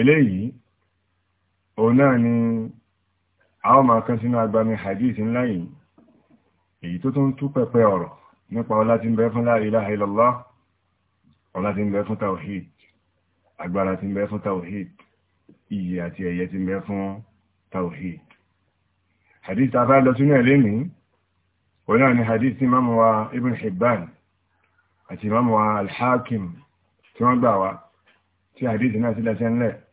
eléyìí òun náà ni àwọn máa kan sínú agbami hadith ńlá yìí èyí tó tún tú pẹpẹ ọ̀rọ̀ nípa ọlá tí ń bẹ fún la ilaha illallah ọlá tí ń bẹ fún tawhid agbára tí ń bẹ fún tawhid iyì àti ẹ̀yẹ tí ń bẹ fún tawhid hadith tàbá lọ sínú ẹ̀lé ní òun náà ni hadith tí máa wa ibn hibban àti máa wa alhakim tí wọ́n gbà wá tí hadith náà sílẹ̀ sẹ́ńlẹ̀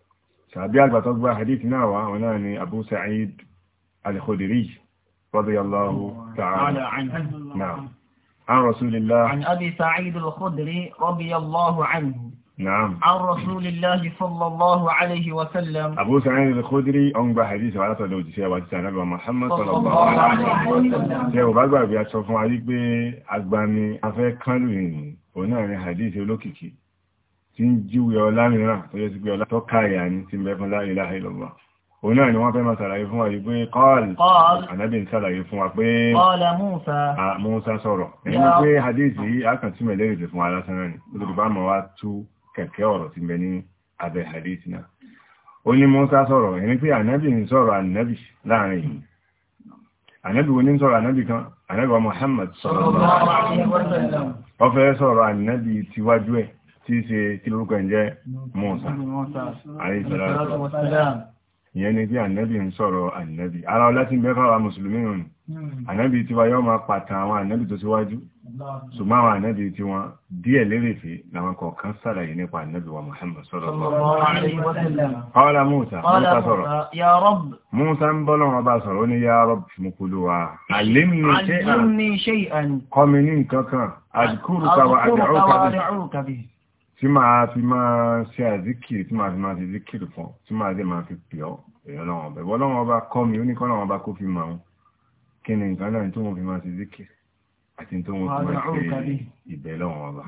sàbí àgbàtọ́ gba hadith náà wá wọn náà ni Abu Sa'id al-Khudri radiyallahu ta'ala anhu عن رسول الله عن أبي سعيد الخدري رضي الله عنه نعم عن رسول الله صلى الله عليه وسلم أبو سعيد الخدري أنبى حديث على طلوج سيوة سنبى محمد صلى الله عليه وسلم سيوة بقى بيأتصفون عليك بأكبر من أفاق قالوا هنا هنا حديث لوكيكي tí ń jíwé ọlá mìíràn tó yẹ sí pé ọlá tó káyà ní ti mẹ́fún la ilaha illallah òun náà ni wọ́n fẹ́ máa sàlàyé fún wa yìí pé kọ́ọ̀lù ànábì ń sàlàyé fún wa pé Mùsá sọ̀rọ̀ ẹni pé hadithi akàntí mẹ́lẹ́rì ti fún alásán náà ni olùdó bá mọ̀ wá tú kẹ̀kẹ́ ọ̀rọ̀ ti mẹ́ ní abẹ́ hadithi náà ó ní Mùsá sọ̀rọ̀ ẹni pé ànábì ń sọ̀rọ̀ tí í ṣe kí lórúkọ ẹ̀ jẹ́ Mùsá ìyẹn ni bí ànábì ń sọ̀rọ̀ ànábì ara ọlá tí ń bẹ fáwa mùsùlùmí rùn hmm. ànábì tí wa yọ́ máa pàtà àwọn ànábì tó síwájú ṣùgbọ́n àwọn ànábì tí wọ́n díẹ̀ lérèfé làwọn kọ̀ọ̀kan sàlàyé nípa ànábì wa Muhammad sọ̀rọ̀ ọ̀la Musa Musa sọ̀rọ̀ Musa ń bọ́ lọ́wọ́ bá tí máa fi máa ṣe àzíkìrì tí máa fi máa ṣe zíkìrì fún tí máa dé máa fi pè ọ́ èèyàn lọ́wọ́ ọ̀bẹ̀ bọ́ lọ́wọ́ ọba kọ́ mi oníkọ́ lọ́wọ́ ọba kó fi mọ̀ ọ́n kí ni nǹkan náà tó wọ́n fi máa ṣe zíkìrì àti tó wọ́n fi máa ṣe ìbẹ̀ lọ́wọ́ ọba.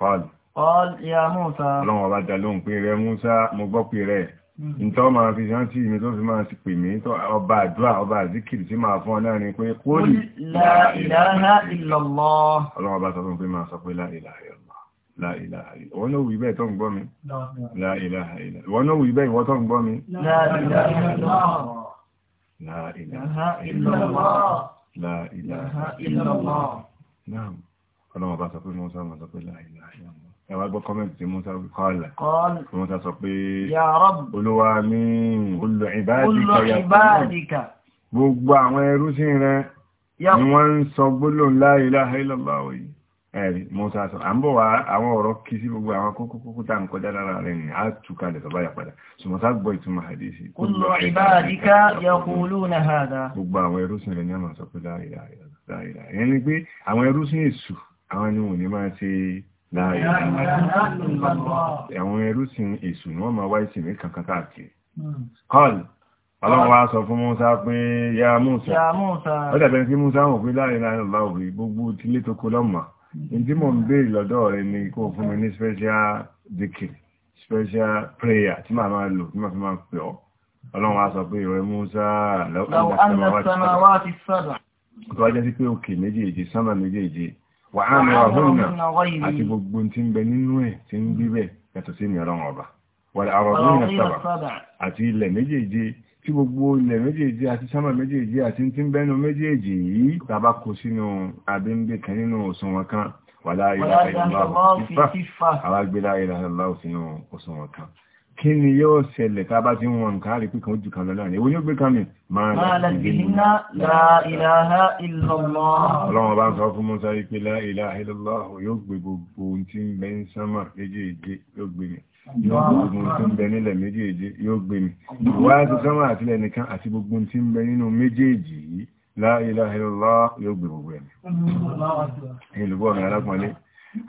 paul lọ́wọ́ ọba dá lóhùn pé rẹ Musa mo gbọ́ pé rẹ hmm. ntọ́ máa fi rántí mi tó fi máa pè mí ọba àdúrà ọba àzíkìrì tí máa fún ọ náà ni pé kó lè la ilaha illallah ọlọ́wọ́ ọba sọ fún pé máa sọ pé la ilaha illallah La ilaha illa. Wọ́n náà wí bẹ́ẹ̀ tó ń gbọ́ mi. La ilaha illa. Wọ́n náà wí bẹ́ẹ̀ ìwọ́ tó ń gbọ́ mi. La ilaha illa. La ilaha illa. La ilaha illa. Naam. Ọlọ́run bá sọ pé Musa máa sọ pé la ilaha illa. Ẹ wá gbọ́ kọ́mẹ́ntì tí Musa wí kọ́ọ̀lá. Kọ́ọ̀lá. Musa sọ pé. Ya Rabb. Olúwa mi, olù ìbádìkà. Gbogbo àwọn ẹrú sí rẹ̀ ni wọ́n ń sọ gbólóhùn la ilaha yìí ẹ̀rí mọ́sá sọ à ń bọ̀ wá àwọn ọ̀rọ̀ kí sí gbogbo àwọn kókó kókó tá à ń kọjá lára rẹ̀ ní á túká lẹ̀ sọ́bá yà padà ṣùgbọ́n sá gbọ́ ìtumọ̀ àdéṣe. kullu ibadika yaquluna hada. gbogbo àwọn ẹrúsìn ni pé àwọn ẹrúsìn èṣù àwọn ni wọn ò ní máa ṣe láìláà àwọn ẹrúsìn èṣù wọ́n máa wá ìsìn mi kankan káàkiri. kọ́ọ̀lù hmm. sọ fún Músa pé ya Músa. Ó dàbẹ̀ sí Músa wọ̀n pé láìláà lọ́wọ́ gbogbo tilé tó kó lọ́mọ ìdí mò ń béèrè lọ́dọ̀ rẹ ni kó fún mi ní special dikir special prayer tí màá máa lò tí màá fi máa pè ọ́ ọlọ́run á sọ pé ìrọ̀ Musa lọ́wọ́ tó wájá sí pé òkè méjèèjì sánmà méjèèjì wà á mẹ́wàá hónà àti gbogbo tí ń bẹ nínú ẹ̀ tí ń gbíbẹ̀ yàtọ̀ sí mìíràn ọba wà á rọ̀ hónà sábà àti ilẹ̀ méjèèjì tí gbogbo ilẹ̀ méjèèjì àti sánmà méjèèjì àti tí ń bẹ́nu méjèèjì yìí tàbá kó sínú àbíńbé kan nínú òṣùwọ̀n kan wà la ilaha illallah fífà kan kí ni yóò ṣẹlẹ̀ tàbá tí wọn nǹkan àrí kan ó gbé kan mi gbogbo tí ń bẹ nílẹ̀ méjèèjì yóò gbé mi wá ti sánmà àtìlẹ̀ nìkan àti gbogbo tí ń bẹ nínú méjèèjì yìí la ilaha illallah yóò gbé gbogbo ẹ̀mí ìlúgbọ́ mi alápọ̀nlé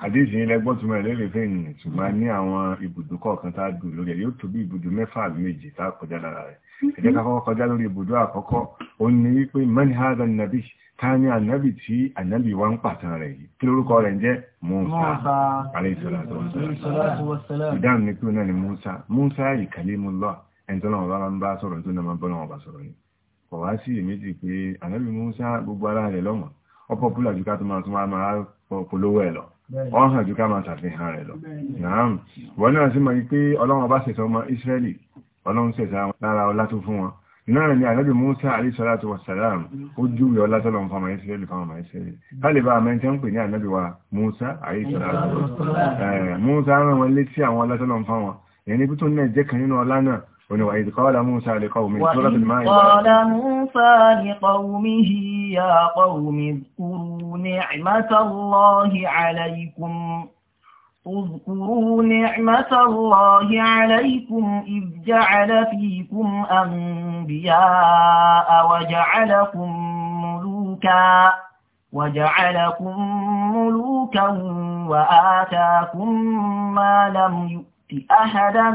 àdéjì ilẹ̀ gbọ́túmọ̀ ìlérè fẹ́yìn ṣùgbọ́n ní àwọn ibùdó kọ̀ọ̀kan tá a dùn lórí ẹ̀ yóò tó bí ibùdó mẹ́fà àbí méje tá a kọjá lára rẹ̀ ẹ̀jẹ̀ ká kọ́kọ́ kọjá lórí ibùdó àkọ́kọ́ òun ni wípé man hadha nabi ta ni ànábì tí ànábì wa ń pàtàn rẹ̀ yìí kí lórúkọ rẹ̀ ń jẹ́ Musa aláìsọ́láàtọ̀ ìdáhùn ní pé náà ni Musa Musa ìkàlímúlọ́ ẹ̀ntọ́nà ọ̀bá ń bá sọ̀rọ̀ tó náà bọ́nà ọ̀bá sọ̀rọ̀ ni kọ̀ wá sí èméjì pé ànábì Musa gbogbo ara rẹ̀ lọ́mọ̀ ọ pọ́pùlà jù ká tó máa tún wá máa polówó ẹ̀ lọ wọ́n hàn jù ká máa ṣàfihàn rẹ̀ lọ wọ́n náà sì mọ̀ pé Ọlọ́run ọba ṣẹ̀ṣọ́ ọmọ Ísírẹ́lì Ọlọ́run ṣẹ̀ṣọ́ lára ọlá tó fún wọn náà ni ànábì Musa alayhi salatu wassalam ó júwe ọlá tọ́lọ̀ ń fọmọ ìsírẹ́lì fọmọ ìsírẹ́lì tálíbà mẹ́jẹ́ ń pè ní ànábì wa Musa alayhi salatu wassalam Musa rán wọn létí àwọn ọlá tọ́lọ̀ ń fọmọ ẹni pító náà jẹ́ kan nínú ọlá náà òní wà ìdí qala اذكروا نعمة الله عليكم إذ جعل فيكم أنبياء وجعلكم ملوكا وجعلكم ملوكا وآتاكم ما لم يؤت أحدا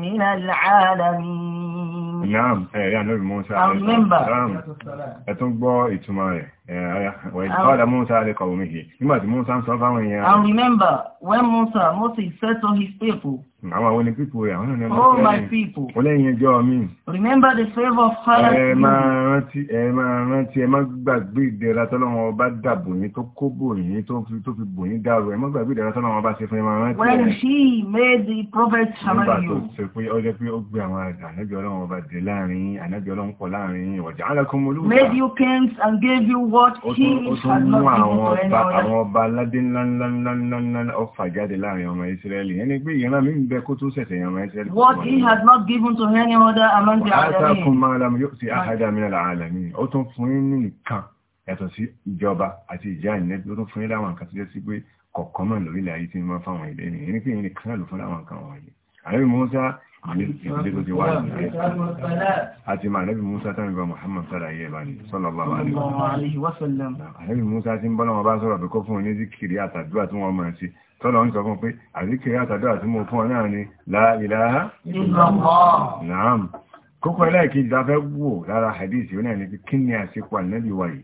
من العالمين نعم يا نبي موسى عليه السلام أتنبوا إتماعي Wàìdìkọ́lá Musa àríkọ̀ omihe. Nígbà tí Musa sọ fáwọn èèyàn. And remember, when Musa, Moses said to his people. Àwọn àwọn ni rẹ̀, àwọn ènìyàn. All my people. Ó lẹ́yìn ẹjọ́ mi. Remember the favor of Christ. Ẹ máa rántí, ẹ máa rántí, ẹ má gbàgbé ìdẹ̀ra tọ́lọ́wọ́n ọba yín tó kó bò yín tó fi bò yín dàrú. Ẹ má gbàgbé ìdẹ̀ra tọ́lọ́wọ́n ọba ṣe fún ẹ rántí. When she made the prophet Shaman you. Nígbà tó ṣe pé ó jẹ́ pé ó gbé àwọn ànábì ọlọ́run ọba dé láàrin, ànábì Made you kings and gave you but he has not Àwọn ọba aládé ńláńláńláńlá ọfà jáde láàrin ọmọ Ísírẹ́lì. Ẹni pé ìran mi ń bẹ kó tó ṣẹ̀ṣẹ̀ ọmọ Ísírẹ́lì. What he has not given to any other among the other. yàtọ̀ sí ìjọba àti ìjà ìnẹ́bí. Ó tún fún yín láwọn nǹkan tó jẹ́ sí pé kọ̀ọ̀kan lórílẹ̀ ayé tí wọ́n fáwọn ìdẹ́ni. Ẹni pé ìyẹn lò fún láwọn nǹkan wọ̀nyí. Àrẹ́bí Mọ́sá àti ma ànábì Musa tán ìgbà Muhammad sára ayé bá ní sallallahu alaihi wasallam ànábì Musa tí ń bọ́lá wọn bá sọ̀rọ̀ pé kó fún ní zikiri àtàdúrà tí wọ́n mọ̀ tọ́lọ̀ ń sọ fún pé àzikiri àtàdúrà tí mo fún ọ náà ni la ilaha illallah naam kókó ẹlẹ́ẹ̀kejì wò lára hadith yóò náà ni kí ni àsìkò ànábì wáyé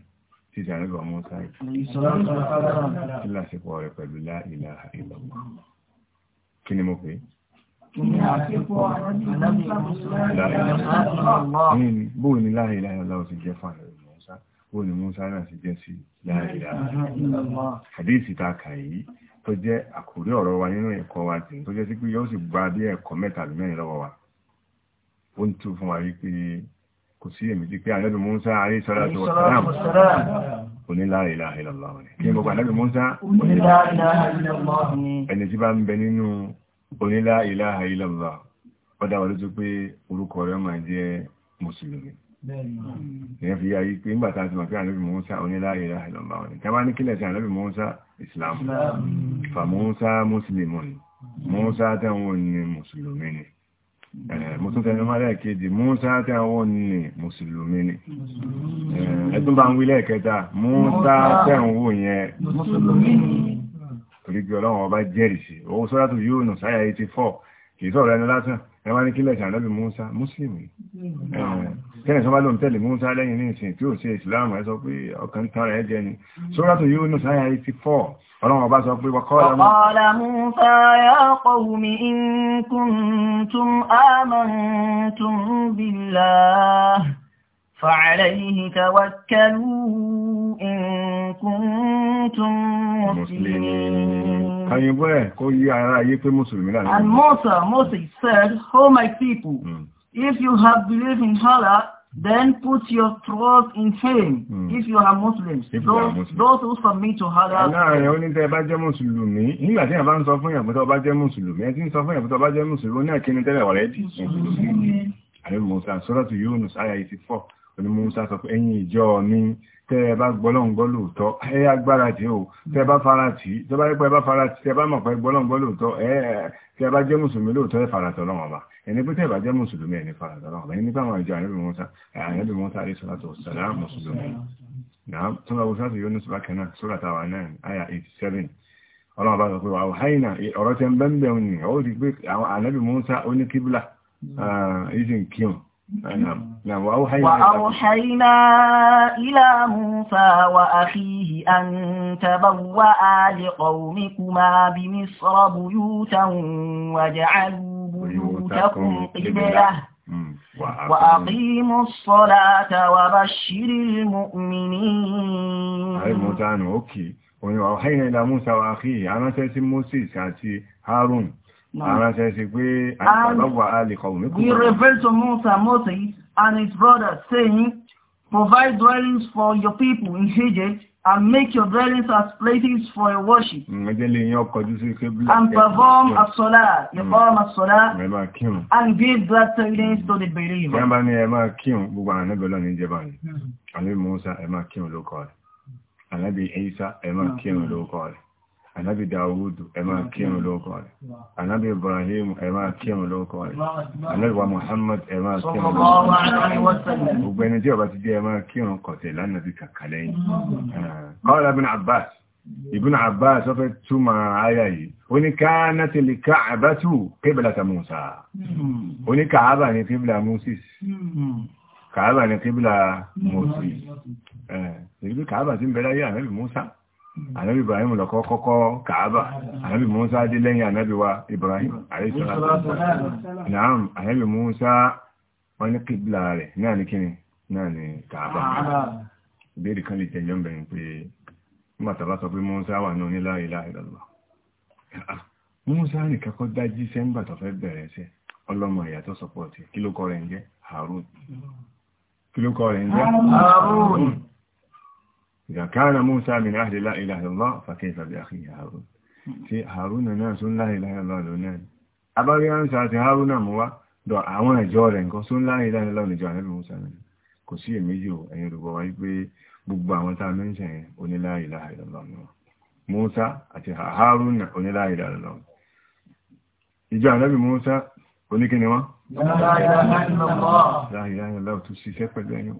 ti ànábì wa Musa yìí Bóò ní la ilaha illallah ti jẹ́ fààrẹ̀ Mùsá, bóò ní Mùsá náà ti jẹ́ sí la ilaha illallah. Hadisi ta kà yìí tó jẹ́ àkórí ọ̀rọ̀ wa nínú ẹ̀kọ́ wa tí tó jẹ́ sí pé yóò sì gba bí ẹ̀kọ́ mẹ́ta lè mẹ́rin lọ́wọ́ wa. Ó ń tún fún wa rí pé kò sí èmi ti pé àlẹ́bí Mùsá alayhi salatu wa salam oní la ilaha illallah ni onílá ìláhà ìlàlá ọdá wà lójú pé orúkọ rẹ̀ máa jẹ́ mùsùlùmí ìyẹn fi yá yí pé nígbà tá a ti mọ̀ pé ànábì Mùsá onílá ìláhà ìlàlá wọn ká bá ní kílẹ̀ sí ànábì Mùsá Islam fa Mùsá mùsùlùmí ni Mùsá táwọn ní mùsùlùmí ni mùsùn tẹnu máa lẹ́ẹ̀kejì Mùsá táwọn ní mùsùlùmí ni ẹ̀tún bá ń wí lẹ́ẹ̀kẹta Mùsá táwọn yẹn mùsùlùmí ni torí pé ọlọ́run ọba jẹ́rìí sí owó sọ́dọ̀tù Yúnus àyà 84 kìí sọ̀rọ̀ ẹni lásán ẹ wá ní kílẹ̀ ṣàn lọ́bí Musa mùsùlùmí sọ́bá ló ń tẹ̀lé lẹ́yìn ní ìsìn tí ó ṣe ìsìláàmù ẹ sọ pé ọkàn tán rẹ̀ jẹ ni mm. sọ́dọ̀tù Yúnus àyà 84 ọlọ́run ọba sọ pé waqala Musa فعليه توكلوا إن كنتم مسلمين. Can you wear? Kó yí And Musa, Moses said, O oh, my people, mm. if you have believed in Allah, then put your trust in him mm. if you are Muslims. If those, are Muslim. those who submit to Allah. Láàrin ó ní tẹ́ bá jẹ́ Mùsùlùmí, nígbà tí ìyàbá ń sọ fún ìyàbútọ́ bá jẹ́ Mùsùlùmí, ẹ ti ń sọ fún ìyàbútọ́ bá jẹ́ Mùsùlùmí, ó ní àkíní tẹ́lẹ̀ ọ̀rẹ́dì. Àrẹ Mùsà, Yunus, Aya 84 ni Musa sọ pé ẹ̀yin ìjọ mi tẹ́ ẹ bá gbọ́lọ́ngbọ́ lóòótọ́ ẹ agbára tí ó tẹ́ bá fara tí tẹ́ bá pẹ́ bá fara tí tẹ́ bá mọ̀ pé gbọ́lọ́ngbọ́ lóòótọ́ ẹ tẹ́ bá jẹ́ mùsùlùmí lóòótọ́ ẹ fara tọ́ lọ́wọ́ bá ẹni pé tẹ́ bá jẹ́ mùsùlùmí ẹni fara tọ́ lọ́wọ́ bá ẹni pé àwọn ìjọ àrẹ́bì Musa àrẹ́bì Musa àrẹ́ sọ́lá tó sàrá mùsùlùmí نعم ثم أبو نعم. نعم، وأوحينا, إلى موسى وأخيه أن تبوأ لقومكما بمصر بيوتا وجعلوا بيوتكم قبلة وأقيموا الصلاة وبشر المؤمنين أي موتان أوكي وأوحينا إلى موسى وأخيه أنا سيسم موسى سيأتي هارون And sí pé He referred to Musa, Moses and his brother, saying, Provide dwellings for your people in Egypt and make your dwellings as places for your worship. Mm, and perform a salah, mm. perform a salah, and give glad tidings to the believer. Yẹ́n mm. Musa ẹ máa kíhùn ló kọ́ rẹ̀. Isa ẹ máa kíhùn ló Ànábì Dawudu ẹ máa kírun lórúkọ rẹ̀. Ànábì Ibrahim ẹ máa kírun lórúkọ rẹ̀. Ànábì wa Muhammad ẹ máa kírun lórúkọ rẹ̀. Gbogbo ẹni tí ọba ti jẹ́ ẹ máa kírun kọ̀tẹ̀ lánàá bí kàkà ah, Abbas. Ibn Abbas ọ fẹ́ túmọ̀ ayà yìí. Ó ní káánátì Musa. Hmm. Ó ní káàbà ní qibla Moses. Hmm. Káàbà ní qibla hmm. Moses. Eh, èyí bí káàbà ti ń Musa. ànábì ibrahim lọ kọ́kọ́ kàábà ànábì musa dé lẹ́yìn ànábì wa ibrahim ànábì musa wọ́n ní kìbìlà rẹ̀ náà ní kíni náà ní kàábà ìbéèrè kan lè jẹjọ́ ń bẹ̀rẹ̀ pé sọ pé musa wà ní onílá ilá إذا كان موسى من أهل لا إله إلا الله فكيف بأخيه هارون في هارون ناس لا إله إلا الله لونان أبغي أن سأتي هارون موا دو àwọn ìjọ rẹ̀ nǹkan sún láàrin ìlànà lọ́nà ìjọ àrẹ́lú musa náà kò sí èméjì ò ẹ̀yìn olùgbọ́ wáyé pé gbogbo àwọn tá a mẹ́ńṣẹ̀ yẹn oníláàrin ìlànà lọ́nà musa àti haruna oníláàrin ìlànà lọ́nà ìjọ àrẹ́lú musa oníkíni wọn láàrin ìlànà lọ́nà tó ṣiṣẹ́ pẹ̀lú ẹ̀yìn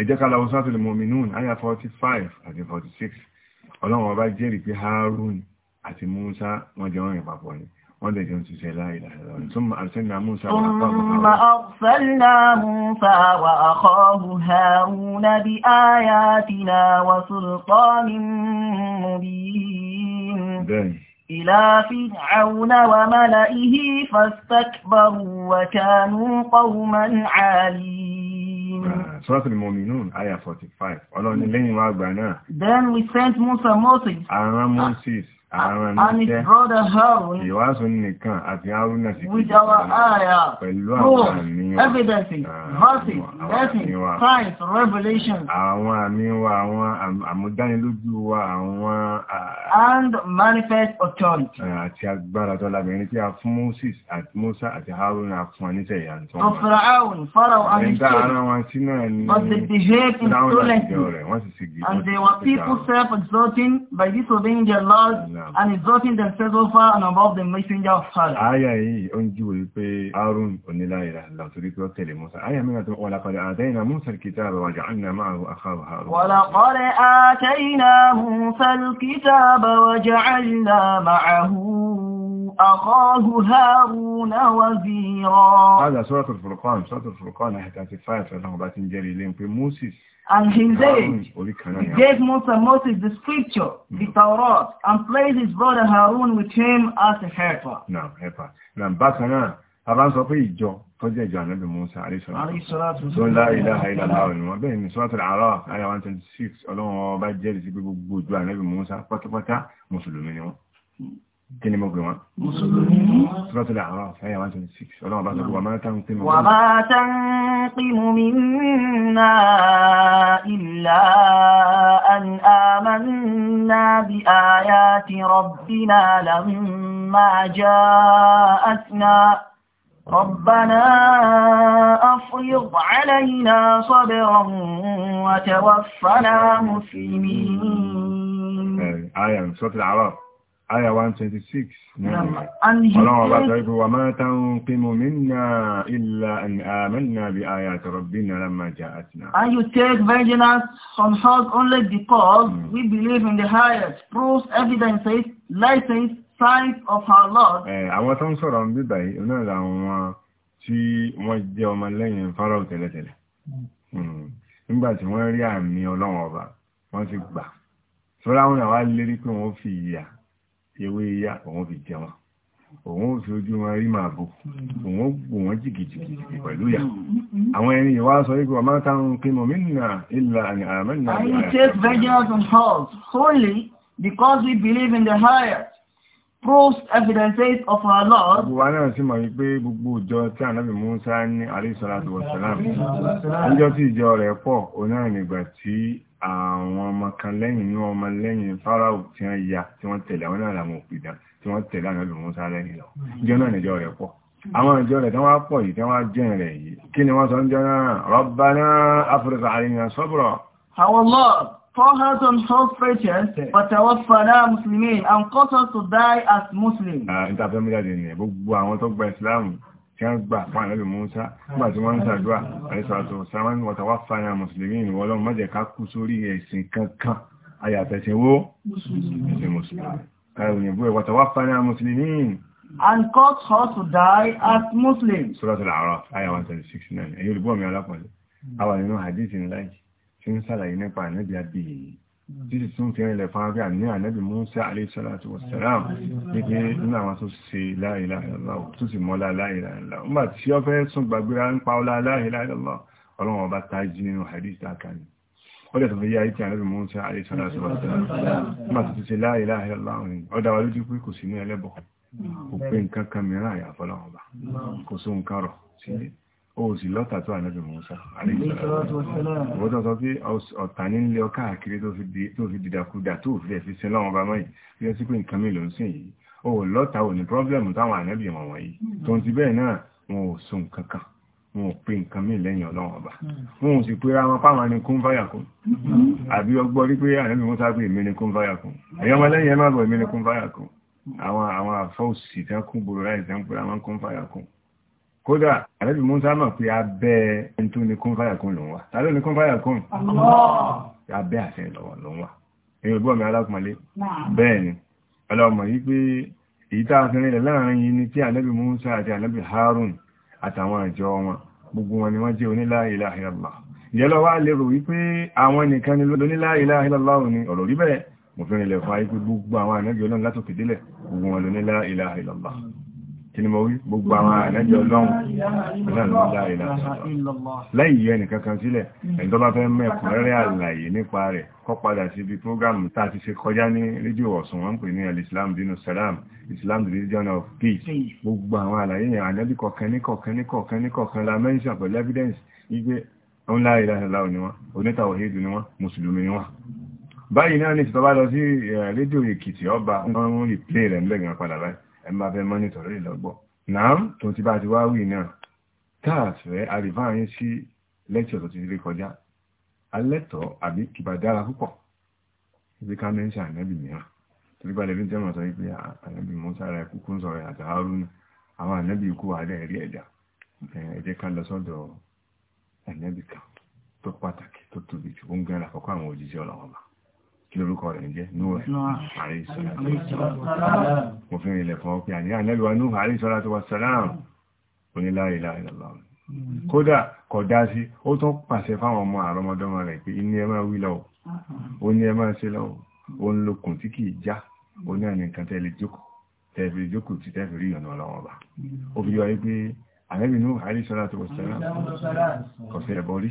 ẹjẹ́ ká lọ sọ́tùlù mọ̀mìnún àyà 45 àti 46 ọlọ́run ọba jẹ́rìí pé Harun àti Musa wọ́n jẹ́ wọ́n rìn papọ̀ ni wọ́n lè jẹun ti ṣe láìláìláì tún ma àrṣẹ́lá Musa wà àkọ́bù wa sultanin mubin إلى Suratul Mu'minun àyà 45 ọlọ́run hmm. lẹ́yìn wá gbà náà. Then we sent Musa Moses. Àrán ah. Moses. Uh, And his brother Harun, with our ayah, proofs, evidences, verses, lessons, signs, revelations, and manifest authority. Àti agbára tó lábẹ̀rin tí a fún Moses àti Musa àti Harun àfún àníṣẹ́ ìyàntọ́. Of Faraon, Pharaoh and his children. But they behaved insolently, and they were people self-exalting by disobeying their laws. And exalting themselves over and above the messenger of Salah. Aya yìí, ó ń jíwe wípé Harun oníláìra lọ́tọ́rí tó tẹ̀lé Musa. Aya mẹ́ta tó wala kọ́lẹ̀ àtẹ́yìnà Musa al kìtàbà wà ja'alna ma'ahu àmàrù àkàrù Harun. Wọ́la kọ́lẹ̀ àtẹ́yìnà Musa kìtàbà wà ja'alna ma'ahu أخاه هارون وزيرا هذا سورة الفرقان سورة الفرقان حتى تفاية فإنه باتن جري لين في موسيس and his age. He gave Musa Moses the scripture, mm-hmm. the Torah, and placed his brother Harun with him as a helper. Now, helper. Now, bákan náà, bàbá ń sọ pé ìjọ tó jẹ́ ìjọ ànábì Musa aléṣọ́látù tó la ilaha illallah ni wọ́n bẹ́ẹ̀ ni Suratul A'raf àyà 126 ọlọ́run ọba jẹ́rìí sí pé gbogbo ìjọ ànábì Musa pátápátá mùsùlùmí ni wọ́n. تاني موجود سورة الأعراف هي 176 ولا بعد وما تنقم وما تنقم منا إلا أن آمنا بآيات ربنا لما جاءتنا ربنا أفرض علينا صبرا وتوفنا مسلمين آية من سورة الأعراف Aya 126 Ọlọ́run bá sọ ipò wà máa tán pínmù mínà ilẹ̀ àmìnà bí aya tọrọbìnà lámà jẹ́ àtìnà. And you take vengeance from us only because mm. we believe in the highest proof, evidences, license, signs of our Lord. Àwọn tó ń sọ̀rọ̀ ń bíbà yìí, náà làwọn tí wọ́n jẹ́ ọmọ lẹ́yìn Fáráò tẹ́lẹ̀tẹ́lẹ̀. Hmm. Nígbà tí wọ́n rí àmì Ọlọ́run ọba, wọ́n ti gbà. Sọ́lá wọn àwa pé wọ́n fi ìyà ewé yá òun fi jẹun òun fi ojú wọn rí máa bò òun gbò wọn jìgìjìgìjì pẹ̀lú yà àwọn ẹni ìwá sọ wípé ọmọ táwọn kí mínà ìlà ní àmẹ́nà take vengeance on us solely because we believe in the higher proves evidences of our Lord àwọn ọmọ kan lẹ́yìn inú ọmọ lẹ́yìn fáráù tí wọ́n ya tí wọ́n tẹ̀lé àwọn náà làwọn òpìdán tí wọ́n tẹ̀lé àwọn ìlú musa lẹ́yìn lọ ìjọ náà níjọ rẹ̀ pọ̀ àwọn ìjọ rẹ̀ tí wọ́n pọ̀ yìí tí wọ́n jẹ́ rẹ̀ yìí kí ni wọ́n sọ ń jọ náà Rabbana afrika àríyàn sọ́bùrọ̀ àwọn lọ́ọ̀ but our father Muslimin and cause us to die as Muslims gbà fún àlẹ́lù Musa nígbà tí wọ́n ń sàdúrà àìsàtò saman wàtàwà fàyà mùsùlùmí ìwọ́lọ́ mọ́jẹ̀ kú sórí ẹ̀sìn kankan ayàtẹ̀sẹ̀wó ẹ̀sìn mùsùlùmí wàtàwà mùsùlùmí and cause her to die as Muslims. Surah Al-A'raf, ayah títí tún fi rìnlẹ̀ fún abẹ́ àní ànẹ́bì Musa aleyhisalatu wasalam nígbé nínú àwọn tó ṣe la ilaha illallah tó sì mọ́ la ilaha illallah nígbà tí ó fẹ́ sún gbàgbéra ń pa la ilaha illallah ọlọ́wọ́n bá tají nínú hadith akani ó dẹ̀ tó fi yá ìtì ànẹ́bì Musa ṣe la o sì lọ́tà tó ànábì Mùsá àríwọ̀tọ̀ sọ pé ọ̀tà ní ilé ọkà àkiri tó fi dìdàkudà tó fi ẹ̀fí sí lọ́wọ́ bá mọ́yìn bí ó sì pé nǹkan mi ló ń sìn yìí o lọ́tà ò ní pọ́blẹ̀mù táwọn ànábì wọn wọ̀nyí hmm. tó ń ti bẹ́ẹ̀ náà wọn ò so nǹkan kan wọn ò pe nǹkan mi lẹ́yìn ọlọ́wọ́n ọba hmm. wọn ò sì pé ra wọn páwọn ni kún fáyà kún hmm. àbí ọgbọ́n rí pé ànábì Mùsá pé èmi ni kún fáyà kún ẹ̀yọ́mọ lẹ́yìn ẹ má bọ̀ èmi ni kún fáyà kún àwọn àwọn àfọ́ òsì tí wọ́n kún gbòòrò láì tẹ́ ń kún fáyà kódà ànábì Mùsá mọ̀ pé abẹ́ ẹni tó ní kún fáyà lòun wà tàbí ní kún fáyà abẹ́ àṣẹ lọ́wọ́ lòun wà èyí ògbọ́ mi alákùnmọ́lé bẹ́ẹ̀ ni ọlọ́mọ yí pé èyí tá a fi rinlẹ̀ láàrin yìí ni tí ànábì Mùsá àti ànábì Harun àtàwọn àjọ wọn gbogbo wọn ni wọ́n jẹ́ oní kí ni mo wí gbogbo àwọn àlẹ́jọ ọlọ́run ọlọ́run lẹ́yìn ẹnì kankan sílẹ̀ ẹ̀dọ́ bá fẹ́ mẹ́kùn rẹ́rẹ́ àlàyé nípa rẹ̀ kọ́ padà sí ibi prógámù tá a ti ṣe kọjá ní rédíò ọ̀sùn wọ́n ń pè ní al-islam dinu salam islam the religion of peace gbogbo àwọn àlàyé yẹn ànábì kọ̀ọ̀kan ní kọ̀ọ̀kan ní kọ̀ọ̀kan ní kọ̀ọ̀kan la mention pẹ̀lú evidence igbe ọ̀n la ilaha illallah ni wọ́n onítàwọ̀hídù ni wọ́n mùsùlùmí ni wọ́n báyìí náà ní ti tọ́ bá lọ sí eh, rédíò èkìtì ọba wọ́n rí play rẹ̀ ń bẹ̀rẹ̀ padà báyìí ẹ̀ máa fẹ́ mọ́nítọ̀ lórí lọ́gbọ̀ náà tó ti bá ti wá wì náà káàfẹ́ àrífà yín sí lẹ́tì ọ̀tọ̀ ti rí kọjá alẹ́tọ̀ àbí kìbà dára púpọ̀ ibi ká mẹ́ńṣà ànábì mìíràn torí balẹ̀ bí jẹ́mọ̀ sọ wípé ànábì Mùsá ara ikú kún sọ̀rọ̀ àti Hárúnà àwọn ànábì ikú wà dẹ̀ rí ẹ̀dá ẹ jẹ́ ká lọ sọ́dọ̀ ànábì kan tó pàtàkì tó tóbi jù ó ń gẹ́ra àkọ́kọ́ àwọn òjíṣẹ́ ọlọ́wọ́ bá kí lórúkọ rẹ̀ jẹ́ Nuh alayhi salatu wassalam mo fi rìnlẹ̀ fún ọpẹ́ àníyàn anẹ́lùwà Nuh alayhi salatu wassalam onílá ilaha illallah kódà kọ̀dá sí ó tún pàṣẹ fáwọn ọmọ àrọmọdọ́mọ rẹ̀ pé iní ẹ máa wí lọ́wọ́ uh-huh. ó ní ẹ máa ṣe lọ́wọ́ ó ń lókun tí kìí já ó ní àní nǹkan tẹ́lẹ̀ jókòó tẹ́lẹ̀ jókòó tí tẹ́lẹ̀ rí ọ̀nà ọlọ́wọ́ bá mm. ó fi yọ wáyé àrẹ́bìnú àríṣọ́lá tó wọ́sẹ̀lá kọ̀sẹ̀ ẹ̀bọ̀ rí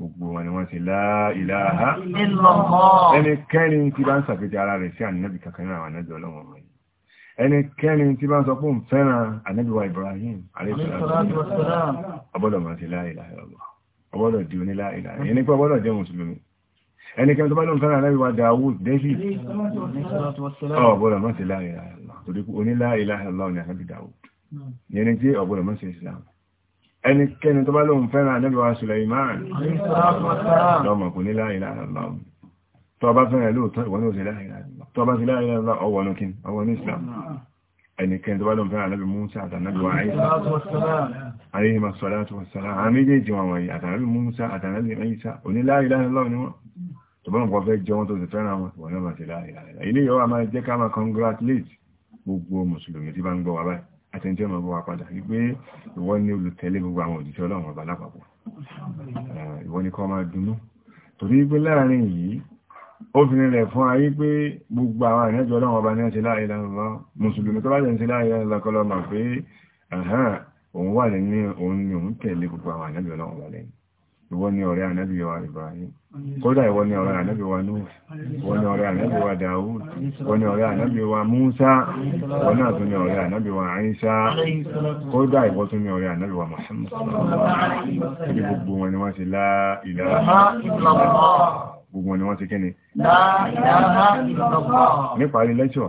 gbogbo wọn ni wọ́n ti la ilaha illallah ẹnikẹ́ni tí bá ń sàfihàn ara rẹ̀ sí ànábì kankan náà àwọn ànábì ọlọ́wọ̀n wọn yìí ẹnikẹ́ni tí bá ń sọ fún fẹ́ràn ànábì wa Ibrahim ọbọ́dọ̀ máa ti la ilaha illallah ọbọ́dọ̀ di oní la ilaha ẹni pé ọbọ́dọ̀ jẹ́ mùsùlùmí ẹnikẹ́ni tó bá lóun fẹ́ràn ànábì wa Dawud David ọbọ́dọ̀ máa ti la ẹnikẹ́ni tó bá lóun fẹ́ràn anẹ́bíwá Suleiman lọ́mọ̀ kò ní láàrín aláàlọ́wọ́ tó bá fẹ́ràn lóòtọ́ ìwọ́n ló sí láàrín aláàlọ́wọ́ tó bá sí láàrín aláàlọ́wọ́ ọwọ́ ní kín ọwọ́ ní Islam ẹnikẹ́ni tó bá lóun fẹ́ràn anẹ́bí Musa àtànẹ́bíwá Isa alayhi salatu wassalam àmìjẹ́jì wọn wọ̀nyí àtànẹ́bí Musa àtànẹ́bí Isa òní láàrín aláàlọ́wọ́ ni wọ́n tó bá ń kọ́ fẹ́ jọ wọn tó sì fẹ́ràn wọn wọ́n náà bá sí láàrín aláàlọ́wọ́ ilé àtẹnjẹ́ ọmọ bọ́ wa padà wípé ìwọ ni olùtẹ̀lé gbogbo àwọn òjíṣẹ́ ọlọ́run ọba lápapọ̀ ìwọ ni kó máa dunú torí pé láàrin yìí ó fi nílẹ̀ fún ayé pé gbogbo àwọn àrẹ́jọ ọlọ́run ọba ní ẹ̀ṣẹ́ láàrin lọ́wọ́ mùsùlùmí tó bá jẹ́ ń ṣe ìwọ ni ọ̀rẹ́ ànábì wa Ibrahim kódà ìwọ ni ọ̀rẹ́ ànábì wa Nuh ìwọ ni ọ̀rẹ́ ànábì wa Dawud ìwọ ni ọ̀rẹ́ ànábì wa Musa ìwọ náà tún ni ọ̀rẹ́ ànábì wa Isa kódà ìwọ tún ni ọ̀rẹ́ ànábì wa Muhammad ibi gbogbo wọn ni wọ́n ti la ilaha illallah gbogbo wọn ni wọ́n ti kíni nípa ilé lẹ́jọ́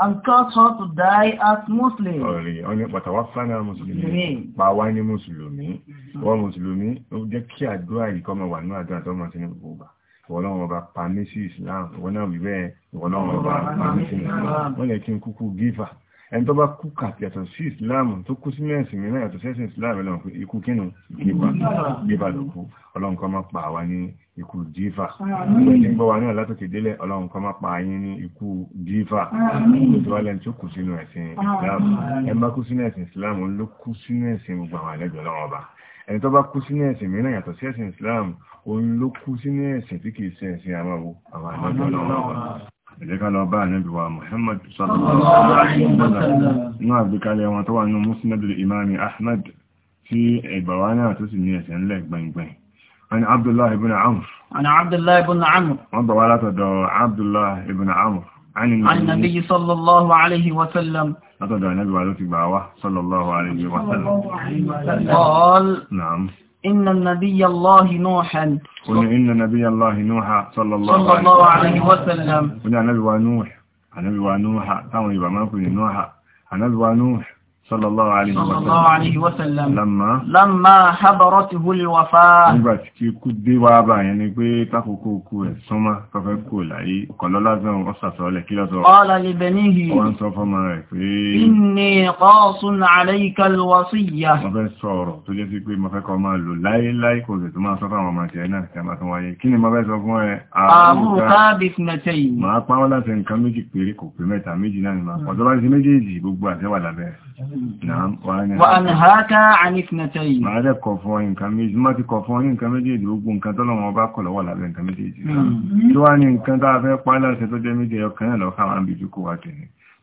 and cause her to die as Muslim. Ọ̀rẹ́ ọ̀nà pàtàwàfánà Mùsùlùmí, pàwá ní Mùsùlùmí, wọ́n Mùsùlùmí, ó jẹ́ kí àdúrà yìí kọ́ mọ̀ wà ní àdúrà tó mọ̀ sí ní gbogbo ọba. Ìwọ̀lọ́wọ̀n ọba pàmí sí Ìsìláàmù, ìwọ̀n náà wí bẹ́ẹ̀, ìwọ̀lọ́wọ̀n ọba pàmí sí Ìsìláàmù, wọ́n lè kí n kúkú gífà. Ẹni tó bá kú kàtì yàtọ̀ sí Ìsìláàmù tó kú sí mẹ́sìn mìíràn yàtọ̀ sẹ́sìn Ìsìláàmù lọ́nà ikú kínú gífà ló kú, ọlọ́nkọ́ máa pa àwa ní ikú diva. nígbọ́ wa náà látòkè délẹ̀ ọlọ́run kọ́ máa pa yín ní ikú jífà ìtòwálẹ̀ tí ó kù sínú ẹ̀sìn islam ẹ bá kú sínú ẹ̀sìn islam ló kú sínú ẹ̀sìn gbogbo àwọn àlejò ọlọ́run ọba ẹni tó bá kú sínú ẹ̀sìn mìíràn yàtọ̀ sí ẹ̀sìn islam òun ló kú sínú ẹ̀sìn tí kìí sẹ́ẹ̀sìn àwọn àwọn àlejò wa Muhammad sallallahu alaihi wasallam ní àgbékalẹ̀ wọn tó wà nínú Musnad al-Imam Ahmad tí ẹgbàwá náà tó sì ní ẹ̀sẹ̀ عن عبد الله بن عمرو عن عبد الله بن عمرو عن عبد الله بن عمرو عن النبي صلى الله عليه وسلم عن النبي صلى الله عليه وسلم قال نعم إن النبي الله نوحا قل إن نبي الله نوحا صلى الله, عليه وسلم قلنا نبي ونوح النبي ونوح نوح يبقى ما نوح النبي ونوح صلى الله عليه وسلم صلى الله عليه وسلم لما لما حضرته الوفاة nígbà tí kú dé wá bá yẹn ni pé takoko ku e soma tó fẹ́ kú láyé ko lo lazan o sa so le kilo so qala li banihi wọ́n sọ fo ma rẹ̀ pé inni qasun alayka alwasiya mo fẹ́ sọ̀rọ̀ tó jẹ́ sí pé mo fẹ́ kó máa lò láyé láyé ko se tó máa sọ fa mo ma ti na ka ma tún wáyé kíni mo fẹ́ sọ fún ẹ abuka bisnatay ma pa wala se nǹkan méjì péré kò pé mẹ́ta méjì náà ni ma ko tó bá ṣe méjèèjì gbogbo àṣẹ wà lábẹ́ Wàhánàháká ànífinàtẹ́yì. Màá dẹ̀ kọ̀ fún ọyìn kan méjì, má ti kọ̀ fún ọyìn kan méjì ìdúrógún nǹkan tọ́lọ̀wọ̀n ọba kọ̀ lọ́wọ́ lábẹ́ nǹkan méjì. Tó hmm. wá ní nǹkan tá a fẹ́ pálá ṣe tó jẹ́ méjì ọkàn náà lọ́kàwà ń bí wá tẹ̀lé.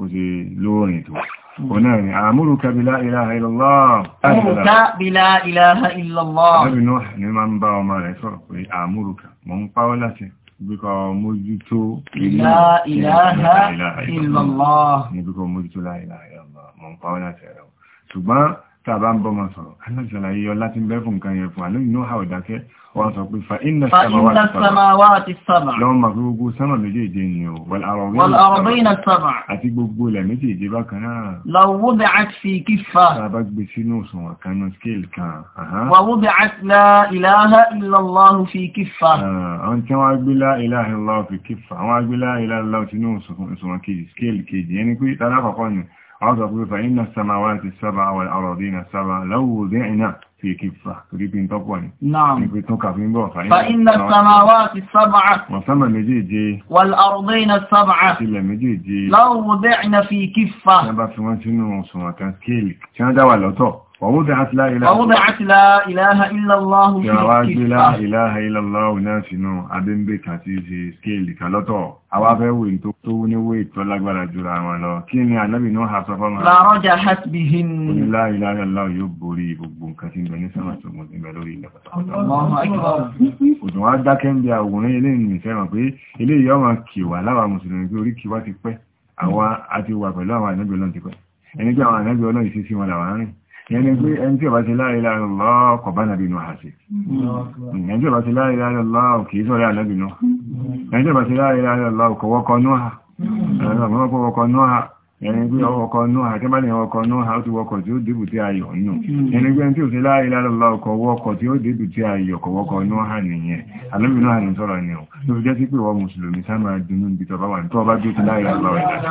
ó ṣe lóòrìn tó onáàrin àmúrùka bí láìláha ìlọ́lá àmúrùka bí láìláha ìlọ́lá àbínú ní máa ń bá ọmọ rẹ̀ sọ̀rọ̀ pé àmúrùka mọ́ ń pàwọ́ láti bíkọ ṣùgbọ́n tàbá ń bọ́mọ̀ sọ̀rọ̀ alẹ́sàlàyé yọ láti bẹ́ fún nǹkan yẹn fún alóyìn náà hàwẹ̀ dákẹ́ wọ́n sọ pé fa iná sàmàwà ti sàmà lọ́wọ́ ma fi gbogbo sánà méjèèjì ni o wọ́n àrọ̀bẹ́ iná sàmà àti gbogbo ilẹ̀ méjèèjì bákan náà lọ́wọ́bẹ̀ àti fi kífà tàbá gbé sínú òṣùwọ̀n kan náà scale kan wọ́wọ́bẹ̀ àti láìláha ìlàláhù fi kífà àwọn tí wọ́n gbé láìláha ìlàláhù fi kífà àwọn gbé عرض أقول فإن السماوات السبع والأراضين السبع لو ذعنا في كفة تريد أن تقواني نعم فإن, فإن السماوات السبع وسمى مجيجي والأرضين السبع سلا مجيجي لو ذعنا في كفة نبا في وانسنو سمكا كيلك شنو دوا لو ووضعت لا إله ووضعت لا إله إلا الله في الكفة لا إله إلا الله ناسنو أبن بك àti سكيل كالوتو أوافه وانتو نوي تولك بلا جرى ولو كيني النبي نوح صفا لا رجحت بهن لا إله إلا الله يبوري بقبون كثير بني سمع سمع بلوري الله أكبر òdùn wá dákẹ́ ń bí àwòrán ilé ìrìn ìfẹ́ràn pé ilé ìyọ́ wọn kìwà láwà mùsùlùmí pé orí kìwà ti pẹ́ àwọn àti wà pẹ̀lú àwọn ànábì ọlọ́run ti pẹ́ ẹni pé àwọn ànábì ọlọ́run ìṣesí wọn làwọn rìn yẹn ni pé ẹni tí ó bá ti la ilaha illallah kò bá nàbí inú àṣẹ ẹni tí ó bá ti la ilaha illallah kì í sọ̀rọ̀ ànábì inú ẹni tí ó bá ti la ilaha illallah kò wọ́kọ̀ núhà ẹni tí ó wọ́kọ̀ núhà ẹni pé ọkọ̀ núhà tí ó bá ní ọkọ̀ núhà ó ti wọ́kọ̀ tí ó débù tí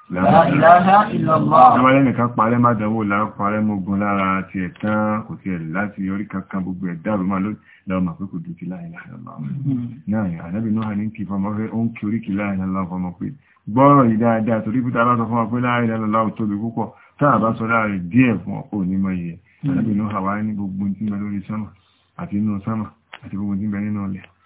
Láwálẹ́ nìkan parẹ́ má dánwò lára parẹ́ mógún lára ti ẹ̀tán kò ti ẹ̀ láti orí kankan gbogbo ẹ̀dá rúmà lọ́mà pé kò dùn ti láàrin àlọ́lọ́. Náà ànábì náà ní kí fọmọ fẹ́ ó ń kí oríkì láàrin àlọ́lọ́ fọmọ pé gbọ́rọ̀ yìí dáadáa torí pítà bá sọ fún wa pé láàrin àlọ́lọ́ tóbi púpọ̀ táà bá sọ láàrin díẹ̀ fún ọ onímọ̀ yẹ ànábì náà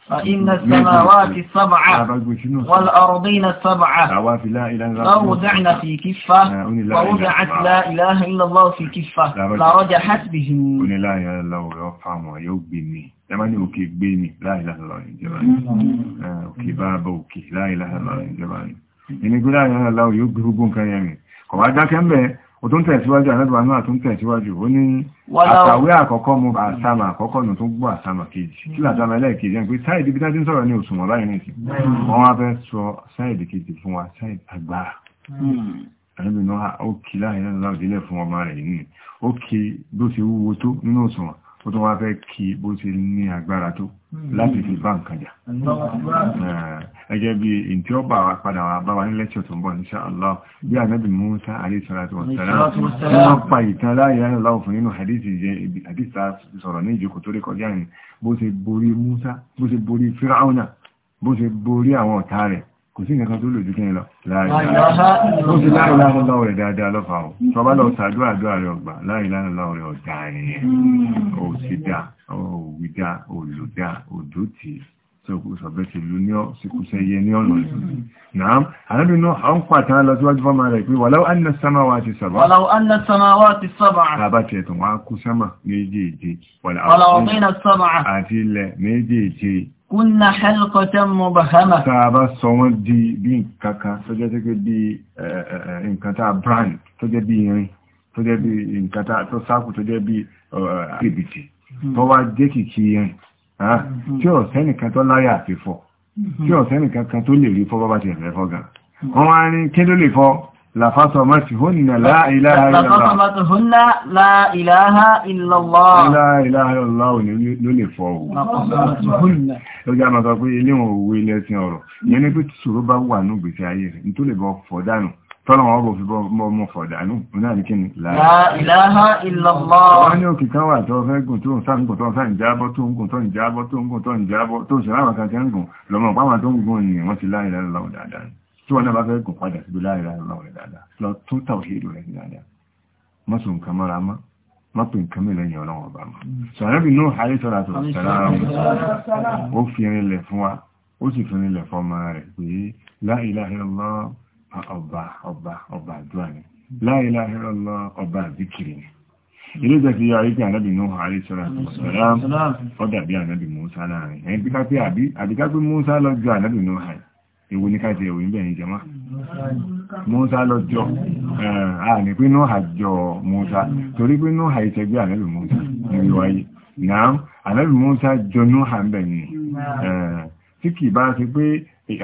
فإن السماوات السبعة والأرضين السبعة لو وضعنا في كفة ووضعت لا إله إلا الله في كفة لرجحت بهم لا إله إلا الله يرفعهم ويوبني ẹmá ní òkè gbé ní láìláìlọ́ ìjọba ní òkè bá bá òkè láìláìlọ́ ìjọba ní ìnigbó láìláìlọ́ yóò gbé gbogbo nǹkan yẹn rìn kọ̀wàá dákẹ́ ń bẹ̀ẹ́ ó tó ń tẹ̀síwájú àlẹ́bàá náà tó ń tẹ̀síwájú ó ní àtàwé àkọ́kọ́ mú àsàmà àkọ́kọ́ nù tó gbọ́ àsàmà kejì kí làsàmà ẹlẹ́ẹ̀kejì ẹni pé sáìdì bí dájú sọ̀rọ̀ ní òṣùwọ̀n báyìí nìsí hmm. wọ́n wá fẹ́ sọ sáìdì kejì fún wa sáìdì agbára hmm. àlẹ́bìnrin náà ó kí láàrin náà láwùjẹ́lẹ̀ fún ọmọ rẹ̀ yìí ó kí bó ti wúwo tó nínú òṣùwọ̀n ó tún wá fẹ́ kí bó ṣe ní agbára tó hmm. láti fi bá nǹkan jà hmm. eh, ẹgẹ́ bí in tí ó bá wa padà wà bá wa ní lẹ́tọ̀ tó ń bọ̀ insha Allah bí ànábì Musa alayhi salatu wassalam wọ́n pa ìtàn láyé aláwọ̀ fún nínú hadith sọ̀rọ̀ ní ìjókòó tó rékọjá ní bó kò sí nǹkan tó lòdì kíni lọ láìláàrínláàrínláwọ̀ rẹ̀ dáadáa lọ́fà ọ̀ tó bá lọ sàdúrà àdúrà rẹ̀ ọgbà láìláàrínláwọ̀ rẹ̀ ọ̀dá ẹ̀yẹn ò sí dá òwúdá òlòdá òdòtì sọ̀bẹ̀tì lú ní ọ̀sẹ̀kùsẹ̀ yẹ ní ọ̀nà ìsìn náà arábìn náà a ń pàtàkì lọ síwájú fọ́mà rẹ̀ pé wàláwọ́ anna samáwá ti sábà àbátẹ̀ ẹ̀tùn wá kú sámà méjèèjì wàláwọ́ àti Kúnná halqatan mubahama. Tá a bá sọ wọ́n di bí nǹkan kan tó jẹ́ gẹ́gẹ́ bí nǹkan tá brand tó jẹ́ bí irin tó jẹ́ bí nǹkan tó sáàkù tó jẹ́ bí àgbègbè hmm. tó wá jẹ́ kìkì irin hmm. tí ọ̀sẹ́ nìkan tó láyà àti fọ́ hmm. tí ọ̀sẹ́ nìkan tó lè rí fọ́ bá bá ti ẹ̀fẹ́ fọ́ gan. Wọ́n wá ní kí ló lè fọ́ لفصمتهن لا إله إلا الله لفصمتهن لا إله إلا الله لا إله إلا الله ló lè fọ́ ohun lọ́jọ́ àmà sọ pé ilé wọn òwe ilẹ̀ ẹ̀sìn ọ̀rọ̀ yẹn ní pé tí ṣòro bá wà ní ògbèsè ayé rẹ̀ tó lè bọ́ fọ̀dánù tọ́lọ̀wọ́ bò fi bọ́ mọ́ fọ̀dánù náà ní kí ni la ilaha illallah wọ́n ní òkè kan wà tó fẹ́ gùn tó ń sáàgùn tó ń sáà ń jábọ́ tó ń gùn tó ń jábọ́ tó ń gùn tó ń jábọ́ tó ń ṣe láwọn kan tẹ́ ń gùn lọ́mọ pàwọn tó ń gùn ni wọ́n ti la ilaha illallah dáadáa tí wọ́n náà bá fẹ́ gùn padà síbi láàrin àwọn rẹ̀ dáadáa lọ tún tàwíìdù rẹ̀ dáadáa má sùn nǹkan mọ́ra mọ́ má pè nǹkan mi lẹ́yìn ọlọ́run ọba mọ́ sọ̀rọ̀bì náà ayé sọ̀rọ̀ àtọ̀ ó fi rinlẹ̀ fún wa ó sì fi rinlẹ̀ fún ọmọ rẹ̀ pé la ilaha illallah ọba ọba ọba àdúrà ni la ilaha illallah ọba àdìkìrì ni ilé jẹ́ fi ayé pé ànábì náà àrí sọ́rọ̀ àtọ̀sọ̀rọ̀ ànábì Mùsá láàrin ẹ̀yìn píkápé àbíkápé Mùsá lọ ju ànábì náà àrí ìwò eh, ní káàkiri ìwò ìbẹ̀ ìjẹmá Mùsá lọ́jọ́ ààrẹ pínú àjọ Mùsá torí pínú àìtẹ́gbẹ́ àlẹ́lù Mùsá níbi wáyé náà àlẹ́lù Mùsá jọnú àmbẹ̀ ni eh, tí kì bá ti pé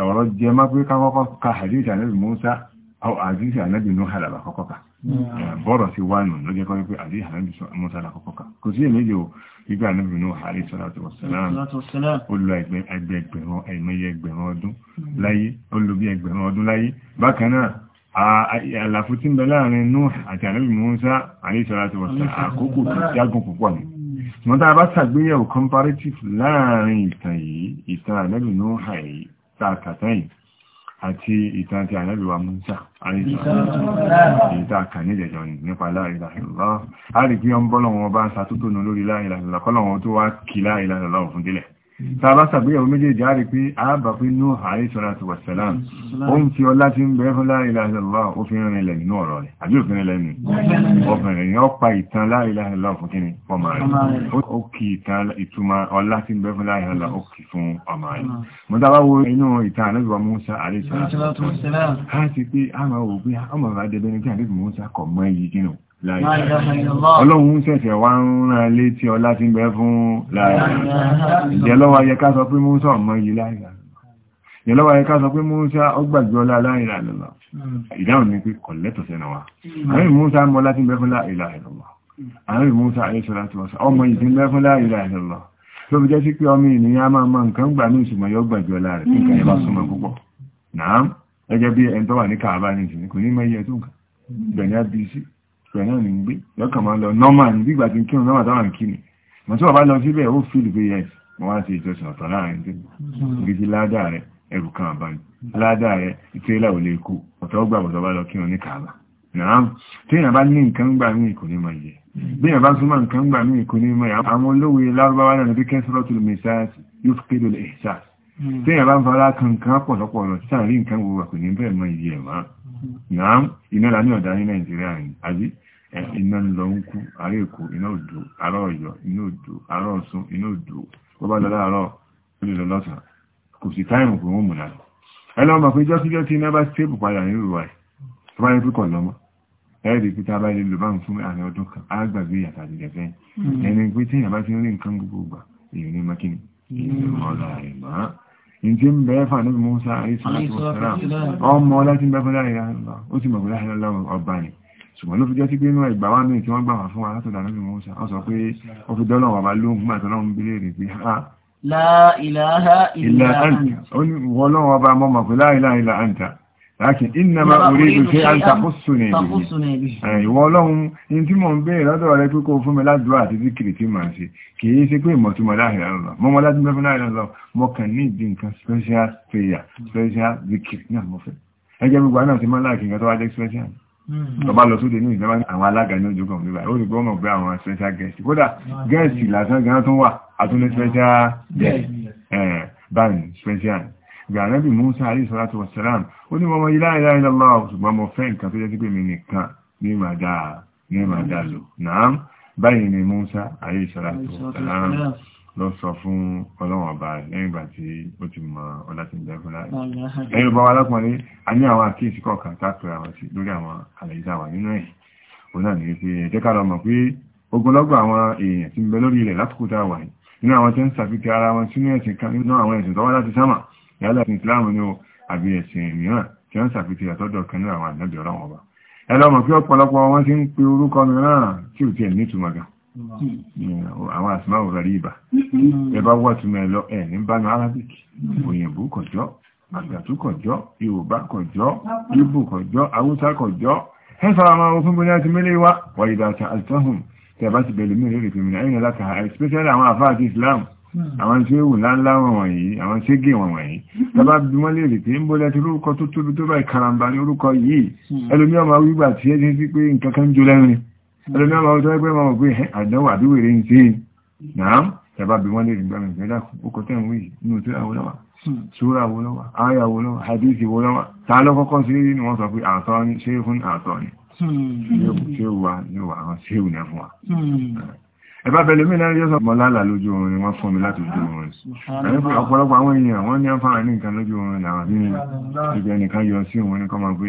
ọ̀rọ̀ jẹ má pé kákọ́kọ́ ka àdíṣà àlẹ́lù Mùsá àdíṣà àlẹ́lù Mùsá Eh, bọ́rọ̀ sí wà nù ló jẹ́ kọ́ wípé àdí ànábì mọ́sálà kọ́kọ́ ká kò sí èméjì ò wípé ànábì ní àrí sọ́látù wọ̀sálàm ó lò ẹgbẹ̀gbẹ̀rún ẹ̀mẹ́yẹ ẹgbẹ̀rún ọdún mm-hmm. láyé ó lò bí ẹgbẹ̀rún ọdún láyé bákan náà àlàfo tí ń bẹ láàrin nù àti ànábì mọ́sá àrí sọ́látù wọ̀sálàm àkókò tó jágùn púpọ̀ ni wọ́n tá a àti ìtàn ti ànábì wa Mùsá àìsà kàní ìjẹjọ nípa la ilaha illallah a rí kí ọ ń bọ́lọ̀ wọn bá ń sàtútò lórí la ilaha tàbá sàgbéyàwó méjèèjì àrí pé àábà pé ní ààrẹ sọ́rọ̀ àti wàsàlám ó ń fi ọlá tí ń bẹ̀rẹ̀ fún láìláìláà ó fi rìn lẹ̀ nínú ọ̀rọ̀ rẹ̀ àbí òfin rẹ̀ ní ọ̀fẹ̀rẹ̀ ní ọpa ìtàn láìláìláà fún kíni ọmọ rẹ̀ ó kì ìtàn ìtumọ̀ ọlá tí ń bẹ̀rẹ̀ fún láìláìláà ó kì fún ọmọ rẹ̀ mo dábá wo inú Ọlọ́run ṣẹ̀ṣẹ̀ wá ń rán lé tí ọlá ti ń bẹ fún láàrín. Ìjẹ́lọ́wà yẹ ká sọ pé Músa ọmọ yìí láìlá. Ìjẹ́lọ́wà yẹ ká sọ pé Músa ó gbàgbé ọlá láìlá lọ́lá. Hmm. Ìdáhùn ni pé kọ̀ lẹ́tọ̀ sẹ́nà wa. Hmm. Àwọn ìmúsa mọ́ ọlá ti ń bẹ fún láìlá ìlọ́lá. Àwọn ìmúsa ayéṣọ́lá ti wọ́sá ọmọ yìí ti ń bẹ fún láìlá ìlọ́lá. Tó fi jẹ́ sí pé ọmọ ènìyàn máa ma nǹkan gbà ní ìṣùmọ̀ yọ gbàgbé ọlá rẹ̀ nǹkan yẹn pẹ̀lú náà ní gbé lọ́kàn máa lọ nọ́mà ní bí ìgbà tí ń kírun nọ́mà táwọn ń kí ni mọ̀ tí wọ́n bá lọ síbẹ̀ ó fìlì pé yẹn wọ́n wá sí ìjọsìn ọ̀tọ̀ láàrin tí ibi tí ládàá rẹ̀ ẹrù kan àbáni ládàá rẹ̀ ìtẹ́lá ò lè kú ọ̀tọ̀ gbà bọ̀tọ̀ bá lọ kírun ní kààbà nàám tí èèyàn bá ní nǹkan gbà ní ìkò ní mọ̀ yẹ bí èèyàn bá súnmọ́ nǹkan gbà ní ìkò ní mọ̀ yẹ àwọn olówe lárúbáwá náà bí kẹ́sọ́rọ́ tó lè mẹ́sà yóò fi kéde lè ṣáà tí bá ń fara kankan pọ̀lọpọ̀ lọ sí àárín nǹkan gbogbo àkò ní bẹ́ẹ̀ mọ̀ yẹ máa náà iná la ní ọ̀dá ní nàìjíríà yìí àbí iná ń lọ ń kú ará èkó iná òdò ará ọ̀yọ́ iná òdò ará ọ̀ṣun iná òdò ó bá lọ láàárọ̀ ó lè lọ lọ́sàn kò sí táìmù pé wọ́n mú náà ẹ lọ́mọ pé jọ́síjọ́ tí iná bá tébù padà nínú ìwà ẹ̀ tó bá yẹ pé kọ̀ lọ́mọ ẹ̀rì pé tá a bá lè lò bá ń fún ààrẹ ọdún kan á gbàgbé àtàdé ẹ̀fẹ́ hmm. ẹni pé tí èèyàn bá ti ń rí nǹkan gbogbo gbà èèyàn ní mọ́kínì hmm. èèyàn mọ́ mọ́ ìjí ń bẹ̀ẹ́ fà níbi Musa àríṣàlátìwọ̀sára ọmọ láti bẹ́fẹ́ láìra ó sì mọ̀gbẹ̀ láìra lọ́wọ́ ọba ni ṣùgbọ́n ló fi jẹ́ sí pé inú ìgbà wá mìí tí wọ́n gbà wà fún wa látọ̀dà níbi Musa ọ lákin iná ma orí ìlú ṣe à ń takóso ní ibi ìwọ ọlọ́run ní tí mò ń bèèrè lọ́dọ̀ rẹ pé kó fún mi ládùúrà àti zikiri tí màá ṣe kìí ṣe pé ìmọ̀túnmọ̀ láàrin àrùn mọ́ mọ́ ládùúgbẹ́ fún láàrin lọ mọ́ kàn ní ìdí nǹkan special prayer special zikiri náà mọ́ fẹ́ ẹgbẹ́ ìgbà anábì Musa alayhi salatu wa salam ó ní wọ́n ilá ilá ilá lọ́wọ́ ṣùgbọ́n mo fẹ́ nǹkan tó jẹ́ sí pé mi nìkan ní màá dáa lò náà báyìí ni Musa alayhi salatu wa salam lọ sọ fún ọlọ́wọ̀n ọba lẹ́yìn ìgbà tí ó ti mọ ọlá tí ń bẹ fún láàrín ẹ̀yìn ọba wa lápọ̀lẹ́ a ní àwọn àkíyèsí kọ̀ọ̀kan tápẹ̀ àwọn sí lórí àwọn àlàyé táwà nínú ẹ̀ òun náà ní pé ẹ̀jẹ̀ ká lọ mọ̀ pé ogunlọ́gọ̀ àwọn èèyàn ti ń bẹ lórí ilẹ̀ lákòókò táwà nínú àwọn tí ń sàfikẹ́ ara wọn sínú ẹ̀sìn kan nínú àwọn ẹ̀sìn tọ́wọ́ láti sámà yálà ní islam ní o àbí ẹ̀sìn mìíràn tí wọ́n ṣàfihàn àtọ́jọ́ kan nínú àwọn ànábì ọlọ́run ọba ẹ lọ́mọ pé ọ̀pọ̀lọpọ̀ wọn ti ń pe orúkọ mìíràn tí ò tiẹ̀ nítumọ̀ gan àwọn àsìmáwò rẹ̀ ibà ẹ bá wà túnmọ̀ ẹ lọ ẹ̀ ní bánu arabic òyìnbó kọjọ́ àgbàtú kọjọ́ yorùbá kọjọ́ ibo kọjọ́ haúsá kọjọ́ ẹ sọ̀rọ̀ àwọn òfin bóyá ti mélé wa wà ìdàtà àtọ́hùn tẹ̀ bá ti bẹ̀rẹ̀ mí rèé rèé pèmìnà ẹ̀yìn láti ha especially àwọn àfáà ti islam Hmm. àwọn tí ó wù láńlá wọ̀nyí àwọn tí gè wọ̀nyí hmm. tàbá bí wọ́n lè rí pé ń bólẹ́ tí orúkọ tó tóbi tó báyìí karambà ní orúkọ yìí hmm. ẹlòmí ọmọ wígbà tí ẹ́ sí pé nǹkan kan jó lẹ́rin ẹlòmí ọmọ tó ẹgbẹ́ ọmọ pé àdánwò àbíwèrè ń ṣe náà tàbá bí wọ́n lè rí gbàmì ìgbẹ́dà ókò tẹ́ ń wí inú tó àwọn lọ́wọ́ sura wo lọ́wọ́ aya wo lọ́wọ́ hadisi wo lọ́wọ́ ta ló kọ́kọ́ sí ní wọ́n sọ pé àtọ́ ni ṣé fún àtọ́ ni ṣé wà ní wà àwọn ṣé ẹ̀bá bẹ̀lẹ̀ mí náà yọ́sọ̀ mọ́ lálà lójú oorun ni wọ́n fún mi láti ojú oorun rẹ̀ ọ̀pọ̀lọpọ̀ àwọn èèyàn wọ́n ní àǹfààní nǹkan lójú oorun rẹ̀ àwọn bíi ibẹ̀ yọ sí òun ní kọ́ máa gbé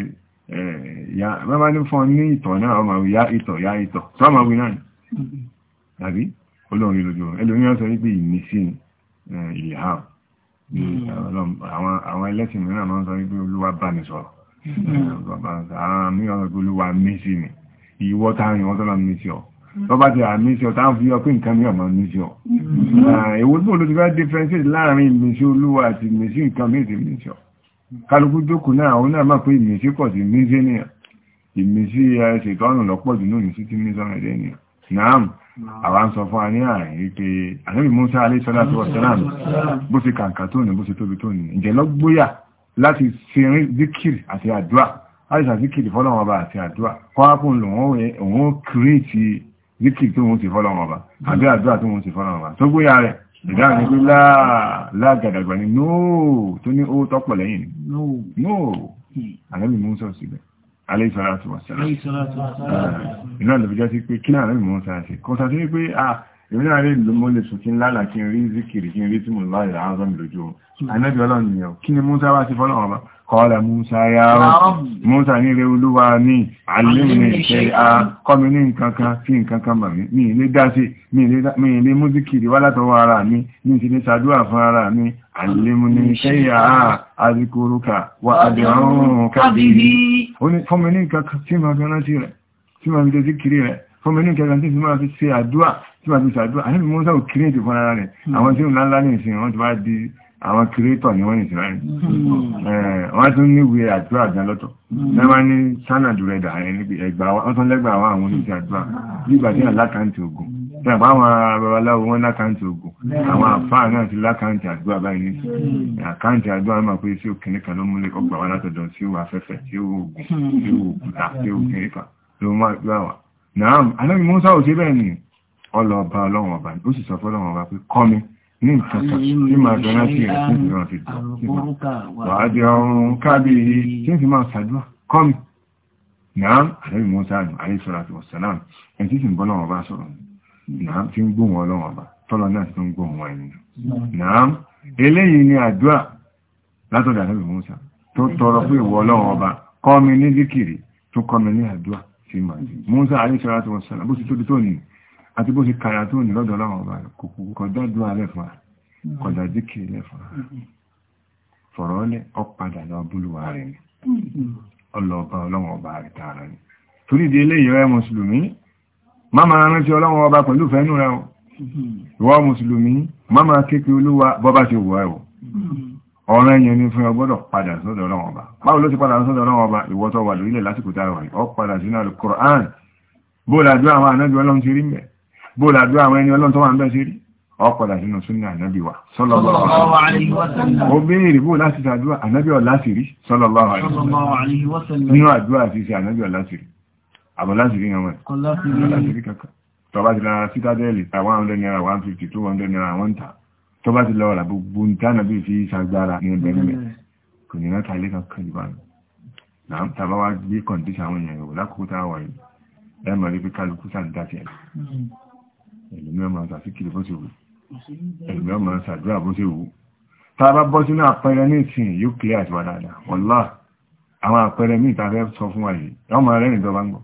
ya bàbá ní fún ọ ní ìtọ̀ náà ọmọ ya ìtọ̀ ya ìtọ̀ tó ọmọ wí náà tàbí mm-hmm. olórin lójú oorun ẹlòmíràn sọ wípé ìmísí ìhà mm-hmm. àwọn ẹlẹ́sìn mìíràn máa ń sọ wípé olúwa bá mi mm-hmm. ni ìwọ táwọn ìwọ́n tọ́bá ti àmì sí ọ̀tá ń fi ọpí nǹkan mí ọ̀mọ̀ ní sí ọ̀. èwo tó ló ti fẹ́ differentiate láàrin ìmìsí olúwa àti ìmìsí nǹkan mí ti mìsí ọ̀. kálukú jókù náà òun náà máa pé ìmìsí pọ̀ sí mìsí ènìyàn ìmìsí ṣètọ́nù lọ́pọ̀ jù lónìí sí ti mìsí ọ̀rọ̀ ẹ̀dẹ́ ènìyàn. naam àwa ń sọ fún wa ní àárín pé ànábì zikiri àti àdúrà láti ṣàzikiri fọ́lọ́wọ́n ọba àti àdúrà zikir tó wọ́n ti fọ́lọ̀ wọn bá àbí àdúrà tó wọ́n ti fọ́lọ̀ wọn bá tó gbóyà rẹ̀ ìdá ní pé láàgàdàgbà ni nóò tó ní ó tọ́pọ̀ lẹ́yìn ni nóò àlẹ́bì mú sọ síbẹ̀ aléìsọ́láàtù wàsàlá iná lè fi jẹ́ sí pé kí náà lẹ́bì mú sọ sí kọ́ sọ sí pé à èmi náà lè lọ mọ́ lè sùn Kọ́lá Músa ya rọ̀. Músa ní ilé olúwa ní àlèmì ìṣẹ́ a kọ́mi ní nǹkankan sí nǹkankan bà mí. Mi ilé dáṣe, mi ilé múzíkìrì wá látọwọ́ ara mi, mi ti lè ṣàdúrà fún ara mi. Àlèmì ní iṣẹ́ ya àríkòrókà wà àdìrún kábìrì. Ó ní fọ́mi ní nǹkankan tí máa fi rántí rẹ̀, tí máa fi lè síkìrì rẹ̀, fọ́mi ṣe àdúrà, tí máa fi ṣàdúrà àwọn kìrìtọ̀ ni wọ́n ní ìsìnláì hmm. wọ́n tún níwé àdúrà gan lọ́tọ̀ lẹ́wọ́n hmm. ní sánàdù rẹ̀ dàáyẹ níbi ẹgbà wọ́n tún lẹ́gbà àwọn àwọn oníṣẹ́ àdúrà nígbà tí wọ́n lákàntì ogun nígbà àwọn babaláwo wọ́n lákàntì ogun hmm. àwọn àfáà náà ti lákàntì àdúrà báyìí ní àkántì àdúrà máa pé sí òkè nìkan ló múlẹ̀ ọgbà wa látọ̀dọ̀ sí òwò afẹ́fẹ́ sí òwò òkúta sí òkè nìkan ló máa ní ìtọ́ta tí máa gbọ́nà tí rẹ̀ tí ìrọ̀ fi jọ wà á jẹ ọrùn kábí tí ó fi máa sàdúwà kọ́mì náà àrẹ́bì mọ́sá àdùn àríṣọ́lá àti wọ̀sálàm ẹni tí sì ń bọ́lọ́wọ́ bá sọ̀rọ̀ náà tí ń gbóhùn ọlọ́wọ́ bá tọ́lọ náà tí ó ń gbóhùn wọn ẹni náà eléyìí ni àdúà látọ̀dọ̀ àrẹ́bì mọ́sá tó tọrọ pé ìwọ ọlọ́wọ́ bá kọ́ mi ní díkìrì tó kọ́ mi ní àdúà tí màá sí mọ́sá àríṣọ́lá àti ti tó àti bó ṣe kàrà tó ní lọ́dọ̀ láwọn ọba kọjá dúró alẹ́ fún wa kọjá díkì ilẹ̀ fún wa fọ̀rọ̀ ọlẹ́ ọ̀padà lọ búlùwà rẹ̀ ni ọlọ́ọ̀bá ọlọ́wọ̀n ọba rẹ̀ tààrà ni torí ìdí eléyìí rẹ̀ mùsùlùmí má máa rántí ọlọ́wọ̀n ọba pẹ̀lú fẹ́nu rẹ̀ o ìwọ mùsùlùmí má máa képe olúwa bọ́bá ti wọ̀ ẹ́ o ọ̀rẹ́ yẹn ni fún ọgbọ́dọ̀ padà sọ́dọ̀ ọlọ́wọ̀n ọba báwo ló ti padà sọ́dọ̀ ọlọ́wọ̀n ọba ìwọ wà lórílẹ̀ lásìkò tá a wà yìí ọ padà sínú àlùkùránì bó làjú àwọn ànájú ọlọ́run ti rí mẹ́ẹ̀ bóòlù àdúrà àwọn ẹni ọlọ́run tó wà ń bẹ́ sí rí ọ̀pọ̀lá sínú súnà ànábì wa sallallahu alaihi wasallam ó béèrè bó láti ṣàdúrà ànábì ọ̀lá sí rí sallallahu alaihi wasallam nínú àdúrà sí ṣe ànábì ọ̀lá sí rí àbọ̀ láti rí yàn 150 200 naira 1 ta tọba ti lọ́ra gbogbo ní tánàbí fi ṣàgbára ní ẹgbẹ̀ mẹ́ kò ní láta ilé kankan jù bá ní náà ẹlòmíràn máa sàfíkiri bó ṣe wù ẹlòmíràn máa sàdúrà bó ṣe wù tá a bá bọ́ sínú àpẹẹrẹ ní ìsìn yóò kílẹ̀ àti wà dáadáa wọ́lá àwọn àpẹẹrẹ míì tá a fẹ́ sọ fún wa yìí wọ́n máa rẹ́rìn ìjọba ń gbọ́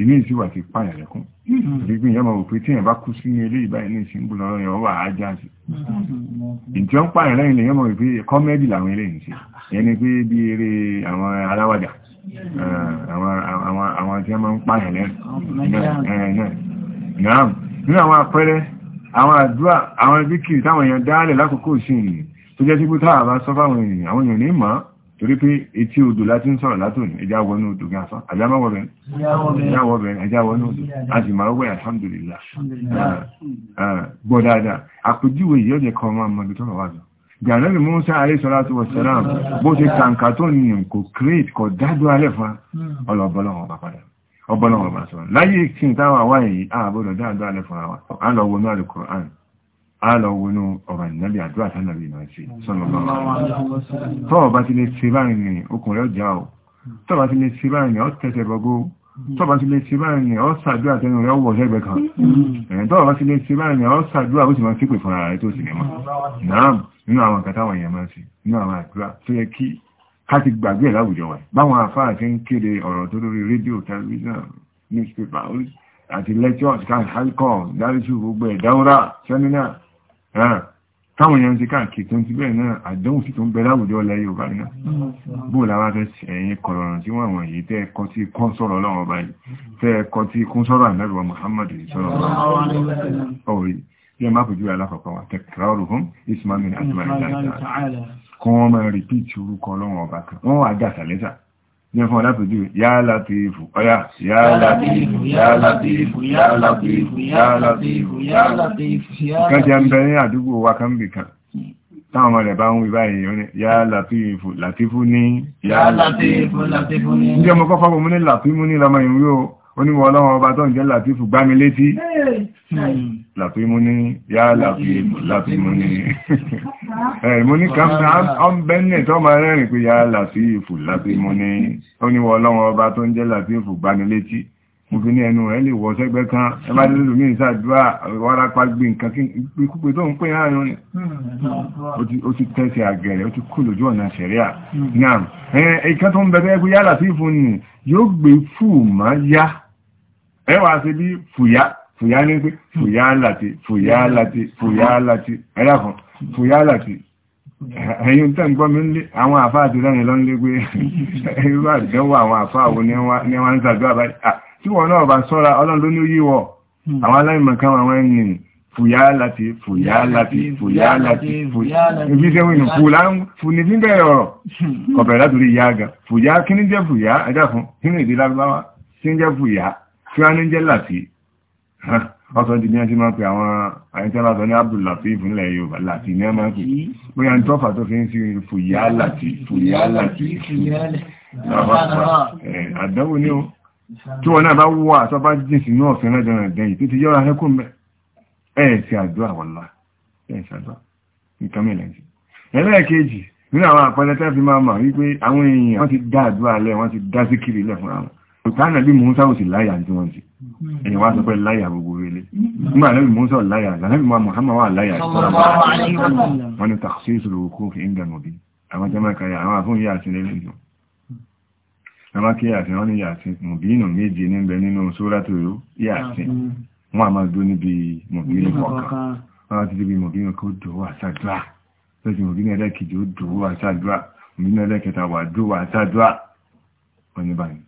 ìní ìsìn wà ti pààyàn lẹ́kún gbígbín yọmọ òpin tí èèyàn bá kú sí ilé ìbáyìí ní ìsìn gbọ́dọ̀ ọ̀rọ̀ yẹn wà á já sí ìtì ó ń pààyàn lẹ́yìn lè yọmọ pé kọ́mẹ́dì làwọn eléyìí ń ṣe ẹni pé bí eré àwọn aláwàdà eh, àwọn tí wọ́n máa ń pààyàn lẹ́yìn eh, eh, náà nínú àwọn àpẹẹrẹ àwọn àdúrà àwọn zikiri táwọn èèyàn dálẹ̀ lákòókò sí ìyìn tó jẹ́ sípò táà bá sọ fáwọn èèyàn àwọn èèyàn ní mọ́ torí pé etí odò láti ń sọ̀rọ̀ látòní ẹjá wọnú odò gáfá àjámọ́wọ̀bẹ̀ ẹjá wọnú odò alhamdulillah ah, ah, gbọ́dáadá àpèjúwe ìyọ́jẹ̀ kan máa mọ́dún tọ́rọ wà lọ jàndẹ́lì Musa aléṣọ́látí wọ̀sẹ̀lá bó ṣe kàǹkà tó ní kò kírèt kọ̀ dájú alẹ́fà hmm. ọlọ́bọ́lọ́wọ́ pàpàdà ọbọ́lọ́wọ̀ bá sọ láyé kí n táwà wá èyí àbọ̀dọ̀ dáadáa lẹ fúnra wa a lọ wọnú alukur'an a lọ wọnú ọ̀rọ̀ ìnábì àdúrà sánàbì ìmọ̀ sí sọ́nà tọ́ọ̀bá ti lè ṣe báyìí ni o tọ́ọ̀bá ti lè ṣe báyìí ni ọ tẹ́tẹ́ bọ́gó tọ́ọ̀bá ti lè ṣe báyìí ni ọ sàdúrà tẹnu rẹ̀ wọ̀ sẹ́gbẹ̀ kan tọ́ọ̀bá ti lè ṣe báyìí ni ọ sàdúrà ó sì máa sípè fúnra rẹ̀ tó sì ní mọ́ náà nínú àwọn sí káti gbàgbé ẹ̀ láwùjọ wa báwọn afáà ṣe ń kéde ọ̀rọ̀ tó lórí rédíò tẹlifíṣàn newspaper àti lectures kálkọ̀ dáríṣù gbogbo ẹ̀ dáúrà sẹ́mínà táwọn èèyàn ti káàkiri tó ń ti bẹ́ẹ̀ náà àdánwò sí tó ń bẹ láwùjọ ilẹ̀ yorùbá náà bó la wá fẹ́ ẹ̀yìn kọ̀rọ̀rùn tí wọ́n yìí tẹ́ ẹ̀kọ́ tí kún sọ̀rọ̀ ọlọ́run ọba yìí tẹ́ kún wọ́n máa rìpíìtì orúkọ ọlọ́run ọba kan wọ́n wà jà sàlẹ́sà ní ẹ̀fọn alápèjú yá látífù ọ̀yá yá látífù yá látífù yá látífù yá látífù yá látífù kan ti ń bẹ ní àdúgbò wa kan bì kan táwọn ọmọ rẹ̀ bá ń wí báyìí yóò ní yá látífù látífù ní yá látífù látífù ní ní ọmọ kọfà mú ní látífù ní lọmọ ìwúrò oníwọ̀ ọlọ́run ọba tó ń jẹ́ látífù gbá mi létí làfíìmú ní yá làfíìmú ní ẹ̀mú ní kàfíà ọ́nbẹ́nẹ̀ tó máa rẹ́rìn pé yá làfíìfù làfíìmú ní oníwọ̀ ọlọ́wọ́ ọba tó ń jẹ́ làfíìfù gbanilétí mo fi ní ẹnu ẹ̀ lè wọ́ sẹ́gbẹ́ kan ẹ bá nílò ní ìsàdúrà wárápá gbé nǹkan kí pípé tó ń pè láàrin rẹ̀ ó ti tẹ́sẹ̀ àgẹ̀rẹ̀ ó ti kú lójú ọ̀nà ṣẹ̀ríà náà ẹ̀ẹ̀kan tó ń bẹ̀rẹ̀ pé yá làfíìfù ni yóò gbé fù má yá ẹwà ṣe bí fùyá fùyá ní pé fùyá láti fùyá láti fùyá láti ẹ̀dàkùn fùyá láti ẹ̀yìn tẹ́ ń gbọ́ mi nílé àwọn àfáà ti rẹ́rin lọ nílé pé ẹgbẹ́ àdẹ́wọ̀ àwọn àfáà wo ni wọ́n ń sàdúrà báyìí tí wọ́n náà bá sọ́ra ọlọ́run ní yíwọ̀ àwọn aláìmọ̀kan wọ́n sọ di ní ẹjí máa pè àwọn àyíkẹ́lá sọ ní Abdul Latif nílẹ̀ Yorùbá láti ní ẹmọ́ pè bóyá ń tọ́fà tó fi ń sí fòyà láti fòyà láti àdánwò ní o tí wọ́n náà bá wọ́ àtọ́ bá jìn sí ní ọ̀fẹ́ lẹ́jọ́rọ̀ ẹ̀dẹ́yìn tó ti yọ́ra ẹkùn mẹ́ ẹ̀ẹ̀sì àdúrà wọ́lá ẹ̀ẹ̀sì àdúrà nǹkan mẹ́lẹ̀ sí ẹlẹ́ẹ̀kejì nínú àwọn àpẹẹrẹ tẹ́ fi máa mọ̀ wípé àwọn èèyàn wọ́n ti dá àdúrà lẹ̀ wọ́n ti dá síkìrì lẹ̀ tánà bí Musa ò sì láyà tí wọ́n sí hmm. ẹ̀yìn wá sọ pé láyà gbogbo rẹ̀lẹ̀ nígbà náà bí Musa ò láyà lánàbí ma Muhammad wà láyà wọ́n ni takhsisul wuquf inda al-mubin àwọn tẹ́mà kàyà àwọn àfún yà sí lẹ́lẹ́ ìjọ àwọn kí yà sí wọ́n ni yà sí mùbínù méje níbẹ̀ nínú sóràtò yà sí wọ́n a máa dó níbi mùbínù kọ̀ọ̀kan wọ́n ti débi mùbínù kó dòwó àṣàdúrà lọ́sí mùbínù ẹlẹ́kejì ó dòwó àṣàdúrà mùbínù ẹlẹ́kẹta wà dòwó àṣàdúrà wọ́n ní báyìí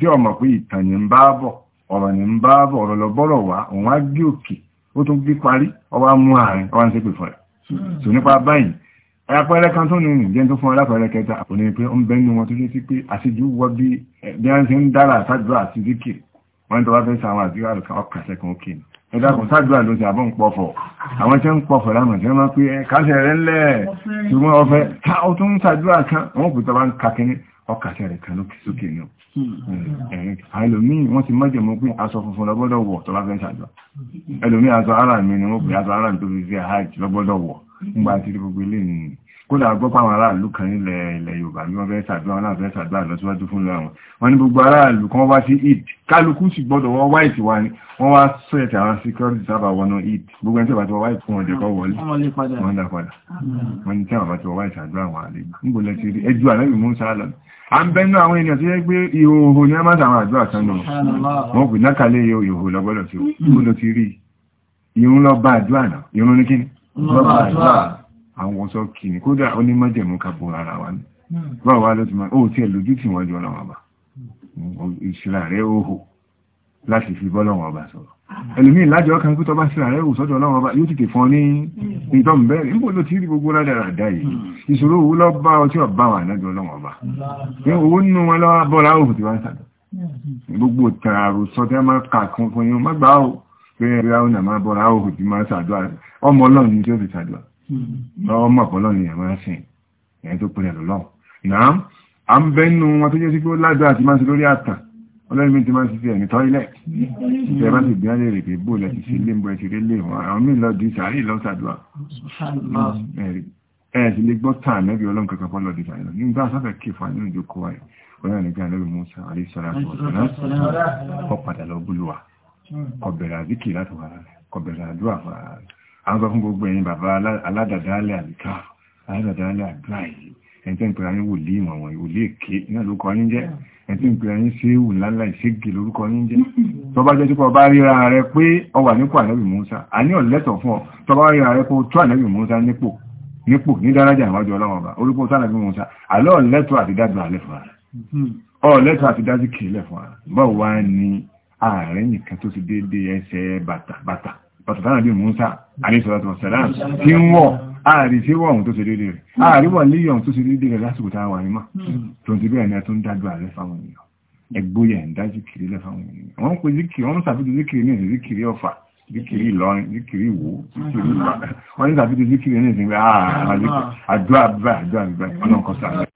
jẹ́ ọmọ pé ìtàn ní ń bá bọ̀ ọ̀rọ̀ ní ń bá bọ̀ ọ̀rọ̀ lọ bọ́rọ̀ wá òun á gé òkè ó tún gbé parí ọwá mú àárín ọwá ń ṣépè fún rẹ̀ hmm. so nípa báyìí àpẹẹrẹ kan tó nìyí jẹ́ tó fún alápẹẹrẹ kẹta òní pé ó ń bẹ́ nínú wọn tó ṣe sí pé àṣejù wọ bí eh, bí a ń ṣe ń dára àṣàdúrà àti zikì wọ́n tó bá fẹ́ sa àwọn àdúrà ọkàṣẹ́ kan òkè ẹ dákun hmm. sádùá ló ti àbọ̀ ń àwọn tí ń pọ̀fọ̀ láwọn tí wọ́n máa pé ẹ káṣẹ̀ rẹ̀ ńlẹ̀ ṣùgbọ́n ọfẹ́ ó tún sádùá kan wọ́n kò bá ń kakíní ọkàtẹ̀ rẹ̀ kan ló kì sókè yàn. Hmm. Eh, eh, ẹlòmíì wọ́n ti mọ́jẹ̀ mọ́ pé aṣọ funfun lọ́gbọ́dọ̀ wọ̀ tó fẹ́ ṣàjọ ẹlòmíì aṣọ ara mi ni wọ́n pè aṣọ ara mi tó fi fi hajj lọ́gbọ́dọ̀ wọ̀ nígbà tí gbogbo ilé nìyí kódà gbọ́ pàwọn aráàlú kan nílẹ̀ ilẹ̀ yorùbá bí wọ́n fẹ́ ṣàdúrà wọn náà fẹ́ ṣàdúrà lọ́síwájú fún lọ́wọ́ wọn ní gbogbo aráàlú kan wá sí id kálukú sì gbọ́dọ̀ wọ́n wáìtì wá ní wọ́n wá sẹ́ẹ̀tì àwọn security sábà wọnú id gbogbo ẹni tí wọ́n ti wọ́n wáìtì fún ọdẹ kọ́ wọlé wọ́n dà a ń bẹ́nu àwọn ènìyàn tó yẹ gbé ìhòhò ní ẹmọ́ta àwọn àdúrà sánà wọ́n pè nákàlẹ̀ ìhòhò lọ́gbọ́dọ̀ tí ó lọ ti rí irun lọ bá àdúrà náà irun ní kíni lọ́bà àdúrà àwọn sọ kìíní kódà ó ní mọ́jẹ̀mú kapo ara wa ní hmm. báwo wá ló ti máa ó tí ẹ lójú tí ẹlòmí ìlájọ́ kan kú tọba sí ààrẹ òsọ́jọ́ ọlọ́wọ́ bá yóò tìtì fún ní ìtọ́m bẹ́ẹ̀ nígbò ló ti rí gbogbo ládàradà yìí hmm. ìṣòro owó lọ bá ọtí ọba wà lájọ́ ọlọ́wọ́ bá owó nínú wọn lọ́wọ́ bọ́lá òfò ti wá ń sàdọ̀ hmm. gbogbo tààrù sọ́tẹ́ máa kà kún fún yín má gbà ó pé ẹ̀rọ náà máa bọ́lá òfò ti máa sàdọ̀ ọmọ ọlọ́run ni tí ó fi sàdọ̀ hmm. ọmọ ọlọ́run ni ẹ̀ máa sìn ẹ̀ tó pinnu ẹ̀ lọ́wọ́ ọlọ́rin tí máa ń ṣiṣẹ́ ẹ̀mí tọ́ílẹ̀ ìṣẹ́ bá sì bí wọ́n lè rèé pé bó lẹ́ti sí ilé ń bọ́ ẹ̀ṣẹ̀rẹ́ lè wọ́n àwọn míì lọ di sàárì lọ́sàdúrà mm, ẹ̀ẹ̀sì lè gbọ́ tà lẹ́bí ọlọ́run kankan fọ́ lọ́dí sàárì nígbà sáfẹ́ kí fún àyẹ̀wò ìjókòó ayẹ̀ ọlọ́run nígbà lẹ́bí Musa àríṣọ́lá kọ́ padà lọ búlùwà kọ̀bẹ̀rẹ̀ àdíkì láti wà rẹ̀ kọ̀bẹ̀rẹ̀ àdúrà fún ara rẹ̀ àwọn sọ fún gbogbo ẹ̀yin bàbá aládàdálẹ̀ àbíká aládàdálẹ̀ àdúrà yìí ẹ̀ńtẹ́ ń pẹ̀lú ayé wòlíì wọ̀n wọ̀n wòlíì èké náà ló kọ́ ní jẹ́ ẹ̀tí ìpìlẹ̀ yín ṣe wù lálà ìṣègì lórúkọ yín jẹ́ tọba jẹ́ típọ̀ bá ríra rẹ pé ọ wà nípò ànábì Musa a ní ọ̀lẹ́tọ̀ fún ọ tọba ríra rẹ pé ó tó ànábì Musa nípò nípò ní dárájà ìwájú ọlọ́wọ́ ọba orúkọ tó ànábì Musa àlọ́ ọ̀lẹ́tọ̀ àti dájú alẹ́ fún ara ọ̀lẹ́tọ̀ àti dájú kìlẹ̀ fún ara báwo wá ní ààrẹ nìkan tó ti déédéé ẹsẹ̀ bàtà bàtà bàtà tánàbì Musa àdéṣọ́lá ààrí sí wọ̀n tó ṣe dédé rẹ̀ hmm. ààrí wọ̀n líyàn tó ṣe dédé rẹ̀ lásìkò tá a wà nímọ̀ tó ti bẹ́ẹ̀ ni a tó ń dájú ààrẹ fáwọn ènìyàn ẹgbóyà ń dá zikiri lẹ fáwọn ènìyàn wọ́n ń pe zikiri wọ́n ń ṣàfihàn zikiri ní ìsìn zikiri ọ̀fà zikiri ìlọrin zikiri ìwò zikiri ìwà wọ́n ń ṣàfihàn zikiri ní ìsìn àdúrà bíbá àdúrà bíbá ọlọ́nkọ́sà rẹ̀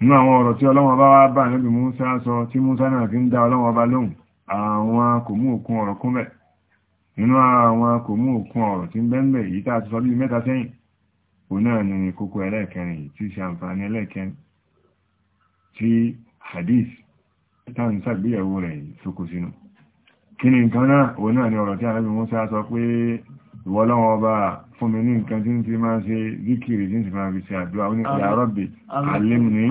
nínú àwọn ọ̀rọ̀ tí ọlọ́wọ́n bá wá bá níbi Musa sọ tí Musa náà fi ń dá ọlọ́wọ́n bá lóhùn àwọn kò mú òkun ọ̀rọ̀ kún bẹ̀ nínú àwọn kò mú òkun ọ̀rọ̀ tí ń bẹ́ńbẹ̀ yìí tá a ti sọ bí mẹ́ta sẹ́yìn òun náà ni kókó ẹlẹ́ẹ̀kẹrin tí ṣe àǹfààní ẹlẹ́ẹ̀kẹrin tí hadith táwọn ìsàgbéyàwó rẹ̀ sókò sínú kí ni nǹkan náà òun náà ni ọ̀rọ̀ tí arábì Musa sọ pé ìwọ lọ́wọ́ ọba fún mi ní nǹkan tí ń ti máa ṣe zikiri tí ń ti máa fi ṣe àdúrà ó ní ya Rabbi allimni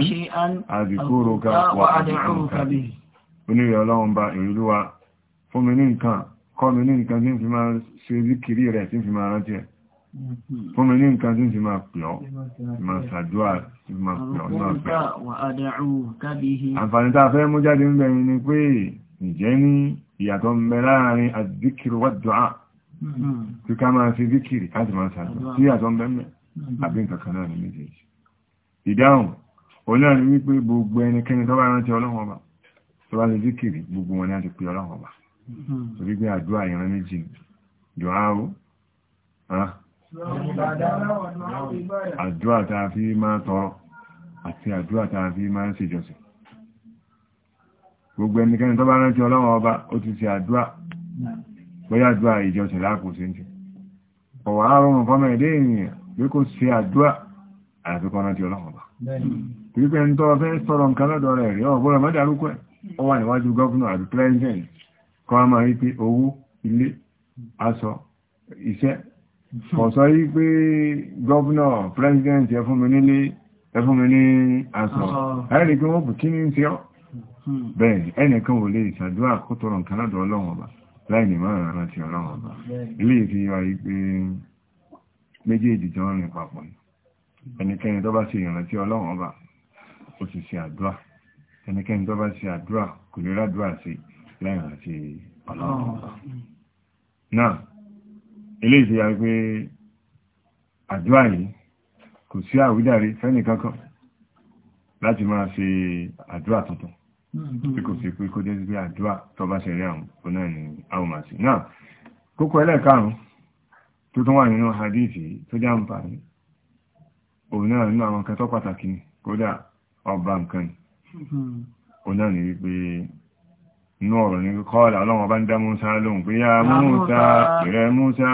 shay'an azkuruka wa ad'uka bihi onírẹ̀ ọlọ́run bá ìrìlúwa fún mi ní nǹkan kọ́ mi ní nǹkan tí ń fi máa ṣe zikiri rẹ̀ tí ń fi máa rántí rẹ̀ Mm-hmm. fún mi ní nǹkan tí ń ti máa pè ọ́ ìmọ̀ ṣàdúrà ìmọ̀ pè ọ́ ìmọ̀ pè ọ́ àǹfààní tá a fẹ́ mú jáde ń bẹ̀rin ni pé ǹjẹ́ ní ìyàtọ̀ ń bẹ láàrin àdìkiri wà dùá tí mm-hmm. ká máa fi díkiri káàtì máa ṣàdúrà tí ìyàtọ̀ ń bẹ mm-hmm. àbí nǹkan kan náà ní méjèèjì àdúrà tàà fi máa tọrọ àti àdúrà tàà fi máa ń ṣèjọsìn gbogbo ẹnikẹ́ni tó bá rántí ọlọ́wọ́ ọba ó ti ṣe àdúrà bóyá àdúrà ìjọsìn lákòóso ń ti ọ̀wọ̀ àárùn fọ́mọ ẹ̀dẹ́ ènìyàn pé kó ṣe àdúrà àyàfikọ́ rántí ọlọ́wọ́ ọba pípẹ́ ń tọ́ fẹ́ sọ̀rọ̀ nǹkan lọ́dọ̀ rẹ̀ rí ọ̀gbọ́n mọ́dà rúkọ́ ẹ̀ ó wà níwájú gọ́ọ̀nà àti president kọ́ a máa rí pé owó ilé aṣọ iṣẹ́ ọ̀sọ́ yí pé gọ́ọ̀nà pírẹ́sidẹ̀ntì ẹ fún mi nílé ẹ fún mi ní aṣọ ẹ̀rì pé wọ́n bù kí ní tí ọ́ hmm. bẹ́ẹ̀ ẹnìkan ò lè ṣàdúrà kó tọrọ nǹkan lọ́dọ̀ ọlọ́run ọba láì ní máa rán ti ọlọ́run ọba ilé ìfi wa yí pé méjèèjì jọ ń rìn papọ̀ ẹnikẹ́ni tó bá ṣe ìrántí ọlọ́run ọba ó sì ṣe àdúrà ẹnikẹ́ni tó bá ṣe àdúrà kò lè rádúrà sí láì rántí ọlọ́run ọba hmm. náà ilé ìṣẹ́yà pé àdúrà yìí kò sí àwíjàre fẹ́ni kankan láti máa ṣe àdúrà tuntun tí mm-hmm. kò sí pé kó jẹ́ pé àdúrà tó bá ṣe rí àwọn oná ni àwọn máa ṣe náà kókó ẹlẹ́ẹ̀karùn tó tún wà nínú hadithi tó já ń òun náà nínú àwọn kan pàtàkì kódà ọba nǹkan mm-hmm. òun náà ni wípé inú ọ̀rọ̀ ní kọ́ọ̀lá ọlọ́run bá ń dá Músá lóhùn pé yá Músá ìrẹ́ Músá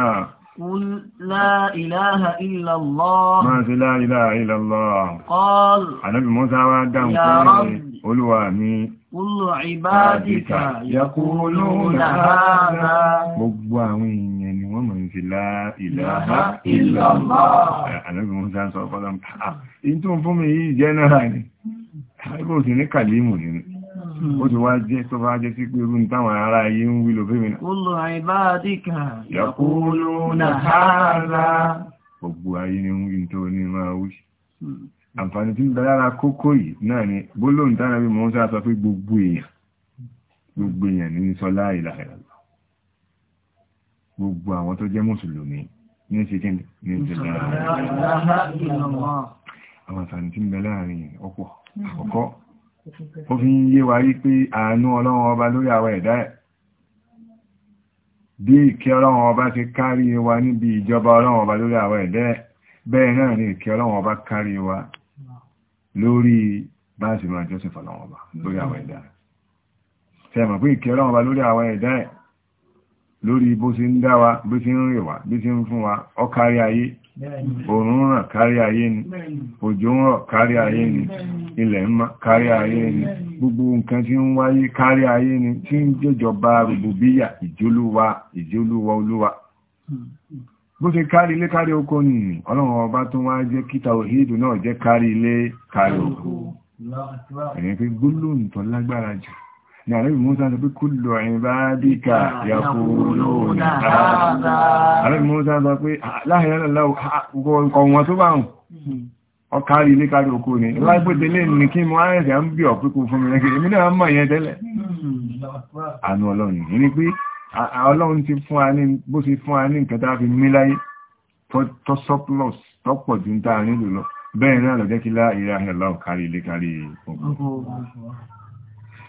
La ilaha illallah. Máa sí la ilaha illallah. Kọ́ọ̀lù. Ànábì Músá wá dáhùn fún olúwa mi. Kullu ibadika yaquluna hadha. Gbogbo àwọn èèyàn ni wọ́n mọ̀ sí la ó ti wá jẹ́ tó bá jẹ́ sí pé irú táwọn ará ayé ń wí lò fẹ́mi náà. Kullu ibadika yaquluna hadha. Gbogbo ayé ni ń wí tó ní máa wí. Hmm. Àǹfààní tí ń bẹ lára kókó yìí náà ni gbólóhùn tára bí mo ń sá sọ pé gbogbo èèyàn gbogbo èèyàn ní sọ la ilaha illallah. Gbogbo àwọn tó jẹ́ Mùsùlùmí ní ṣe kí ní ṣe láàrin. Àwọn àǹfààní tí ń bẹ láàrin ọ̀pọ̀ àkọ́kọ́ ó fi ń yé wa rí pé àánú ọlọ́run ọba lórí àwọn ẹ̀dá ẹ̀ bí ìkẹ́ ọlọ́run ọba ti kárí wa níbi ìjọba ọlọ́run ọba lórí àwọn ẹ̀dá ẹ̀ bẹ́ẹ̀ náà ni ìkẹ́ ọlọ́run ọba kárí wa lórí báṣì máa jọ́sìn fọ́lọ́run ọba lórí àwọn ẹ̀dá ẹ̀ tẹ́mọ̀ pé ìkẹ́ ọlọ́run ọba lórí àwọn ẹ̀dá ẹ̀ lórí bó ti ń dá wa bó ti ń rìn wa bí ti ń fún wa ó ayé òòrùn ràn kárí ayé ni òjò ń rọ̀ kárí ayé ni ilẹ̀ gbogbo nǹkan tí ń wáyé kárí ayé ni tí ń jọjọba rùbùbíyà ìjólúwa ìjólúwa olúwa bó ṣe kárí ilé kárí oko ni ọlọ́run ọba tó wá jẹ́ kíta òhìdù náà jẹ́ kárí ilé kárí oko ẹ̀yìn pé lágbára jù Nàrí Musa sọ pé kúlò ìbádíkà yàkúlòna ààbà. Àrí Musa sọ pé láàrínlẹ́ ọ̀wọ̀n tó bá hùn, ọkàrí ilé kárí oko ni. Láìpẹ́tẹ̀ lè ní kí mọ́ ààrẹ̀ ń bí ọ̀pípò fún mi rẹ̀kẹ́. Èmi náà mọ̀ yẹn tẹ́lẹ̀. Àánú Ọlọ́run ní ni pé Ọlọ́run ti fún a ní bó ṣe fún a ní nǹkan tá fi mí láyé tó surplus tọ́pọ̀ ju ń tá a lọ. Bẹ́ẹ̀ náà lọ jẹ́ kí láàrínlẹ́ ọ̀kárí ilé kárí oko.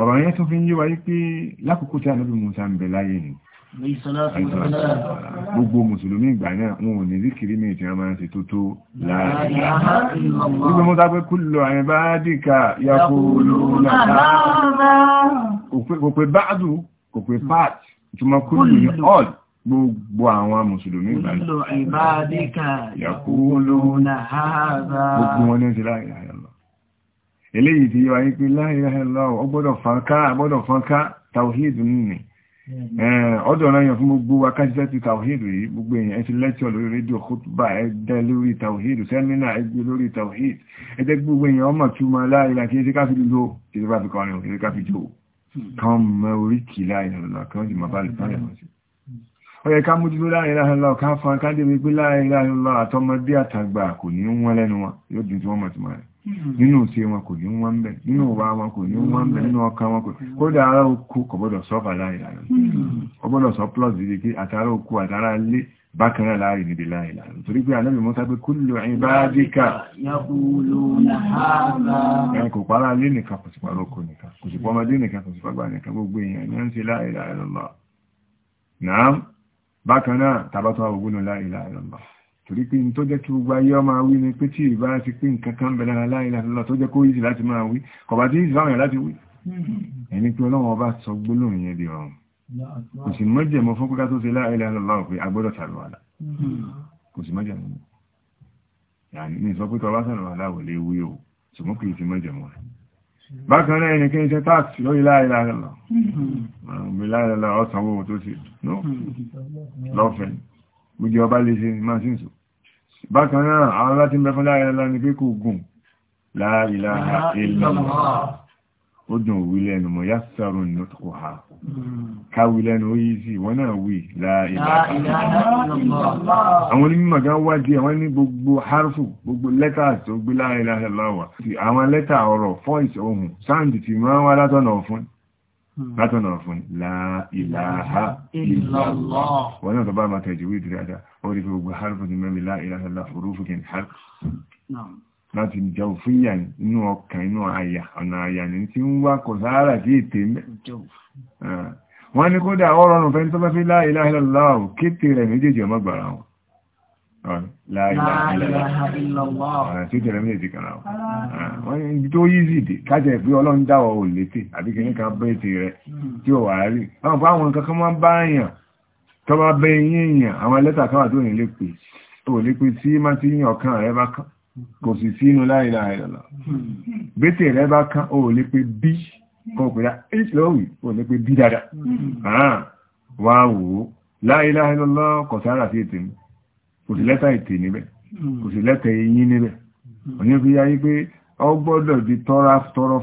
ọ̀rọ̀ yẹn tún fi ń yíwa yí pé lákòókò tí ànábì Mùsá ń bẹ láyé ni gbogbo mùsùlùmí ìgbà náà wọn ò ní zikiri mi ìtìyàn máa ń ṣe tó tó láàrin gbogbo Mùsá pé kullu ibadika yaquluna kò pé báàdù gbogbo àwọn mùsùlùmí ìgbà náà yaquluna gbogbo wọn ní ṣe láàrin eléyìí ti yíwa yípe láìláìláwọ̀ ọgbọ́dọ̀ fọ́nká àgbọ́dọ̀ fọ́nká tàwíìdù nìyí ọdọ̀ ọ̀nà yàn fún gbogbo akásíṣẹ́ ti tàwíìdù yìí gbogbo èèyàn ẹ̀sìn lẹ́tọ̀ lórí rédíò kútùbà ẹ̀dẹ́ lórí tàwíìdù sẹ́mínà ẹgbẹ́ lórí tàwíìdù ẹ̀dẹ́ gbogbo èèyàn ọmọ túmọ̀ láìláì kí ẹ̀sìn káfí lò Hmm. nínú ṣe wọn kò ní wọ́n bẹ̀ nínú hmm. ọba wọn kò ní wọ́n bẹ̀ hmm. nínú ọkàn wọn kò kódà ara okú kò gbọ́dọ̀ sọ fàlà ìlànà ó gbọ́dọ̀ sọ plus dídí pé àtàrà okú àtàrà lé bákan náà láàrin níbi láàrin láàrin torí pé ànábì Mùsá pé kullu ibadika ẹn kò pàrà lé nìkan kò sì pàrà okú nìkan kò sì pọ́mọdé nìkan kò sì pàgbà nìkan gbogbo èèyàn ní ń ṣe láàrin láàrin lọ́lọ́ torí pé tó jẹ́ kí gbogbo ayé ọmọ awí ni pé tí ìbá ti pín nǹkan kan bẹ̀rẹ̀ aláìlá lọ tó jẹ́ kó ìsì láti máa wí kọ̀bá tí ìsì láwọn láti wí ẹni pé ọlọ́run ọba sọ gbólóhùn yẹn di ọ̀run kò sì mọ́jẹ̀mọ́ fún kókà tó ṣe láìlá lọ́wọ́ pé agbọ́dọ̀ sàlùwàlà kò sì mọ́jẹ̀mọ́ yàní ní sọ pé tọba sàlùwàlà wò lè wí o ṣùgbọ́n kì í ti mọ́jẹ̀mọ́ rẹ̀ bákan náà ẹni kí n ṣe táàkì lórí láìlá lọ láìlá lọ ọ̀sán owó tó ṣe lọ́fẹ̀ẹ́ gbogbo ọba lè ṣe máa ṣe ń sọ bákan náà àwọn láti mẹ́fẹ́ láàrin lọ ní pé kò gùn la ilaha illallah ó dùn òwú lẹ́nu mọ̀ yá sọ̀rọ̀ nùtùkù ha mm. káwí lẹ́nu ó yìí sí wọ́n náà wí la ilaha illallah àwọn onímọ̀ gan wájí àwọn ní gbogbo harfu látọ̀nà ọ̀fún mm. látọ̀nà ọ̀fún wọ́n náà tó máa tẹ̀jú wí dìrẹ́dà orí gbogbo harfi ní mẹ́rin láìláhàlá orúfùkín harfi láti jawfiyya inú ọkàn inú àyà ọ̀nà àyà ní tí ń wá kò sáárà kí ètè mẹ́ wọ́n ní kódà ọ̀rọ̀rùn fẹ́ tó bá fi láìláhàlá kéte rẹ̀ méjèèjì ọmọ gbàrà wọn kájẹ̀ pé ọlọ́run dáwọ̀ ò létè àbíkẹ́ ní kan bẹ́ẹ̀ ti rẹ̀ hmm. tí ó wà rí. àwọn bá àwọn kankan tọba bẹ yín èèyàn àwọn lẹ́tà kan wà tó yìn lè pè ó lè pè tí má ti yìn ọ̀kan rẹ bá kán kò sì sí inú láìlà ìrọ̀lọ́ bẹ́tẹ̀ rẹ bá kán ó lè pè bí kan pè dá eight lọ́wì ó lè pè bí dáadáa ah, wá wò ó láìlà ìrọ̀lọ́ kò sára sí ètè mi kò sí lẹ́tà ètè níbẹ̀ di tọ́rọ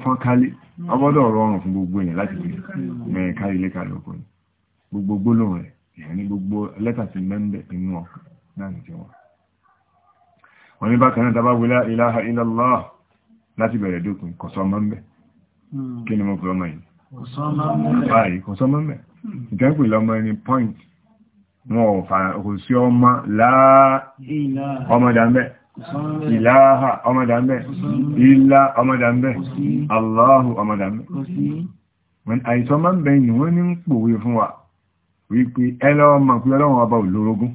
fọ́n kálé ọ gbọ́dọ̀ rọrùn fún gbogbo èèyàn láti pè mẹ́rin kárí lé kálé ọkùnrin gbogbo ní gbogbo lẹ́tà sí mẹ́mbẹ̀ inú ọkàn náà ní tiwọn wọ́n ní bákan náà tàbá wílá ilaha illallah láti bẹ̀rẹ̀ dókun kọ̀sọ́ mẹ́mbẹ̀ hmm. kí ni mo fi ọmọ yìí kọ̀sọ́ mẹ́mbẹ̀ ìtẹ́kù ìlọmọ ẹni point wọn ò fà kò sí ọmọ láà ọmọdà mẹ́ ìlàáhà ọmọdà mẹ́ ìlà ọmọdà mẹ́ wípé ẹlọ ọmọ pé ọlọ́run ọba olórogún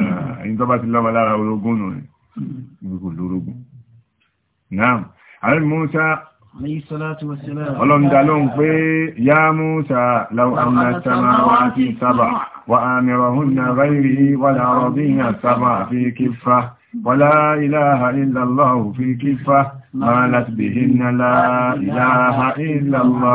ah, ẹni tó bá ti lọ́mọ lára ológun nù rẹ̀ wípé olórogún náà ààrẹ Musa ọlọ́mdà lóhun pé yá Musa láwọn amúnásámá wá sí sábà wà àmìrọ̀hún náà ráìrí wà láàrọ̀ bí i sábà fi kífà wàlá ìlàhà ìlàhà ìlàlọ́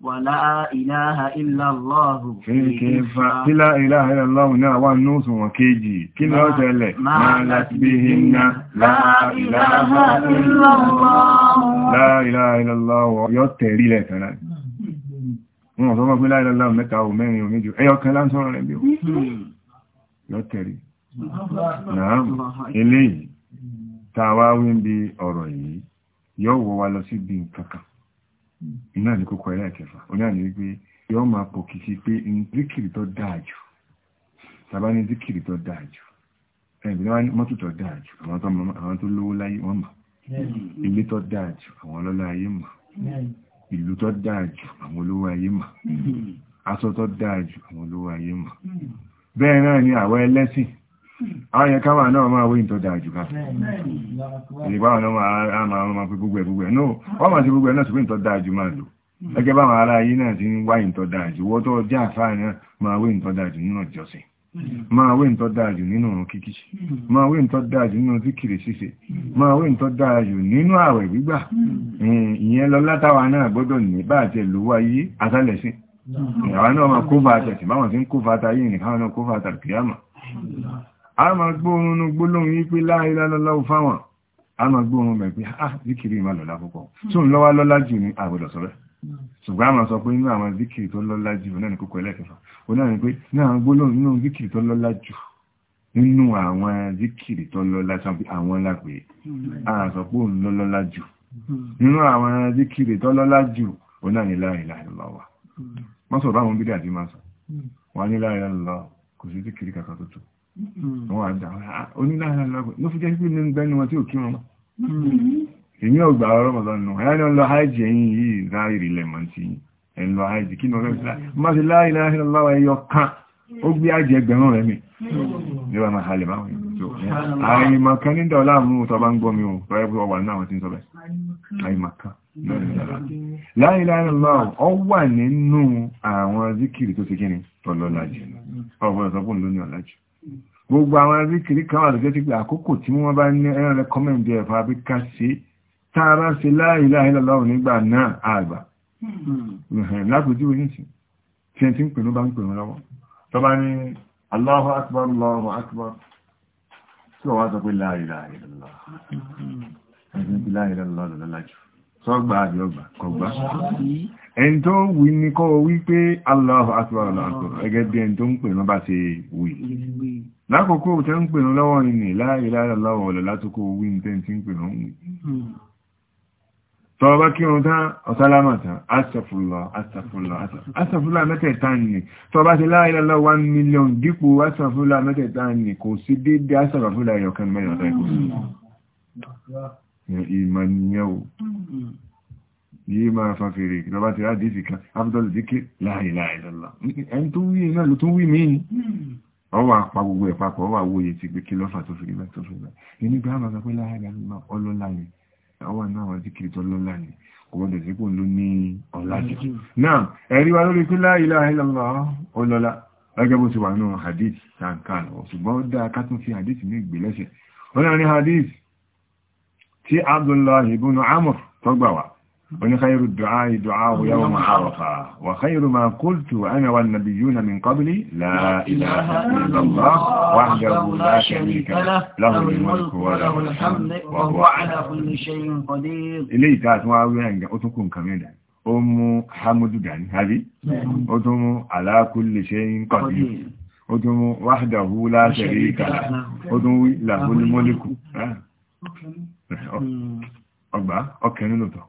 ولا إله إلا الله لا إله إلا الله نروى النوس وكيجي كل هذا ما لت بهن لا إله إلا الله لا إله إلا الله يتري لك wọ́n sọ mọ́ pé láìlá láàrín mẹ́ta ò mẹ́rin ò méjì ẹyọ kan láńsọ́rọ̀ rẹ̀ bí ó wí bí ọ̀rọ̀ yìí yóò wọ́ lọ sí bí nǹkankan iná ní kókó ẹlẹ́ẹ̀kẹfà oní àní wípé yọ́ máa pọ̀ kì sí pé zikiri tó dáa jù tàbá ní zikiri tó dáa jù ẹ̀bí wá ní mọ́tò tó dáa àwọn tó lówó láyé wọ́n mọ̀ ilé tó dáa àwọn ọlọ́lá ayé mọ̀ ìlú tó dáa àwọn olówó ayé mọ̀ aṣọ tó dáa àwọn olówó ayé mọ̀ bẹ́ẹ̀ náà ni àwa ẹlẹ́sìn àwọn yẹn káwà náà máa wéyìn tó dáa jù ká ìgbàwà náà máa máa fi gbogbo ẹ̀ gbogbo ẹ̀ náà wọ́n máa ti gbogbo ẹ̀ náà sùgbìn tó dáa jù máa lò ẹgẹ́ bá wọn ará ayé náà ti ń wáyìn tó dáa jù wọ́n tó já àfáà náà máa wéyìn tó dáa jù nínú ìjọsìn máa wéyìn tó dáa jù nínú ọ̀run kíkí máa wéyìn tó dáa jù nínú zíkìrì ṣíṣe máa wéyìn tó dáa jù nínú ààwẹ̀ gbígbà ìyẹn lọ látàwà náà gbọ́dọ̀ ní bá àti ẹ̀lú wáyé asálẹ̀sìn àwọn náà máa kó fàtà a ma gbóhun gbólóhun yí pé láàrín lọ́lọ́wọ́ fáwọn a ma gbóhun mẹ́ pé ah zikiri ma lọ́lá púpọ̀ tún lọ́wọ́ lọ́lá jù ní àgbẹ̀lọ̀ sọ́rẹ́ ṣùgbọ́n a ma sọ pé nínú àwọn zikiri tó lọ́lá jù náà ní kókò ẹlẹ́kẹfà ó náà ní pé ní àwọn gbólóhun nínú zikiri tó lọ́lá jù nínú àwọn zikiri tó lọ́lá sábì àwọn lápè a sọ pé òun lọ́lá jù nínú àwọn zikiri tó lọ́lá jù ó náà ní láàrín láàrín lọ́wọ́ wọ́n sọ̀rọ̀ àwọn bídà tí máa sọ wọ́n ní wọ́n wà dá ah, onílára lọ́gbọ̀n ló fi jẹ́ sí nínú bẹ́ni wọn tí ò kí wọn mm-hmm. èmi ọgbà ọ̀rọ̀ mọ̀lọ́nà ẹ̀yà ni ọlọ́ hajj ẹ̀yìn yìí ráìrì lẹ́mọ̀ tí ẹ̀yìn lọ hajj kí ni ọlọ́ ìsìlá má ti láàrín láàrín lọ́wọ́ ẹyọ kan ó gbé hajj ẹgbẹ̀rún rẹ̀ mi níwà mm-hmm. máa halẹ̀ máa wọ̀nyí àìmọ̀kan ní dọ̀ọ́lá mú tọ́ bá ń gbọ́ mi ò rẹ̀ bí ọwà náà ti ń sọ gbogbo àwọn aríkìrí kan wà lọ́jọ́ tí pé àkókò tí wọ́n bá ní ẹran rẹkọmẹ́ndì ẹ̀fà abíká sí tààrà sí láìláì lọ́wọ́ nígbà náà àgbà lápòjúwé nìsí tí ẹ ti ń pèrún bá ń pèrún lọ́wọ́ tó bá ní Allahu akbar Allahu akbar tí wọ́n wá sọ pé láìláì lọ́lọ́ sọ́gbà àbí ọgbà kọgbà ẹni tó wí ní kọ́ wí pé Allahu akbar Allahu akbar ẹgẹ́ bí ẹni tó ń pèrún bá ṣe wí lákòókò tẹ́ ń pèrún lọ́wọ́ ni nì láìláìláwọ̀ ọ̀lẹ̀ látókò owó ìntẹ́ tí ń pèrún wù tọ́ bá kí oòrùn tán ọ̀sálámà tán asàfùlọ asàfùlọ asàfùlọ mẹ́tẹ̀ẹ̀ta ni tọ́ bá ti láìláìláwọ̀ 1 million dípò asàfùlọ mẹ́tẹ̀ẹ̀ta ni kò sí dédé asàfùlọ ẹ̀yọ̀kan mẹ́rin ọ̀tá ìkó sí ìmọ̀ nìyẹn o yìí máa fa fèrè ìjọba ti rádìí ìsìnká afdọ́lù díkẹ́ láìláìláwọ̀ ẹni ọwọ́ apá gbogbo ẹ̀ papọ̀ ọwọ́ àwòye ti gbé kí lọ́fà tó fi rí bẹ́ẹ̀ tó fi rí bẹ́ẹ̀ ìnígbà àmà sọ pé ọlọ́lá ni àwọn náà wọ́n ti kiri tó lọ́lá ni kò wọ́n tẹ̀sí pò ló ní ọ̀lá náà ẹ̀rí wa lórí pé la ilaha illallah ọlọ́lá gẹ́gẹ́ bó ti wà nínú hadith tàǹkà lọ ṣùgbọ́n ó dáa ká tún fi hadith ní ìgbé lẹ́sẹ̀ ó náà ní hadith tí Abdullah ibn Amr tó wa. قل خير الدعاء دعاء يوم عرفة وخير ما قلت أنا والنبيون من قبلي لا إله إلا الله وحده لا شريك له له الملك وله الحمد وهو على كل شيء قدير إليه تاتوا وين أتكون كمان أم حمد داني هذه أتم على كل شيء قدير أتم وحده لا شريك له أتم له الملك أبا أوكي نلطق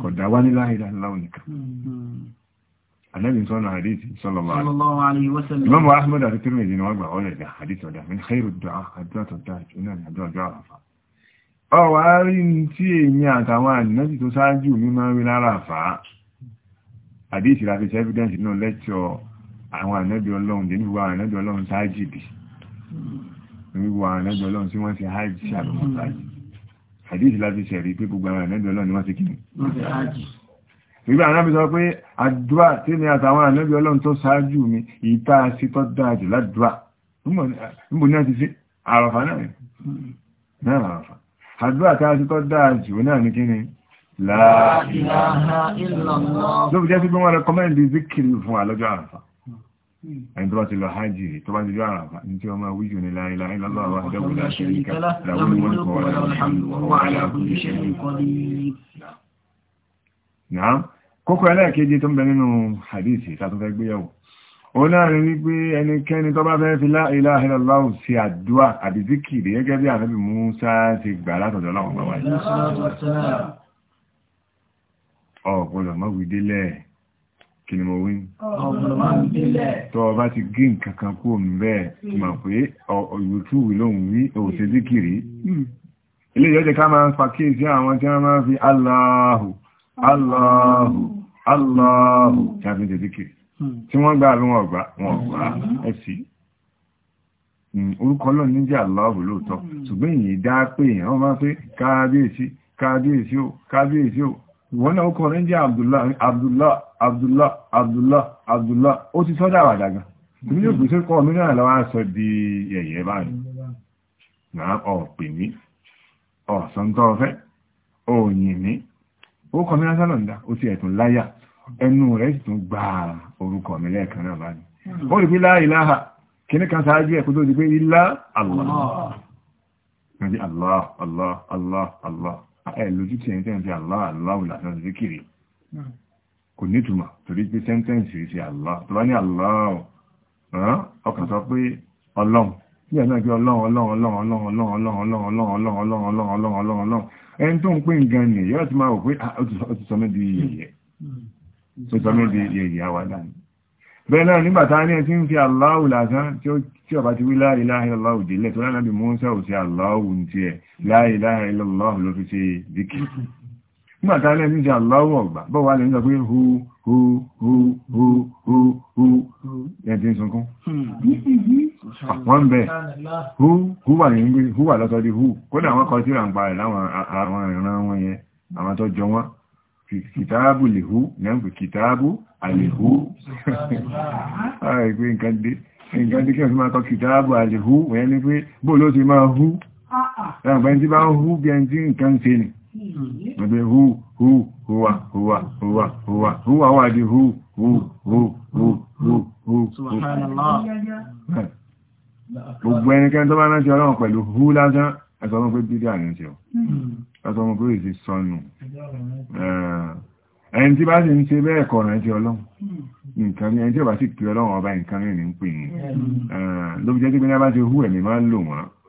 kọ̀dá wá ní láìdá láwọn nìkan annabi sọ́nà hadithi sallallahu alaihi wasallam imam ahmad àti tirmidhi ni wọ́n gbà ọ́lẹ̀ dá hadithi ọ̀dá min khairu du'a àdúrà tó dáa jù náà ní àdúrà du'a àfà ọwà rí tí èmi àtàwọn ànábì tó ṣáájú mi máa rí lára àfà hadithi láti hadith láti ṣẹ̀rí pé gbogbo àwọn ànẹ́bí ọlọ́run ni wọ́n ti kí ni. ìgbà ànábì sọ pé àdúrà tí ni àtàwọn ànẹ́bí ọlọ́run tó ṣáájú mi ìta sí tọ́ dáa jù ládùúrà níbo ní àti sí àràfà náà náà àràfà àdúrà tá a sí tọ́ dáa jù náà ní kí ni la ilaha illallah ló fi jẹ́ sí pé wọ́n rẹkọmẹ́ndì zikiri fún àlọ́jọ́ àràfà ẹni tó bá ti lọ hajj tó bá ti jọ àràfà ní tí wọ́n máa wíjù ní la ilaha illallah wahdahu la sharika lahu lahul mulku wa lahul hamdu wa huwa ala kulli shay'in qadir náà kókó ẹlẹ́ẹ̀kejì tó ń bẹ nínú hadithi tàbí fẹ́ gbéyàwó ó láàrin wípé ẹnikẹ́ni tó bá fẹ́ fi la ilaha illallah sí àdúà àbí zikiri gẹ́gẹ́ bí kí ni mo wí tọ́ ọba ti gé nǹkan kan hmm. kú òun bẹ́ẹ̀ tí mà pé ìwòtúwì lóhun wí òòṣe hmm. díkìrí hmm. ilé ìjọ́jẹ́ ká máa ń pàkíyèsí àwọn tí wọ́n máa ń fi Allahu Allahu Allahu tí a fi jẹ díkìrí tí wọ́n gbà lóhun ọ̀gbà wọn ọ̀gbà ẹ̀sì orúkọ lọ ní jẹ́ Allahu lóòótọ́ ṣùgbọ́n èyí dá pé èèyàn wọ́n máa ń fi kábíyèsí kábíyèsí ò kábíyèsí ò ìwọ́n náà ó kọ Abdullah Abdullah Abdullah Abdullah ó ti sọ́dá àwàdà gan mi yóò gbèsè kọ́ mi náà lọ́wọ́ sọ di yẹ̀yẹ́ báyìí náà ọ̀pè mí ọ̀sọ̀ntọ́ ọ̀fẹ́ òyìn mí ó kọ́ mi náà sọ́lọ̀ ńdá ó ti ẹ̀tún láyà ẹnu rẹ̀ sì tún gba orúkọ mi lẹ́ẹ̀kan náà báyìí ó rí pé láà ìláhà kìíní kan sáájú ẹ̀kú tó ti pé ilá Allah nàbí Allah, Allah, Allah, Allah. Ẹ lójú tí ẹni tẹ́ kò nítumọ̀ torí pé sẹ́ńtẹ́ǹsì sí Allah tó bá ní Allah ọkàn sọ pé ọlọ́run bí ẹ̀nà bí ọlọ́run ọlọ́run ọlọ́run ọlọ́run ọlọ́run ọlọ́run ọlọ́run ọlọ́run ọlọ́run ọlọ́run ọlọ́run ọlọ́run ẹni tó ń pè nǹkan nì yóò ti máa wò pé ó ti sọ mí di yẹ̀yẹ́ ó sọ mí di yẹ̀yẹ́ àwàdà ni bẹ́ẹ̀ náà nígbà tá ní ẹ ti ń fi Allahu lásán tí ọba ti wí la ilaha illallahu délẹ̀ tó lánàá bí Mùsá ò sí Allahu ní tiẹ̀ la ilaha illallahu ló fi ṣe díkì nígbàtà alẹ́ ní ṣe ọ̀gbà bọ́ wà lè ń sọ pé hù hù hù hù hù hù ẹ̀dín sunkún wọ́n bẹ̀ hù kọ síra ń pa rẹ̀ láwọn ìran wọn yẹn àwọn tó jọ wọn kìtàbù lè hù lẹ́mù kìtàbù àlè nǹkan dé nǹkan dé Ẹgbẹ́ Hu Hu hùwà hùwà hùwà hùwà hùwà wà di Hu Hu Hu Hu Hu Hu Gbogbo ẹnikẹ́ni tó bá rántí ọlọ́run pẹ̀lú Hu lásán, ẹsọ mọ́ pé bídí àníntí ọ. Hmm. Ẹsọ mọ́ pé èsì sọnù. Eh, ẹni tí bá sì ń ṣe bẹ́ẹ̀ kọ̀ rántí ọlọ́run. Hmm. Nǹkan ní ẹni tí ó bá sì pè ọlọ́run ọba nǹkan ní ní ń pè ní. Hmm. Eh, Lóbi jẹ́ tí pé ní a bá ti Hu ẹ̀mí máa ń lò wọ́n.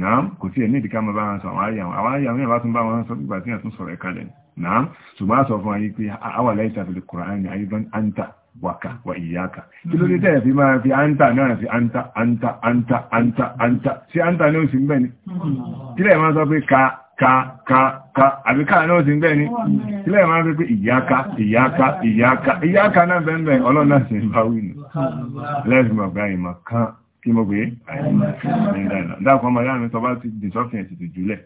náà kò sí ẹ̀ní ìdíkà máa bá wọn sọ àwọn àyà àwọn àyà wọn bá tún bá wọn sọ nígbà tí wọn tún sọ̀rọ̀ ẹ̀ka lẹ̀ náà ṣùgbọ́n a sọ fún ayé pé àwà láì sàfihàn kùrán ní ayé bá ń anta wàkà wà ìyáka kí ló dé tẹ́ẹ̀ fi máa fi áńtà náà fi áńtà áńtà áńtà áńtà áńtà sí áńtà ní òsì ń ni kí lẹ́ẹ̀ máa sọ pé ka ka ka ka àbí ká náà òsì ń bẹ̀ ni kí lẹ́ẹ̀ máa sọ pé ìyáka ìyáka ìyáka ìyáka náà bẹ́ẹ̀ bẹ́ẹ̀ ọlọ́run náà sì ń bá wí kí mo gbé dákọ̀ ọmọ yára mi tọba ti dìsọ́fìn ẹ̀sì ti jùlẹ̀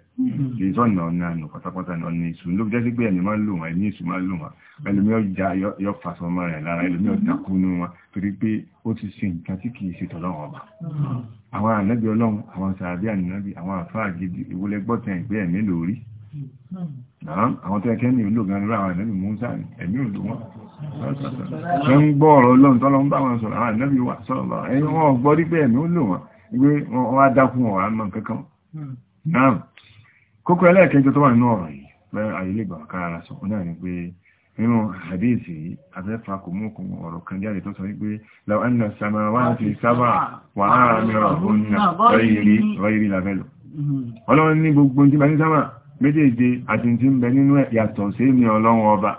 ìsọ́ ìnà ọ̀nà pátápátá ní ọ̀nà ìṣù ló jẹ́ sí pé ẹni máa ń lò wọn ẹni ìṣù máa ń lò wọn ẹlòmí ọjà yọ fàṣọ ọmọ rẹ̀ lára ẹlòmí ọjà kúnú wọn torí pé ó ti ṣe nǹkan tí kìí ṣe tọ́lọ́wọ́ ọba àwọn ànábì ọlọ́run àwọn sàbí ànábì àwọn àfáà gidi ìwúlẹ̀ gbọ́tẹ̀ ìgbé ẹ̀mí lórí àwọn tó ẹkẹ́ ní ìlú gan-an àwọn ànábì mú sáà ẹ̀mí òdò wọn tó ń gbọ́ ọ̀rọ̀ lọ́n tọ́lọ ń bá wọn sọ̀rọ̀ àwọn ànábì wà sọ́lọ̀ ẹni wọ́n gbọ́ dípé ẹ̀mí ó lò wọ́n gbé wọ́n wá dákún ọ̀rọ̀ àmọ́ kankan náà kókó ẹlẹ́ẹ̀kẹjọ tó wà nínú ọ̀rọ̀ yìí pẹ̀lú àyílẹ̀ ìgbà kára sọ náà ni pé nínú àdéhìsì yìí afẹ́fà kò mú okùn ọ̀rọ̀ kan jáde tó sọ wípé láwọn ẹ̀nà sàmà wà ti sábà wà á ọlọ́run ní gbogbo ti ní sábà méjèèjì àti ti nínú yàtọ̀ sí mi ọlọ́run ọba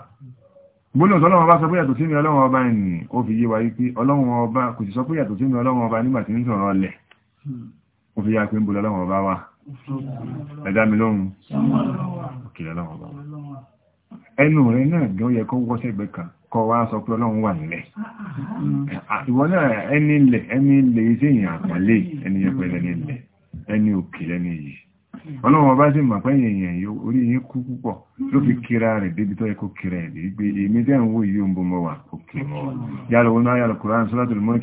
gbónà tọ́lọ́wọ́ bá sọ pé yàtọ̀ sí mi ọlọ́wọ́ ọba ẹni ó fi yé wa yí pé ọlọ́wọ́ ọba kò sì sọ pé yàtọ̀ sí mi ọlọ́wọ́ ọba nígbà tí ń sọ̀rọ̀ ọlẹ̀ ó fi yá pé ń bo lọ́wọ́ ọba wa ẹ̀dá mi lóhun òkè lọ́wọ́ ọba ẹnu rẹ̀ náà gan yẹ kó wọ́ sẹ́gbẹ́ kan kọ wá ẹni ọlọ́wọ́n bá sì mọ̀ èèyàn yóò orí yìí kú púpọ̀ ló fi kíra rẹ̀ débi tó yẹ kíra ẹ̀ lè gbé èmi tẹ́ ń wò ń bó mọ́ wà ó mọ́ wà wọn náà kùrán sọ́lọ́tò mọ́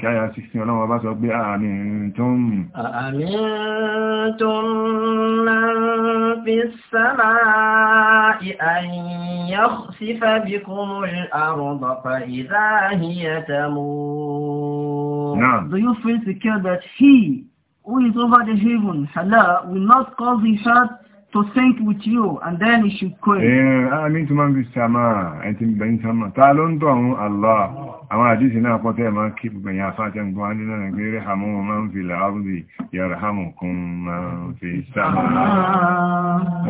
Do you feel secure that he who is over the heaven, Allah, will not cause his heart to sink with you and then he should quit. Àmì I mean to bí sàmà, ẹni tí ń bẹ̀yìn sàmà, ta ló ń tọ̀ Allah, àwọn àdísì náà pọ́tẹ́ ma máa kí gbẹ̀yìn afáàtẹ́ ń gbọ́n nínú ẹgbẹ́ rẹ̀ hàmú máa ń fi làárùbì yàrá hàmù kún máa ń fi sàmà.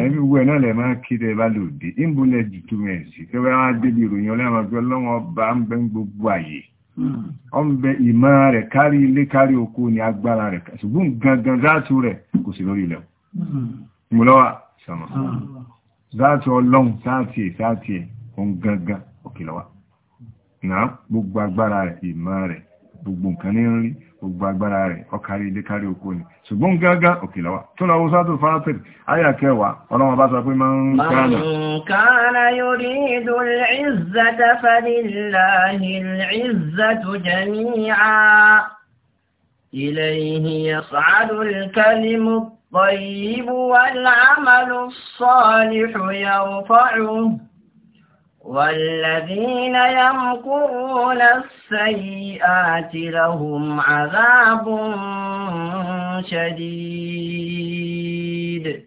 Ẹni gbogbo ẹ̀ náà lẹ̀ máa kí tẹ́ bá lòdì, ìbúlẹ̀ jù túmẹ̀ sí, tẹ́wẹ́ ọ ń bẹ ìmọ̀ rẹ̀ kárí ilé kárí oko ni agbára rẹ̀ ṣùgbọ́n gangan záàtù rẹ̀ kò sí lórí ilẹ̀ ìmúlọ́wà sọ̀nà záàtù ọlọ́run sáàtì sáàtì ohun gangan òkèlọ́wà náà gbogbo agbára rẹ̀ ìmọ̀ rẹ̀ gbogbo nǹkan ní rí gbogbo agbára rẹ̀ ọkàrí ilé kárí oko ni ṣùgbọ́n gágá òkè lọ́wà tó lọ wọ́sá tó faratir ayà kẹwàá ọlọ́wọ́ bá sọ pé máa ń kánà kánà yuridu al-izzata والذين يمكرون السيئات لهم عذاب شديد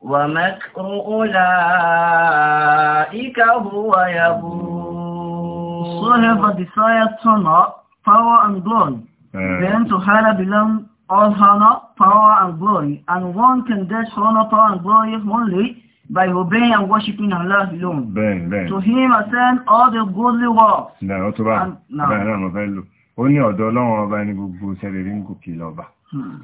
ومكر أولئك هو يبور So have a desired honor, power and glory. Mm. Then to Allah belong all honor, power and glory. And one can get honor, power and glory only by obeying and worshiping Allah alone. Bẹ́ẹ̀ bẹ́ẹ̀. To him ascend all the godly works. Bẹ́ẹ̀ ó bá bẹ́ẹ̀ náà mo fẹ́ lò. Ó ní ọ̀dọ̀ ọlọ́run ọba ní gbogbo ìṣẹ̀lẹ̀ rí ń gòkè lọ́ba. Hmm.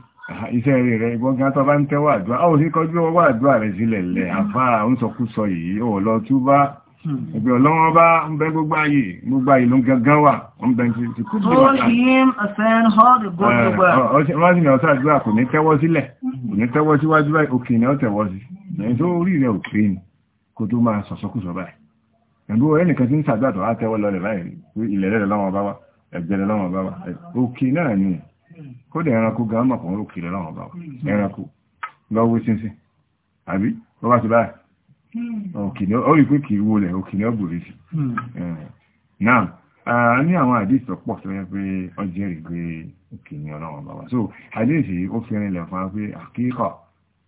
Iṣẹ́ rẹ̀ rẹ̀ ìgbọ́n gan tó bá ń tẹ́wọ́ àdúrà. A ò kọjú ọwọ́ àdúrà rẹ̀ sílẹ̀ lẹ̀. Hmm. Àfáà ń sọkúsọ yìí, ò lọ túbá Ìgbẹ̀ hmm. ọlọ́wọ́ bá ń bẹ gbogbo ayé, gbogbo ayé ló ń gangan wà, wọ́n bẹ ti kú sí wọ́n. Wọ́n sì ní ọ̀sá àdúrà kò ní tẹ́wọ́ sílẹ̀, kò ní tẹ́wọ́ síwájú báyìí, òkè ni ó tẹ̀wọ́ sí. Ẹni tó rí rẹ̀ òkè ni kó tó máa sọ̀sọ́kùsọ báyìí. Ẹ̀bú ẹnìkan ti ń sàgbàtọ̀ á tẹ́wọ́ lọlẹ̀ báyìí, ilẹ̀ rẹ̀ lọ́wọ́ bá wá, ẹ̀gbẹ̀rẹ̀ lọ́wọ́ bá wá, òkè náà ni kódẹ̀ ẹranko gan mọ̀ kàn ó kìlẹ̀ lọ́wọ́ bá wá, ẹranko lọ́wọ́ sínsìn, àbí, lọ́wọ́ sí báyìí ó rí pé kì í wọlẹ̀ òkìní ọ̀bùrí sí náà a ní àwọn àdíìsì tó pọ̀ tó yẹ pé ó jẹ́rìí pé òkìní ọlọ́wọ̀n bá wà so àdíìsì ó fi rinlẹ̀ fún wa pé àkíkọ̀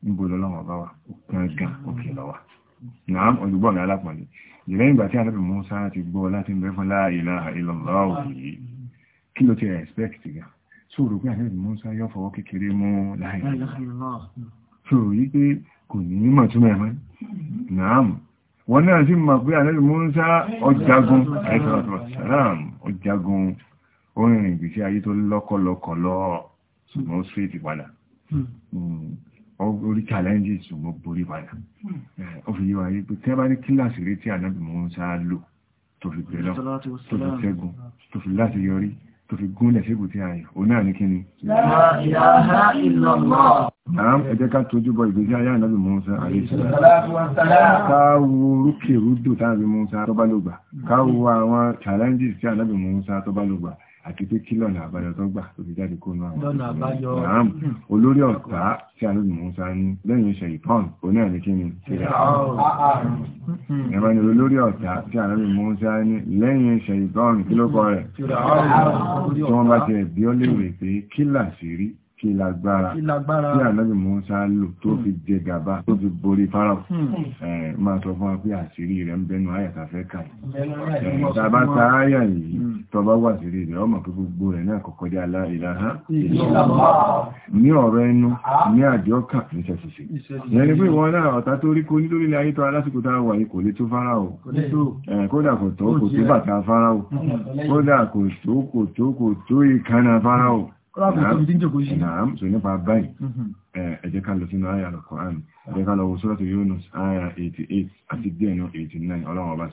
níbo lọ́wọ́n bá wà gangan òkè lọ́wà náà olùgbọ́n mi alápọ̀lẹ̀ ìlẹ́yìn ìgbà tí anábì Musa ti gbọ́ láti bẹ́ fún la ilaha illallah yìí kí ló ti so rò pé anábì Musa yóò fọwọ́ kékeré mú so yí pé kò ní mọ̀ túnmọ̀ ẹ̀mọ́ náàmù wọ́n náà sí mọ̀ pé àlẹ́bì Mùsá ọjagun àìsàràn ọjagun orin ìgbésí ayé tó lọ́kọ̀lọ́kọ̀ lọ ṣùgbọ́n straight padà orí hmm. challenges ṣùgbọ́n borí padà ó fi yíwa yí pé tẹ́ bá ní kíláàsì rí tí àlẹ́bì Mùsá lò tó fi bẹ̀rẹ̀ tó fi ṣẹ́gun tó fi láti yọrí tó fi gúnlẹ̀ sí ìbùtí ayé òun náà ní kíni. La ilaha illallah. ká tójú bọ ìgbésí ayé ànábì Mùsá àti pé kí lọ́nà àbáyọ tó gbà tó fi jáde kónú àwọn lọ́nà àbáyọ olórí ọ̀tá tí a lóbi Mùsá ní lẹ́yìn iṣẹ́ ìpọ́n oní ẹ̀mí kí ni ṣẹlẹ̀ ẹ̀mọ́ni olórí ọ̀tá tí a lóbi Mùsá ní lẹ́yìn iṣẹ́ ìpọ́n kí ló kọ rẹ̀ tí wọ́n bá ti ẹ̀bí ọ́ léèrè pé kí làṣírí kí lágbára tí ànábì Mùsá lò tó hmm. fi jẹ gàba tó fi borí Fáráò hmm. máa sọ fún wa pé àṣírí rẹ̀ ń bẹnu àyàtà fẹ́ kà tàbá ta áyà yìí hmm. tọba wà sí rẹ̀ ọmọ pé gbogbo rẹ̀ náà kọ́kọ́ dé aláìláha ní ọ̀rọ̀ ẹnu ah. ní àjọ kà ní ṣẹ̀ṣẹ̀ṣẹ̀ yẹni pé ìwọ náà ọ̀tá tó rí kó nítorí ilé ayé tó alásìkò tá a wà yìí kò lè tó Fáráò kódà kò tó kò tó bàtà Fáráò kódà kò tó kò tó kò tó ìkànnà Fáráò نعم سنة القرآن سورة يونس 88 89 أولا وبا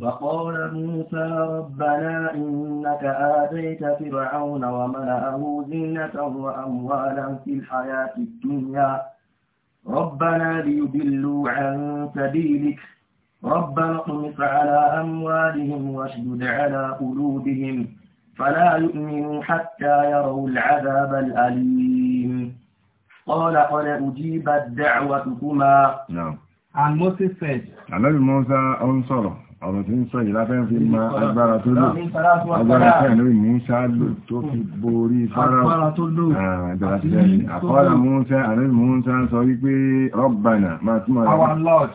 وقال موسى ربنا إنك آتيت فرعون وملأه زينة وأموالا في الحياة الدنيا ربنا ليضلوا عن سبيلك ربنا اطمس على أموالهم واشدد على قلوبهم فلا يؤمنوا حتى يروا العذاب الأليم قال قد أجيبت دعوتكما نعم And Moses said, Àlọ́bì Mọ́sá, ó ọ̀rọ̀ tí ń sọ yìí láfẹ́ fi ma agbára tó lò agbára fẹ́ lórí Mùsá lò tó fi borí Fáráò ah, àkọ́lá Mùsá àrẹ́bì Mùsá sọ wípé Rabbana máa túnmọ̀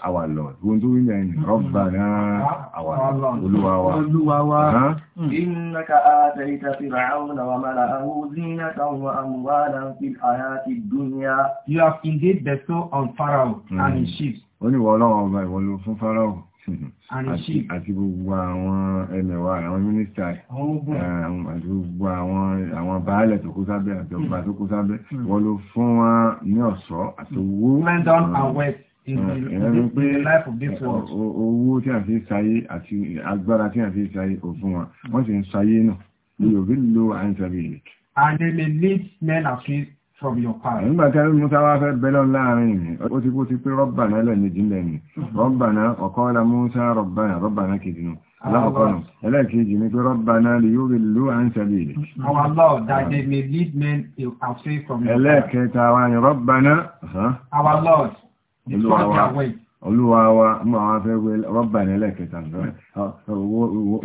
our Lord tó wílẹ̀ ẹni mm-hmm. Rabbana our uh-huh. mm. you have indeed bestowed on Pharaoh and his chiefs mm. oníwọ̀ ọlọ́run ọba ìwọ̀lú fún Fáráò Mhm. àti gbogbo àwọn ẹmẹ̀wà àwọn mínísítà eh, àti gbogbo àwọn baálẹ̀ tó kó sábẹ́ àti ọba tó kó sábẹ́ mm. Mm. wọ́n ló fún wọn ní ọ̀ṣọ́ àti mm. owó ẹ̀rọ pé owó tí a fi sáyé àti agbára tí a fi sáyé kò fún wọn wọ́n sì ń sáyé náà ní òbí lo àìsàbí ìlẹ̀kì. and they may lead men astray from your parents. Nígbà tí Musa wá fẹ́ bẹ́lọ́n láàrin ni, ó ti kú ti pé Rabbana lẹ́ẹ̀mejì lẹ́ni. Mm-hmm. Rabbana ọ̀kọ́lá Musa Rabbana Rabbana kejì nù. Ah, Alákọ̀ọ́nù, ẹlẹ́ẹ̀kejì ni pé Rabbana li yudillu an sabilik. Our Lord, that they may lead men away from your path. Ẹlẹ́ẹ̀kẹta wa uh-huh. Our Lord, olúwa wa mọ́ àwọn afẹ́ wé rọ́bà ní ẹlẹ́kẹta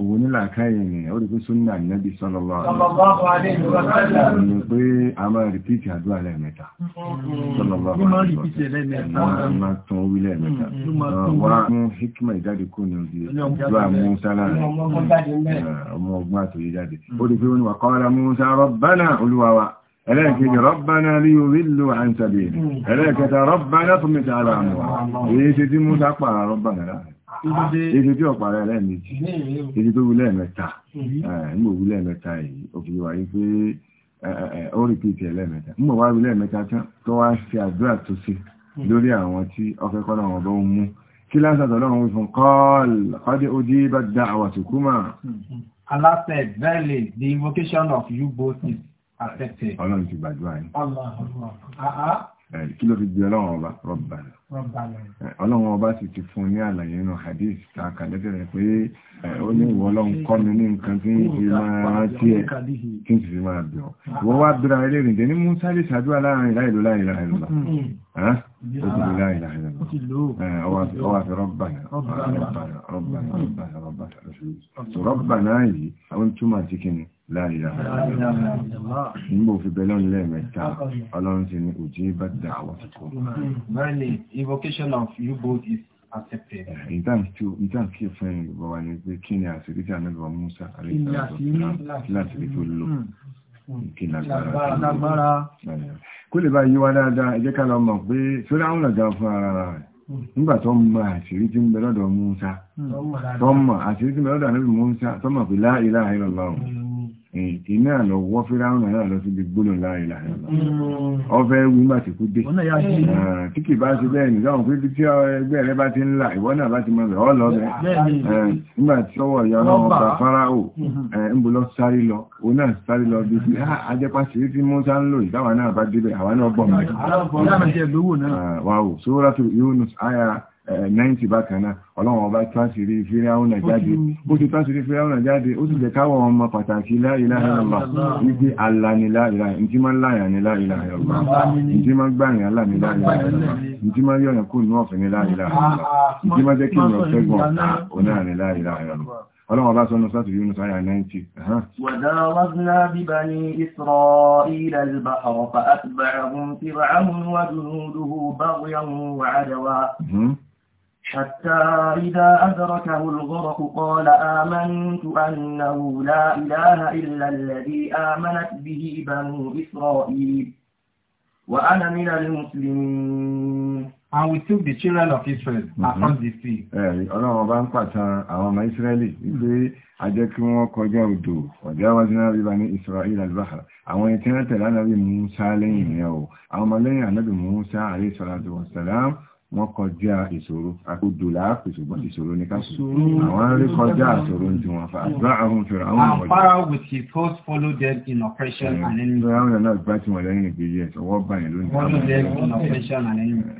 òwò nílà káyẹ̀ ni ó rí pé súnà nẹ́bí sọ́lọ́lọ́ ọ̀rọ̀ pé a máa rìpíìtì àdúrà lẹ́ẹ̀mẹ́ta sọ́lọ́lọ́ máa tún wí lẹ́ẹ̀mẹ́ta wá mú hikima ìjáde kó ní ojú àdúrà Musa náà ọmọ ọgbọ́n àtòyí jáde ó rí pé ó ní wà kọ́ra Musa rọ́bà náà olúwa wa ẹlẹ́ẹ̀kejì rọ́bánà rí orílò àǹtàbí ẹlẹ́ẹ̀kẹta rọ́bánà tó mẹ́ta ara mọ̀ èyí ṣe tí mú sápà rọ́bánà láàrín èyí tí ọ̀pá rẹ̀ lẹ́ẹ̀mejì èyí tó wulẹ̀ mẹ́ta nígbò wulẹ̀ mẹ́ta yìí ó fi wáyé pé ó rí pìtì ẹlẹ́mẹ́ta nígbò wá wulẹ̀ mẹ́ta tán tó wá ṣe àdúrà tó ṣe lórí àwọn tí ọfẹ́ kọ́nà wọn bọ́ mú kí lásàtọ̀ lọ́wọ́ fún kọ́ọ̀lù ọdí ojú bá dá àwàtùkú mà. aláṣẹ bẹ́ẹ̀ lè the invocation of you both is ọlọ́run ti gbàdúrà yìí kí ló fi gbé ọlọ́run ọba rọ́bàlá ọlọ́run ọba sì ti fún ní àlàyé nínú hadith kàkà lẹ́tẹ̀rẹ̀ pé ó ní ìwọ ọlọ́run kọ́ mi ní nǹkan tí ń fi máa rántí ẹ̀ tí ń sì fi máa bẹ̀ ọ́ wọ́n wá bíra eléyìí dé ní musa lè ṣàdúrà láàrin láìlú láìlú láìlú lọ ó ti lè láìlú láìlú lọ ọwà fi rọ́bàlá rọ́bàlá yìí àwọn túmọ̀ sí kíni Nígbò fi bẹ̀lọ́ ilẹ̀ mẹ́ta, ọlọ́run ti ní òjí bá dà àwọn tuntun. Verily, evocation of you both is accepted. Eh, ìtàn kí fún ẹni bọ̀ wà ní pé kí ni àṣírí tí a mẹ́lọ Musa aláìsàrí tó lò. Hmm. Hmm, kí lágbára. Kó lè bá yíwá dáadáa, ẹjẹ́ ká lọ mọ̀ pé sórí àwọn ọ̀gá fún ara rẹ̀ hmm. nígbà tó mọ̀ àṣírí tí ń bẹ lọ́dọ̀ Musa. Tọ́mọ̀ àṣírí tí ń bẹ lọ́dọ̀ Musa, tọ́mọ̀ pé la ilaha illallah èyí náà lọ wọ́ fíráhùn náà lọ sí gbígbónà láàrin láàrin ọfẹ́ ewu má ti kú dé tí kì bá ṣe bẹ́ẹ̀ nìkan òun pé tí ẹgbẹ́ rẹ bá ti ń là ìwọ náà bá ti mọ̀ bẹ́ẹ̀ ọlọ bẹ́ẹ̀ nígbà tí ọwọ́ ìyá ọlọ́run ọba fáráhù mm-hmm. ń bọ́ lọ sáré lọ òun náà sáré lọ bí 90 eh, bákan náà ọlọ́run ọba tásìrí fíráúnà jáde ó ti tásìrí fíráúnà jáde ó sì jẹ káwọ̀ ọmọ pàtàkì la ilaha illallah wípé alani la ilaha ìtí máa láyà ní la ilaha illallah ìtí máa gbàyàn alá ní ah, la ilaha illallah ìtí máa yọ̀nà kú ní ọ̀fẹ́ ní la ilaha illallah ìtí máa jẹ́ kí ìrọ̀ fẹ́gbọ̀n ọ̀nà ní la bá sọ́nà sáàtù yúnus إِسْرَائِيلَ الْبَحْرَ فَأَتْبَعَهُمْ فِرْعَوْنُ وَجُنُودُهُ بَغْيًا وَعَدْوًا حتى إذا أدركه الغرق قال آمنت أنه لا إله إلا الذي آمنت به بنو إسرائيل وأنا من المسلمين And we took the children of Israel mm -hmm. across the sea. Ọlọ́run ọba ń pàtàn àwọn ọmọ Ísírẹ́lì wípé a jẹ́ kí wọ́n kọjá odò ọ̀dẹ́ wájúná ríba ní Israel al Àwọn ẹni tí wọ́n tẹ̀lé ànábì lẹ́yìn rẹ̀ o. Àwọn ọmọ lẹ́yìn ànábì Musa alayhi salatu wa salam wọ́n kọjá ìṣòro àkójò láàpì ìṣòro ní káṣù àwọn rí kọjá ìṣòro ní tiwọn fa àdúrà àwọn fèrè àwọn ọmọdé. àpárá with his host followed them in oppression and enemy. ìṣòro àwọn ọ̀nà náà tí wọ́n lẹ́yìn ìgbéyẹ̀ ọwọ́ báyìí lónìí. followed them in oppression and enemy.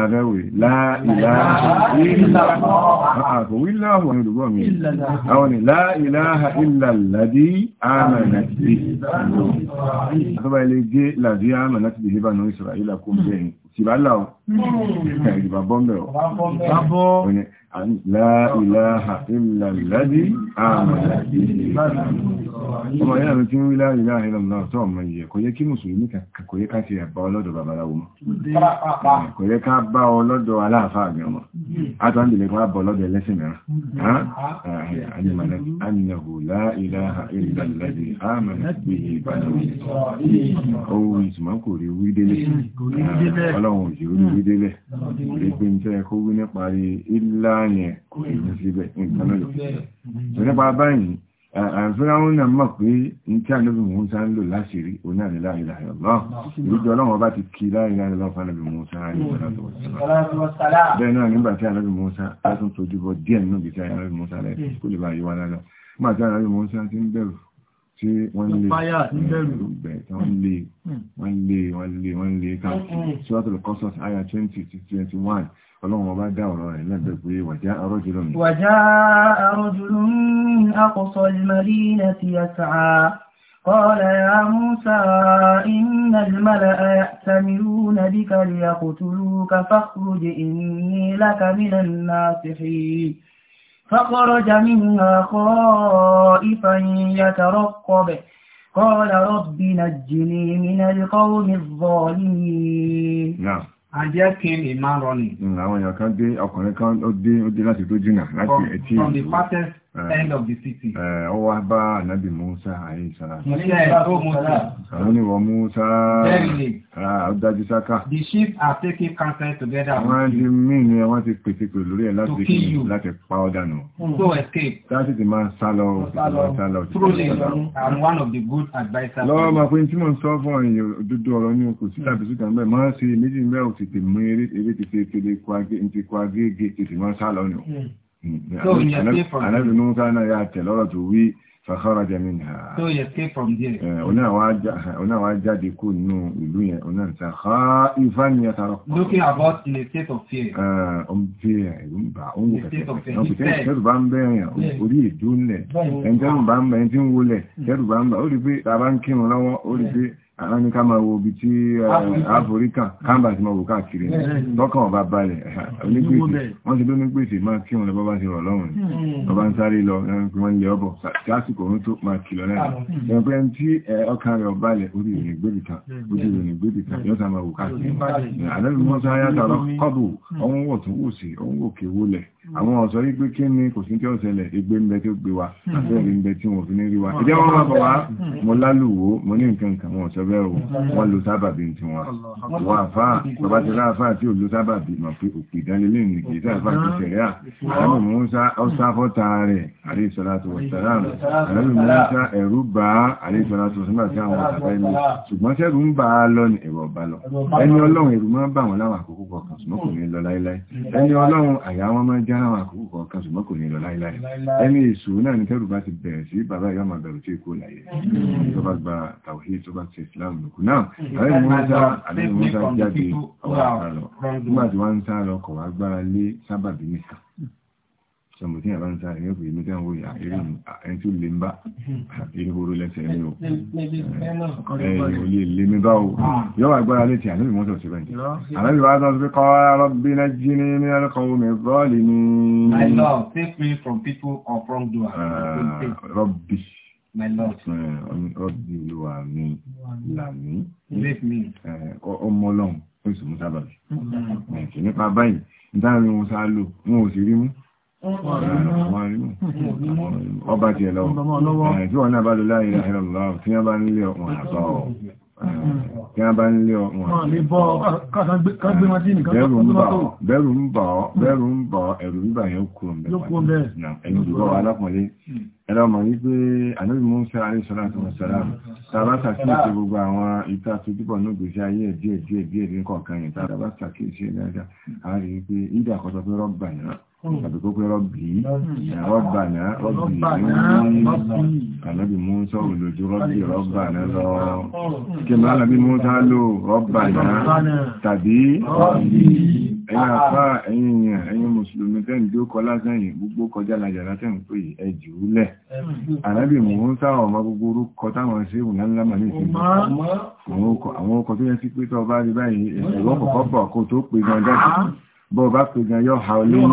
lábẹ́wò láìláha ìlàládí àmàlàtí àtọ́bà ilé gé làdí àmàlàtí bí hébà náà ìsọ̀rọ̀ ìlàkó bẹ́ẹ̀ láìláha ìlàlẹ́dí àmàlẹ́dí ọmọ yẹ́ àmì tí ń rí láìláha ìlàmùláà tó ọmọ ìyẹ̀ kò yẹ kí mùsùlùmí kàkà yẹ ká ti ẹ̀bá ọlọ́dọ̀ babaláwo mọ́ kò yẹ ká bá ọlọ́dọ̀ aláàfáà gẹ̀ mọ́ átàndìlẹ̀ kó bá ọlọ́dọ̀ ẹlẹ́sìn mẹ́rin yẹn kò lè ní síbẹ̀ nǹkan náà lòdì sí nípa báyìí àfihàn náà mọ̀ pé ní tí ànábì Mùsá ń lò láṣìírí òun náà ní la ilaha illallah ìrújọ ọlọ́run ọba ti kí la ilaha illallah fánàbì Mùsá ní ìsọ̀rọ̀ bẹ́ẹ̀ náà nígbà tí ànábì Mùsá á tún tójú bọ díẹ̀ nínú ibi tí ànábì Mùsá rẹ̀ kó lè bá yí wá 20 21 ọlọ́run ọba dá ọ̀rọ̀ rẹ̀ lẹ́gbẹ̀ẹ́ pé wàjá arọ́jùlọ mi. wàjá arọ́jùlọ mi akọ̀sọ̀ ìmọ̀lì ilẹ̀ ti ẹ̀sà kọ́ọ̀lẹ̀ àmúṣà iná ìmọ̀lẹ̀ ẹ̀sàmìlú nàbí kàrí àkótúrú kafákúrújẹ ìní lákàmílẹ̀ náà ti fi فخرج منها خائفا يترقب قال رب نجني من القوم الظالمين Ajẹ́ kí ni máa rọ ni? Hmm, àwọn èèyàn kan dé, ọkùnrin kan ó dé láti tó jìnà láti ẹ̀tí. From the fastest Eh, end of the city. Eh, ó wá bá ànábì Musa àyè ìsára. Àwọn ìwọ̀ Musa ah, ó dájú sáká. The sheep are taking counsel together. Wọ́n ti mí ni wọ́n ti pèsè pè lórí ẹ̀ láti kí láti pa ọ́ dànù. Hmm. So escape. Láti ti máa sá lọ òkè sá lọ. Truly, I'm one of the good advisers. Lọ́wọ́ máa pín tí mò ń sọ fún ẹ̀yìn dúdú ọ̀rọ̀ ní okò sí hmm. tàbí sí tàbí máa ṣe méjì mẹ́ òtìtì mú eré ti ṣe kéde ti kwagé gé ti sì máa sá lọ Ànábì Musa náà yà tẹ̀ lọ́rọ̀ tó wí fàkọ́rọ̀ jẹ mi nà. So he escaped from there. Eh, oná wa jáde kú nínú ìlú yẹn, oná ń ta ha ifá ni Looking about in a state of fear. Ó ń fi ẹ̀rù ń bà ó ń wò kẹ̀kẹ́. Ó fi tẹ́rù bá ń bẹ̀rẹ̀ um, orí ìdúnlẹ̀. Ẹni tẹ́rù bá àwọn ní ká máa wo ibi tí áfíríkà kámbà ti máa wò káàkiri lọ́kàn ọba balẹ̀ onígbèsè wọ́n ti lóní gbèsè máa kí wọn lọ́bá ti rọ̀ lọ́rùn ọba hmm. ń sáré lọ wọ́n lè ọbọ̀ sásìkò ohun tó máa kìlọ̀ náà hmm. ẹgbẹ́ tí ọkàn rẹ̀ ọbalẹ̀ orí ìrìn gbèbì kan ojú ìrìn Hmm. àwọn ọ̀sọ́ yìí pé kí ni kò sí tí ó ṣẹlẹ̀ igbe ń bẹ tí ó gbé wa hmm. àbẹ́rẹ́ ń tí wọ́n fi ní rí wa ìjẹ́ hmm. wọ́n wá bọ̀ mo lálùwò mo ní nǹkan nǹkan wọn ọ̀sọ́ bẹ́ẹ̀ o wọ́n lo sábàbí ti wọn wọ́n àfá bàbá ti rá àfá tí ò lo sábàbí mà pé òkè ìdánilé ní kì í sáfà ti ṣẹ̀rẹ́ à àbí Mùsá ọ̀sá fọ́ta rẹ̀ àrí ìṣọ́lá tó wọ̀sálàm àbí Mùsá ẹ̀rú bá àrí ìṣọ́lá tó sọ́mà sí àwọn àbẹ́ mi já àwọn àkókò kọ̀ọ̀kan ṣùgbọ́n kò ní lọ láíláí ẹni èṣù náà ní tẹ́rù bá ti bẹ̀rẹ̀ sí bàbá yóò máa bẹ̀rù tí kò láyé tó bá gba tàwí tó bá ti islam lókù náà ààrẹ mọ́sá àdéhùn mọ́sá jáde ọwọ́ àkàlọ́ nígbà tí wọ́n ń sá lọ kọ̀ wá gbára lé sábàbí sọmọ tí àbá ń sáré ní yà ẹni tí ó ìhòrò lẹ́sẹ̀ ní o ẹ̀yìn lè mi o ah. yọ́wà agbára létí ànábì mọ́tò sí bẹ́ẹ̀ ànábì wá sọ́n pé kọ́ ara bí ní ní omi bọ́ọ̀lì ní My Lord, save me from people or of wrongdoers. Ah, Rọ́bì. My Lord. Eh, Rọ́bì olúwa mi là mí. Save me. Eh, ọmọ ọlọ́run, ó sì mú sábàbí. Mm. Eh, nípa báyìí, nítorí wọn sá lò, wọn ò sì rí mú. ọba ti ẹ̀lọ tí wọ́n náà bá lọ láàrin àìrọ̀lọ́ tí a bá nílé ọkùn àtọ́ tí wọ́n bá nílé ọkùn bẹ̀rù ń bọ̀ bẹ̀rù ń bọ̀ yẹn kúrò mẹ́fà ẹ̀yìn alákùnrin ẹ̀rọ mọ̀ wípé àbí kó pé rọ́bì hmm. rọ́bàná rọ́bì ànábì Mùsá olójú rọ́bì rọ́bàná lọ hmm. kìmọ̀ ànábì Mùsá lò rọ́bàná tàbí ẹ̀yà ah. àpá ẹ̀yìn èèyàn ẹ̀yìn mùsùlùmí tẹ́ǹ tí ó kọ lásẹ̀yìn gbogbo kọjá lajàrá tẹ́ǹ pé ẹjù lẹ̀ ànábì Mùsá ọmọ gbogbo orúkọ táwọn sí ìwùn lálámà ní ìsinmi àwọn ọkọ̀ tó yẹ sí pé bọ́ bá pè gan yọ ha olé ní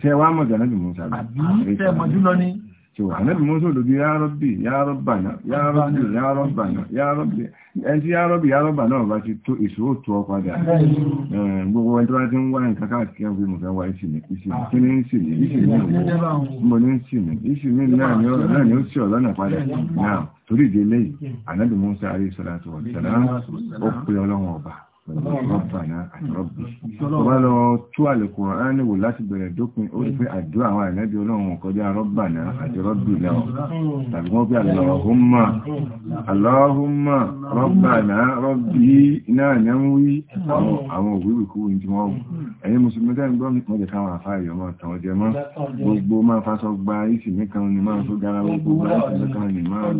ṣe wá mọ̀ jànàbì Musa jànàbì Musa olóbi ya Rabbi ya Rabbana ya Rabbi ya Rabbana ya Rabbi ẹni tí ya Rabbi ya Rabbana náà bá ti tó èso ó tó ọpadà eh, gbogbo ẹni tó bá ti ń wá nǹkan káàkiri àwọn ìmọ̀ fẹ́ wá ìsìnmi ìsìnmi ní ìsìnmi ìsìnmi mo ní ìsìnmi ìsìnmi náà ni ó sì ọ̀lọ́nà padà náà torí ìdílé yìí ànábì Musa alayhi salatu wa salam ó pe ọlọ́run ọba Rọ́bàná àti Rọ́bì. Wọ́n lọ tú Al-Kùránì wò láti bẹ̀rẹ̀ dópin ó rí pé àdúrà àwọn àìlẹ́bí ọlọ́run kọjá Rọ́bàná àti Rọ́bì lọ. Tàbí wọ́n bí Allahumma, Allahumma, Rọ́bàná, Rọ́bì náà ní ń wí àwọn òwúrù kú ní wọ́n wù. Ẹ̀yin Mùsùlùmí tẹ́ ń gbọ́ mi jẹ́ káwọn àfá ìyọ̀ máa tàn ọjẹ́ mọ́. Gbogbo máa fásọ gba ìsì mẹ́kan ni máa tó gara gbogbo gba ìsì mẹ́kan ni máa.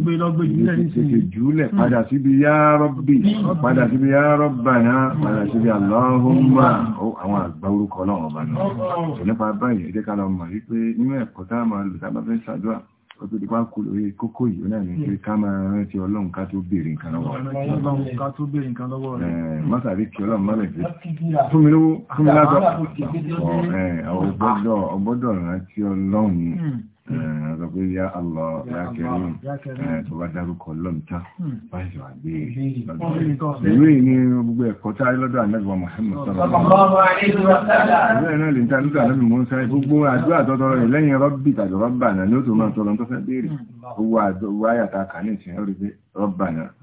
Tètè jùlẹ̀ padà síbi yá Rọ́bì, padà síbi yá Rọ́bàná. àmìnà àràṣírí aláhùnmá àwọn àgbà orúkọ ọlọ́run ọba náà tó nípa báyìí ẹjẹ́ ká lọ mọ̀ wípé nínú ẹ̀kọ́ tá máa lò tábà fẹ́ ó tó dípá kókó yìí náà ní pé ká máa rántí ọlọ́run ká tó nǹkan lọ́wọ́ rẹ̀ àzọ ya yá àlọ́ yákẹrún tó bá dárúkọ lọ́mta hmm. báyìí wà gbé ìlú e ìní gbogbo ẹ̀kọ́ tá lọ́dọ̀ ànẹ́gbọ̀n Muhammad sọ́lọ́mọ́ Rọ́bànà ní ó tó máa tọ́lọ́ tó fẹ́ béèrè. Hmm. Owó àyàtà kà ní ìsìn orí pé Rọ́bànà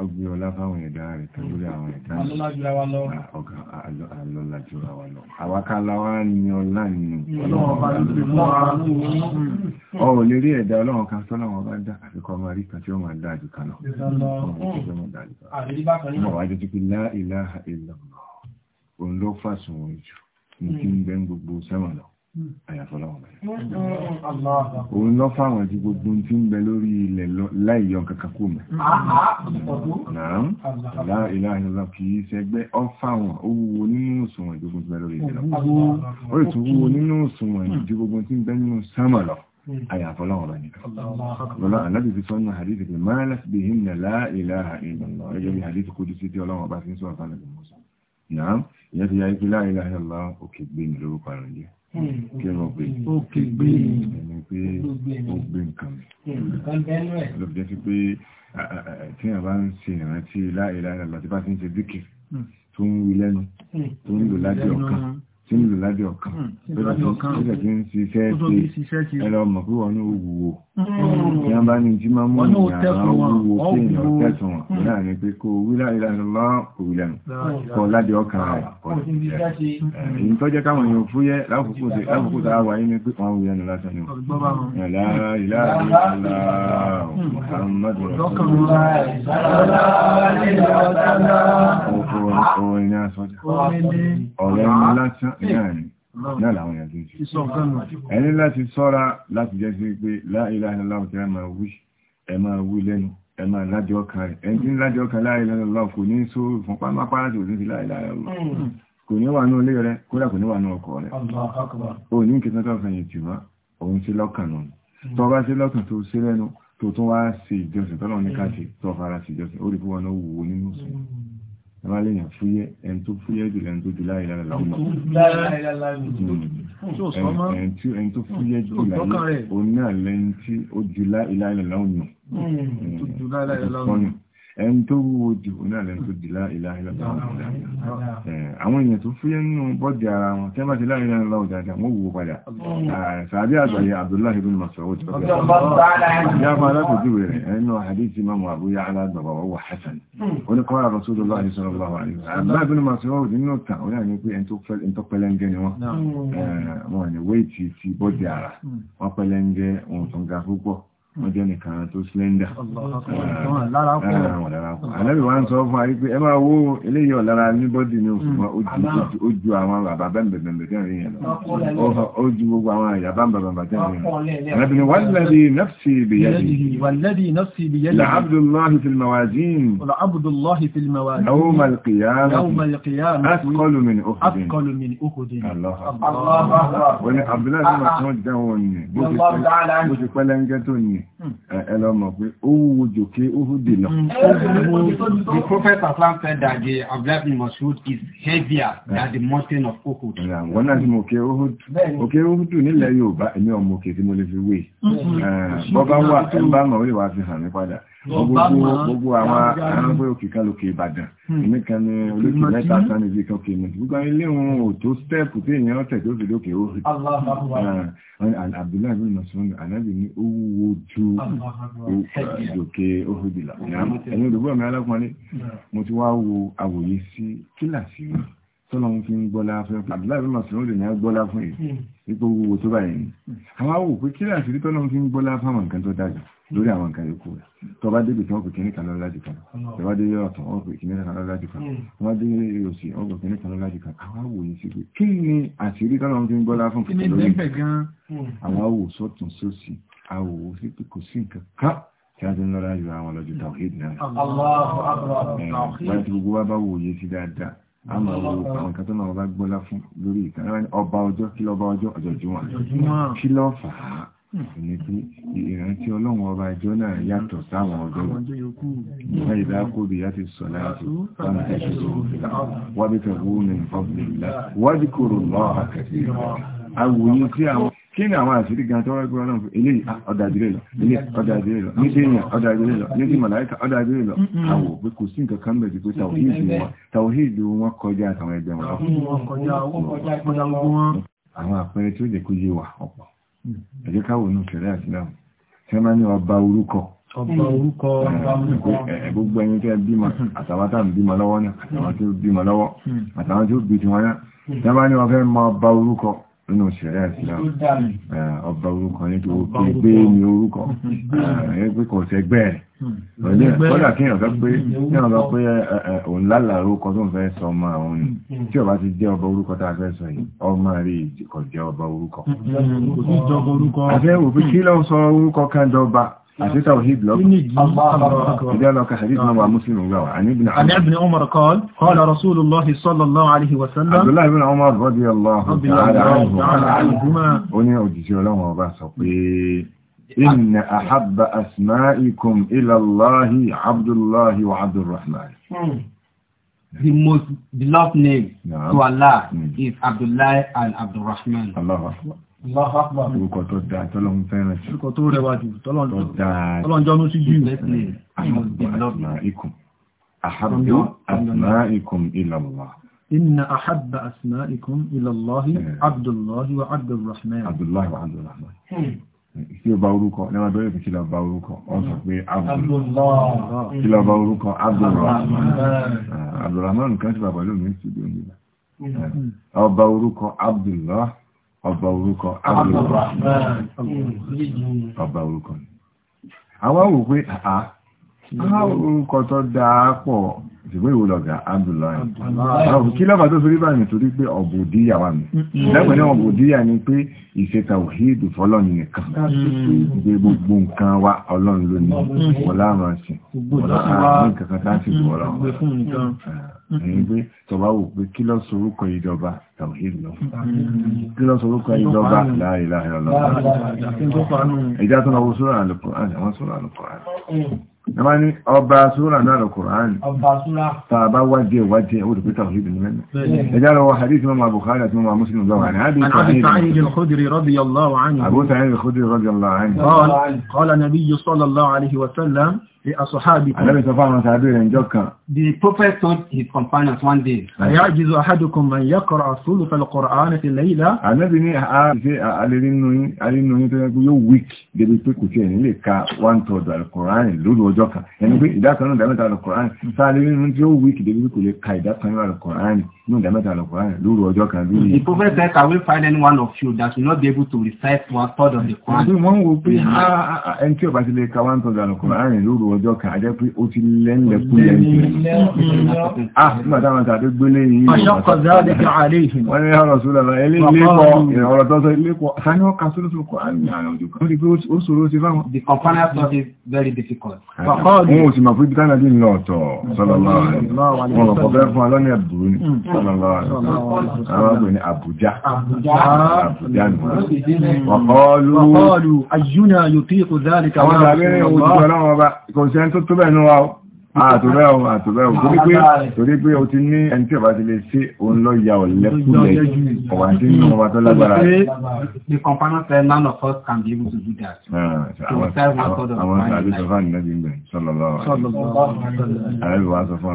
ọgbé ọlá fáwọn ẹ̀dá rẹ̀ tó lórí àwọn ẹ̀dá rẹ̀ alọ́lájúra wa lọ àwákálawá ni ọlá nínú ọ̀rọ̀ lérí ẹ̀dá ọlọ́run kan tọ́lọ́wọ́ bá dá àfikọ́ ọmọ rí kan tí ó máa dájú kan lọ òun ló fàṣùn ojú ní kí ń bẹ́ gbogbo sẹ́wọ̀n lọ Hmm. Òun lọ fáwọn ti gbogbo tí ń bẹ lórí ilẹ̀ láìyọ kankan kò mẹ́. Àlá ìlànà kì í ṣẹgbẹ́ ọ fáwọn ó wúwo nínú òṣùwọ̀n ìdí gbogbo tí ń bẹ lórí ilẹ̀ lọ. Ah, ah, ah, ó lè tún wúwo nínú òṣùwọ̀n ìdí gbogbo tí ń bẹ nínú sánmà lọ. Hmm. Àyà àfọlọ́wọ̀n rẹ̀ nìkan. Lọ́lá àlábì fi sọ́nà àdìsí pé máa láti bí him nà láà ìlàhà ìlànà ẹgbẹ́ bí àdìsí kó tí sí tí kí wọ́n pè é mm. gbé mm. ẹni pé ó gbé nǹkan mi ló fi jẹ́ sí pé tí wọ́n bá ń ṣe ìrántí láìláìlá lọ́tí bá ti ń ṣe díkì mm. tó ń wí lẹ́nu tó ń lò láti ọkàn tí ń lò lábẹ́ ọ̀kan lọ́dọ̀ tí ń ṣiṣẹ́ ṣe ẹlọ mọ̀ wọ́n ní òwúwo tí a bá ní tí máa mú ìyàrá òwúwo pé èèyàn tẹ̀sùn wọn náà ni pé kó wílà ìlànà òwìlànà kọ lábẹ́ ọ̀kan rẹ̀ ọ̀dọ̀ tọ́jẹ́ káwọn èèyàn fúyẹ́ lákòókò tá wà yí ni pé wọ́n wúyẹ́ nù lásán ni ọ̀rẹ́ náà làwọn èèyàn tó ń ṣe ẹni láti sọ́ra láti jẹ́ sí pé láìláìláwọ̀ tí a máa wí ẹ máa wí lẹ́nu ẹ máa lájọ́ kan rẹ̀ ẹni tí ń lájọ́ kan láìláìláwọ̀ kò ní sóòrò fún pápá láti òsìn sí láìláìláwọ̀ hmm. hmm. kò ní wà ní ilé rẹ̀ kódà kò ní wà ní ọkọ̀ rẹ̀ o ní kí tọ́tọ́ fẹ̀yìn tì wá òun sí lọ́kàn nù hmm. tọ́ sí lọ́kàn tó sí lẹ́nu tó tún wá sí ìjọsìn tọ́lọ́ ní káàkiri tọ́ fara sí ìjọsìn ó rí fún wọn náà wù nínú sùn ẹ̀má lèyàn fúyẹ́ ẹni tó fúyẹ́ jù lẹ́ni tó ju láyé lára lọ́wọ́ hmm. ẹni tó fúyẹ́ jù hmm. láyé òun náà lẹ́ni tí ó ju láyé lára lọ́wọ́ ẹni tó wúwo jù náà lẹ́nu tó di láìláà àwọn èèyàn tó fúyẹ́ nínú bọ́dì ara wọn tẹ́ bá ti láìláà lọ́wọ́ dáadáa wọ́n wúwo padà sàbí àgbàyẹ Abdullahi bin Mas'ud yàbá alákòjúwe rẹ̀ ẹnu àdíjì mamu àbúyá alágbàbà wọ́wọ́ Hassan oníkọ́ra hmm. Rasulullah sallallahu alaihi wasallam Abdullahi bin Mas'ud nínú ta ó yà ní pé ẹni tó pẹlẹ́ngẹ́ ni wọ́n jẹ́ nìkan tó slender alábi wá ń sọ fún ayé pé ẹ máa wó eléyìí ọ̀lára ní bọ́dì ní òṣùwọ́n ó ju àwọn bàbá bẹ́ẹ̀bẹ̀bẹ̀ tẹ́rin yẹn lọ ó ju gbogbo àwọn àyà bàbà tẹ́rin yẹn lọ alábi ni wàlẹ́bí nafsi bìyẹ́dì làbdùláhi fìlmawazin yawm al-qiyamah asqalu min uhudin wọ́n ni abdullahi sọ́mọ̀ tí wọ́n jẹ́ wọn ni bó ti pẹ́lẹ́ngẹ́ tó ni ẹ hmm. eh, eh, mọ̀ pé ó wúwo jòkè óhùdì lọ. Hmm. The prophet Islam said that the Abdullahi Masud is heavier than the mountain of Uhud. Wọ́n náà ti mọ̀ òkè Uhud. Òkè Uhud nílẹ̀ Yorùbá ẹ̀mí ọmọ òkè tí mo lè fi wé. Hmm. Eh, Bọ́bá wà ẹ̀ ń bá mọ̀ ó fi hàn mí padà gbogbo àwọn aránfẹ́ òkè kan lókè Ìbàdàn hmm. èmi kan ní olókè mẹ́ta sani ibi kan kèmí gbogbo ilé òun ò tó stẹ́ẹ̀pù tí èèyàn tẹ̀ tó fi lókè ó rí ah, Abdullahi bin Mas'ud anabi ní ó wúwo ju lókè ah, Uhud lọ ẹni olùgbọ́ mi alákùnrin hmm. mo ti wá wo àwòye sí kíláàsì náà tọ́nà ń fi ń gbọ́lá fún ẹ̀kọ́ àdúrà bí màsùn lè ní gbọ́lá fún yìí hmm. ipò owó tó báyìí ni àwọn awò pé kí láti rí tọ́nà ń fi ń gbọ́lá fún àwọn nǹkan tó dájú lórí àwọn nǹkan yòókù rẹ̀ tó bá débi tán kìíní kan lọ́lá jù kan tó bá dé ọ̀tàn ọ̀pọ̀ kìíní kan lọ́lá jù kan hmm. tó bá dé òsì ọ̀pọ̀ kìíní kan lọ́lá jù kan àwọn awò yìí sí pé kí ni àṣírí tọ́nà ń fi ń gbọ́lá fún kìíní lórí hmm. àwọn awò sọ́tún sósì àwọn lọ́jọ́ tàwíìdì náà. Wọ́n ti gbogbo wa bá wòye sí dáadáa a máa wo àwọn kan tó náà bá gbọ́lá fún lórí ìkan ọba ọjọ́ kí lọ́ba ọjọ́ ọjọ́ jùmọ̀ kí lọ́ fà á ní pé ìrántí ọlọ́run ọba ìjọ náà yàtọ̀ sáwọn ọjọ́ báyìí bá kó bí láti sọ láti wọn ẹ̀ṣọ́ wábí tẹ̀wọ́ mi nǹkan bí wábí kòrò lọ́ àkẹ́sí àwòyí tí kí ni àwọn àṣírí gan tó rẹ́gbẹ́ ọlọ́run fún ilé ah, ọ̀dàdìrẹ́ lọ ilé ọ̀dàdìrẹ́ lọ ní dèèyàn ọ̀dàdìrẹ́ lọ ní màláíkà ọ̀dàdìrẹ́ lọ àwọ̀ pé kò sí nǹkan kan bẹ̀rẹ̀ pé tàwíìdì wọn kọjá àtàwọn ẹgbẹ́ wọn àwọn àpẹẹrẹ tí ó jẹ́ kó yé wa ọ̀pọ̀ ẹ̀jẹ̀ káwọ̀ nù sẹ̀rẹ̀ àti náà ṣe máa ní ọba orúkọ gbogbo ẹni tẹ́ bímọ àtàwọn tá ń bímọ lọ́wọ́ náà àtàwọn tí ó bímọ lọ́wọ́ mm. àtàwọn tí ó bí tiwọn náà mm. ṣe máa ní ọba orúkọ nínú ṣẹ̀rẹ́ Islam ọba orúkọ ní tó gbé ní orúkọ ẹgbẹ́ kò sẹ́gbẹ́ rẹ̀ kọ́dà kí èèyàn sọ pé èèyàn sọ pé òun lálàá orúkọ tó ń fẹ́ sọ ọmọ àwọn ni hmm. tí ọba ti jẹ́ ọba orúkọ tá a fẹ́ sọ yìí ọmọ rí kò jẹ́ ọba hmm. kan dọba عشان توحيد لك إذا لك حديث نبع مسلم وقوع عن ابن عمر عن ابن عمر قال قال رسول الله صلى الله عليه وسلم عبد الله بن عمر رضي الله تعالى عنهما وني أجيسي لهم وبعث إن أحب أسمائكم إلى الله عبد الله وعبد الرحمن The most beloved name to Allah is Abdullah and Abdul Rahman. Allah Akbar orúkọ tó dáa tọ́lọ́run fẹ́ràn sí orúkọ tó rẹwà jù tọ́lọ́run jọ́nú sí jù ikùn àhábù àsìmá ikùn ìlàlá إن أحب أسمائكم إلى الله عبد الله وعبد الرحمن عبد الله وعبد الرحمن kí o bá orúkọ lẹ́wọ́n tó yẹ kí la bá orúkọ wọ́n sọ pé Abdullah kí la bá orúkọ Abdulrahman ọba orúkọ ọba orúkọ àwọn wò pé àá orúkọ tó dáa pọ̀ ìwé ìwòlọ̀gà Abdullahi kí lọ́pàá tó sorí báyìí torí pé ọ̀bùdíyà wà mí mm-hmm. lẹ́gbẹ̀ẹ́ náà ọ̀bùdíyà ni pé ìṣẹ́ta òhìdù fọ́lọ́nì nìkan gbé gbogbo nǹkan wa ọlọ́run lónìí mm-hmm. wọ́n láàrín ọ̀sìn wọ́n láàrín nǹkan kan tá ẹ̀yìn pé tọba wò pé kí lọ mm-hmm. sorúkọ ìjọba tàwíìlì lọ kí lọ sorúkọ ìjọba láàrin láàrin ọlọ́pàá ìjà tó lọ́wọ́ sórà àlùkò àti àwọn sórà àlùkò àti ẹmà ní ọba sórà náà lọ kùránì tàbá wájẹ wájẹ ó dùkú tàwíìlì ní mẹ́nu ẹjá lọ wọ hadith mọ́mọ́ Bukhari àti mọ́mọ́ Muslim lọ́wọ́ àní àbí Sa'id al-Khudri radiyallahu anhu The Ashabi. Ànábì sọ fáwọn sàádé rẹ̀ ìjọ kan. The prophet told his companions one day. Àyájizu ahadukum man yaqra thulutha al-Qur'an fi layla. Ànábì ní àṣẹ alẹ́rìnúyìn tó yẹ́gbé yóò wík débi pé kò tiẹ̀ nílé ka one third al-Qur'an lóru ọjọ́ kan. Ẹni pé ìdákan náà dámẹ́ta al-Qur'an. Sáà alẹ́rìnúyìn tí yóò wík débi pé kò lè ka ìdákan náà al-Qur'an ní ìdámẹ́ta al-Qur'an lóru ọjọ́ kan. The prophet said, I will find anyone of you that will not be able to recite one third of the Qur'an. Àdúgbò wọn wo pé ẹni tí ò bá ti lè ka one third al-Qur'an lóru ọjọ́ kan àjẹ́ pé ó ti lẹ́nlẹ̀kú lẹ́nlẹ̀kú ah, Wọ́n kọ́ lú ayúnà yóò tí hmm. kò dáadìí kàwọn àwọn àwọn àwọn àwọn kò sí ẹni tó tó bẹ́ẹ̀ nú wa o àtòbẹ́ ọmọ torí pé torí pé o ti ní ẹni tí ọba ti lè sí òun lọ ya ọ̀lẹ́kùnlẹ̀ ọ̀wà tí ní ọba tó lágbára rẹ̀. the component said none of us can be able to do that. Ah, àwọn àbí sọ fún ah, pé ẹni tí náà lábì wàá sọ fún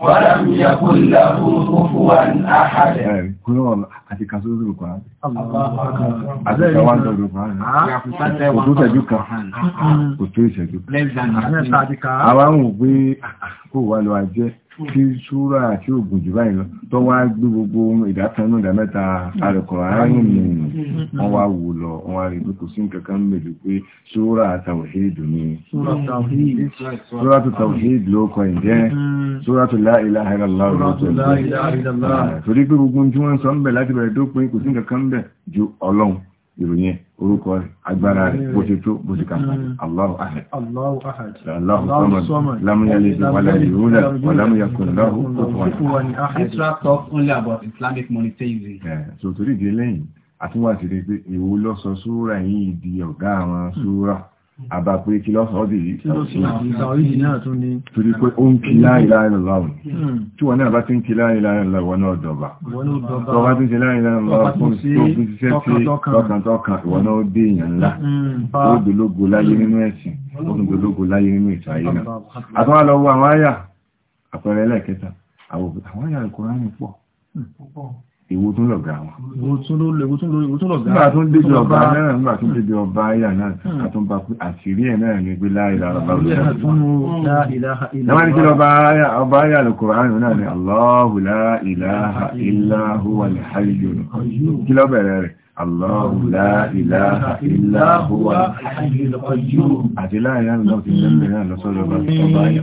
ولم يكن له كفوا احد كلنا àti kan sórí ìrùkọ́ àti ìṣàwọn tó rùkọ́ kò tó ìṣẹ́jú kan kò tó ìṣẹ́jú kan àwọn òpin ah, ah, kò wà lọ àjẹ́ tí súrà àti ògùn jù báyìí lọ tó wá gbé gbogbo ìdákanú ìdá mẹ́ta alùkọ̀ọ́ aráyìn ni wọ́n wá wò lọ wọ́n wá rí pé kò sí nǹkan kan mẹ́jọ pé súrà tàwíìdù ni súrà tó tàwíìdù ló kọ ìjẹ́ mm. súrà tó lá ilaha illallah ah, torí pé gbogbo tí wọ́n sọ ń bẹ̀ láti bẹ̀rẹ̀ dópin kò sí nǹkan kan bẹ̀ ju ọlọ́run ìròyìn orúkọ agbára rẹ̀ bó ti tó bó ti kàfàdé mm. Allahu ahad Allahu samad lam yalid wa lam yulad wa lam yakun lahu kufuwan ahad extra talk only about Islamic monotheism so torí ìdí lẹ́yìn àtúnwà sí pé èwo ló sọ súra yìí di ọ̀gá àwọn súra àbá pé kí lọ́sàn ọ́dì yìí torí pé ó ń kí láìláìláìláwọ̀ hmm. tí wọ́n náà bá ti ń kí láìláìláìláwọ̀ náà dọ̀bà tó bá ti ń kí láìláìláìláwọ̀ fún ìṣẹ́ tí tọ́kàntọ́kàn ìwọ̀n náà dé èèyàn ńlá hmm. ó dológo láyé nínú ẹ̀sìn ó ń dológo láyé nínú ìtàn ayé náà àtọ́wà lọ wo àwọn àyà àpẹẹrẹ ẹlẹ́ẹ̀kẹta àwọn àyà Kùránì pọ̀ hmm ìwò tún lọ̀gá wọn. ìwò tún lọ̀gá. nígbà tó ń débi ọba náà nígbà tó ń débi ọba ayà náà a tún bá pé àṣírí ẹ̀ náà ní gbé láìlà ọba olùsọ̀rọ̀. ní kí lọ́ba ayà ọba ayà Al-Qur'an náà ni Allahu la ilaha huwa al-hayyul qayyum. kí ló bẹ̀rẹ̀ rẹ̀ Allahu la ilaha huwa al-hayyul qayyum. àti láìlà náà ti ń bẹ̀rẹ̀ náà lọ́sọ̀rọ̀ ọba ayà.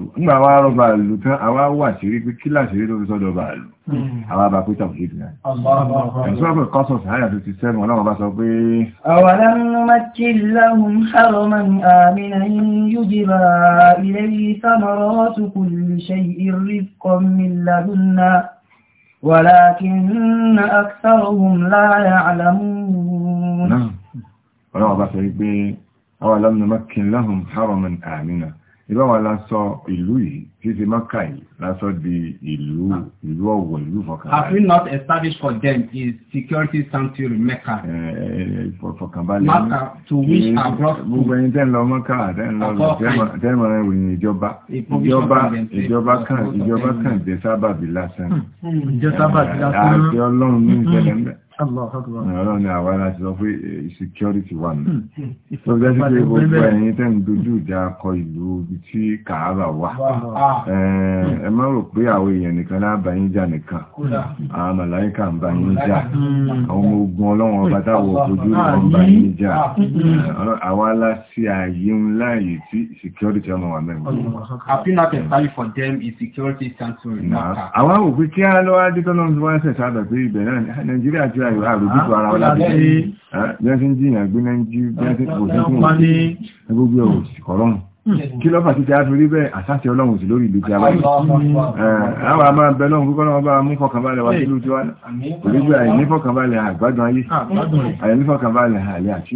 nígbà wá rọ bàálù tán àwa wà sí rí pé kíláàsì rí lórí sọ́dọ̀ bàálù hmm. àwa bá pé tàbí ìdìyà ẹ̀sùwàbọ̀ kọ́sọ̀sì àyà tó ti sẹ́nu ọlọ́wọ́ bá sọ pé أَوَلَمْ نُمَكِّنْ لَهُمْ حَرَمًا آمِنًا يُجْبَى إِلَيْهِ ثَمَرَاتُ كُلِّ شَيْءٍ ولكن أكثرهم لا يعلمون نعم ولو أولم نمكن لهم حرما آمنا ìbá wa ìlú yìí tí ti mọ́kà yìí la di ìlú ìlú ọ̀wọ̀ ìlú fọkànbalẹ̀. have we not established for them a security sanctuary mecca. fọkànbalẹ̀ maka to which our bros. gbogbo ẹni tẹ́ ń lọ mọ́kà tẹ́ ń lọ tẹ́mọ̀ ìròyìn ìjọba ìjọba ìjọba kan ìjọba kan jẹ́ sábàbí lásán. Hmm. Hmm. jẹ́ sábàbí lásán. àti ọlọ́run ní hmm. ìṣẹ̀lẹ̀ Ọlọ́run ni àwa láti sọ pé eh, security wà ní. Tó hmm. hmm. jẹ́ sí pé gbogbo ẹ̀yin tẹ́ dojú ìjà akọ ìlú ibi tí Kàábà wà. Eh, ẹ má rò pé àwọn èèyàn nìkan lábàá jà nìkan. Àwọn màláíkà ń bá jà. Hmm. Àwọn ogun ọlọ́run ọba ojú ìlú ń bá jà. Eh, for them is security sanctuary. Àwọn yóò àrùjútó ara wọn kí ló fà títí àfi rí bẹ́ẹ̀ àsáṣẹ ọlọ́run sí lórí ìlú ti abáyé àwọn àmà bẹ púpọ̀ lọ́wọ́ bá mú fọkànbalẹ̀ wá sílú tí wá olójú àìní fọkànbalẹ̀ àgbádùn ayé ah, àìní fọkànbalẹ̀ àlẹ́ àti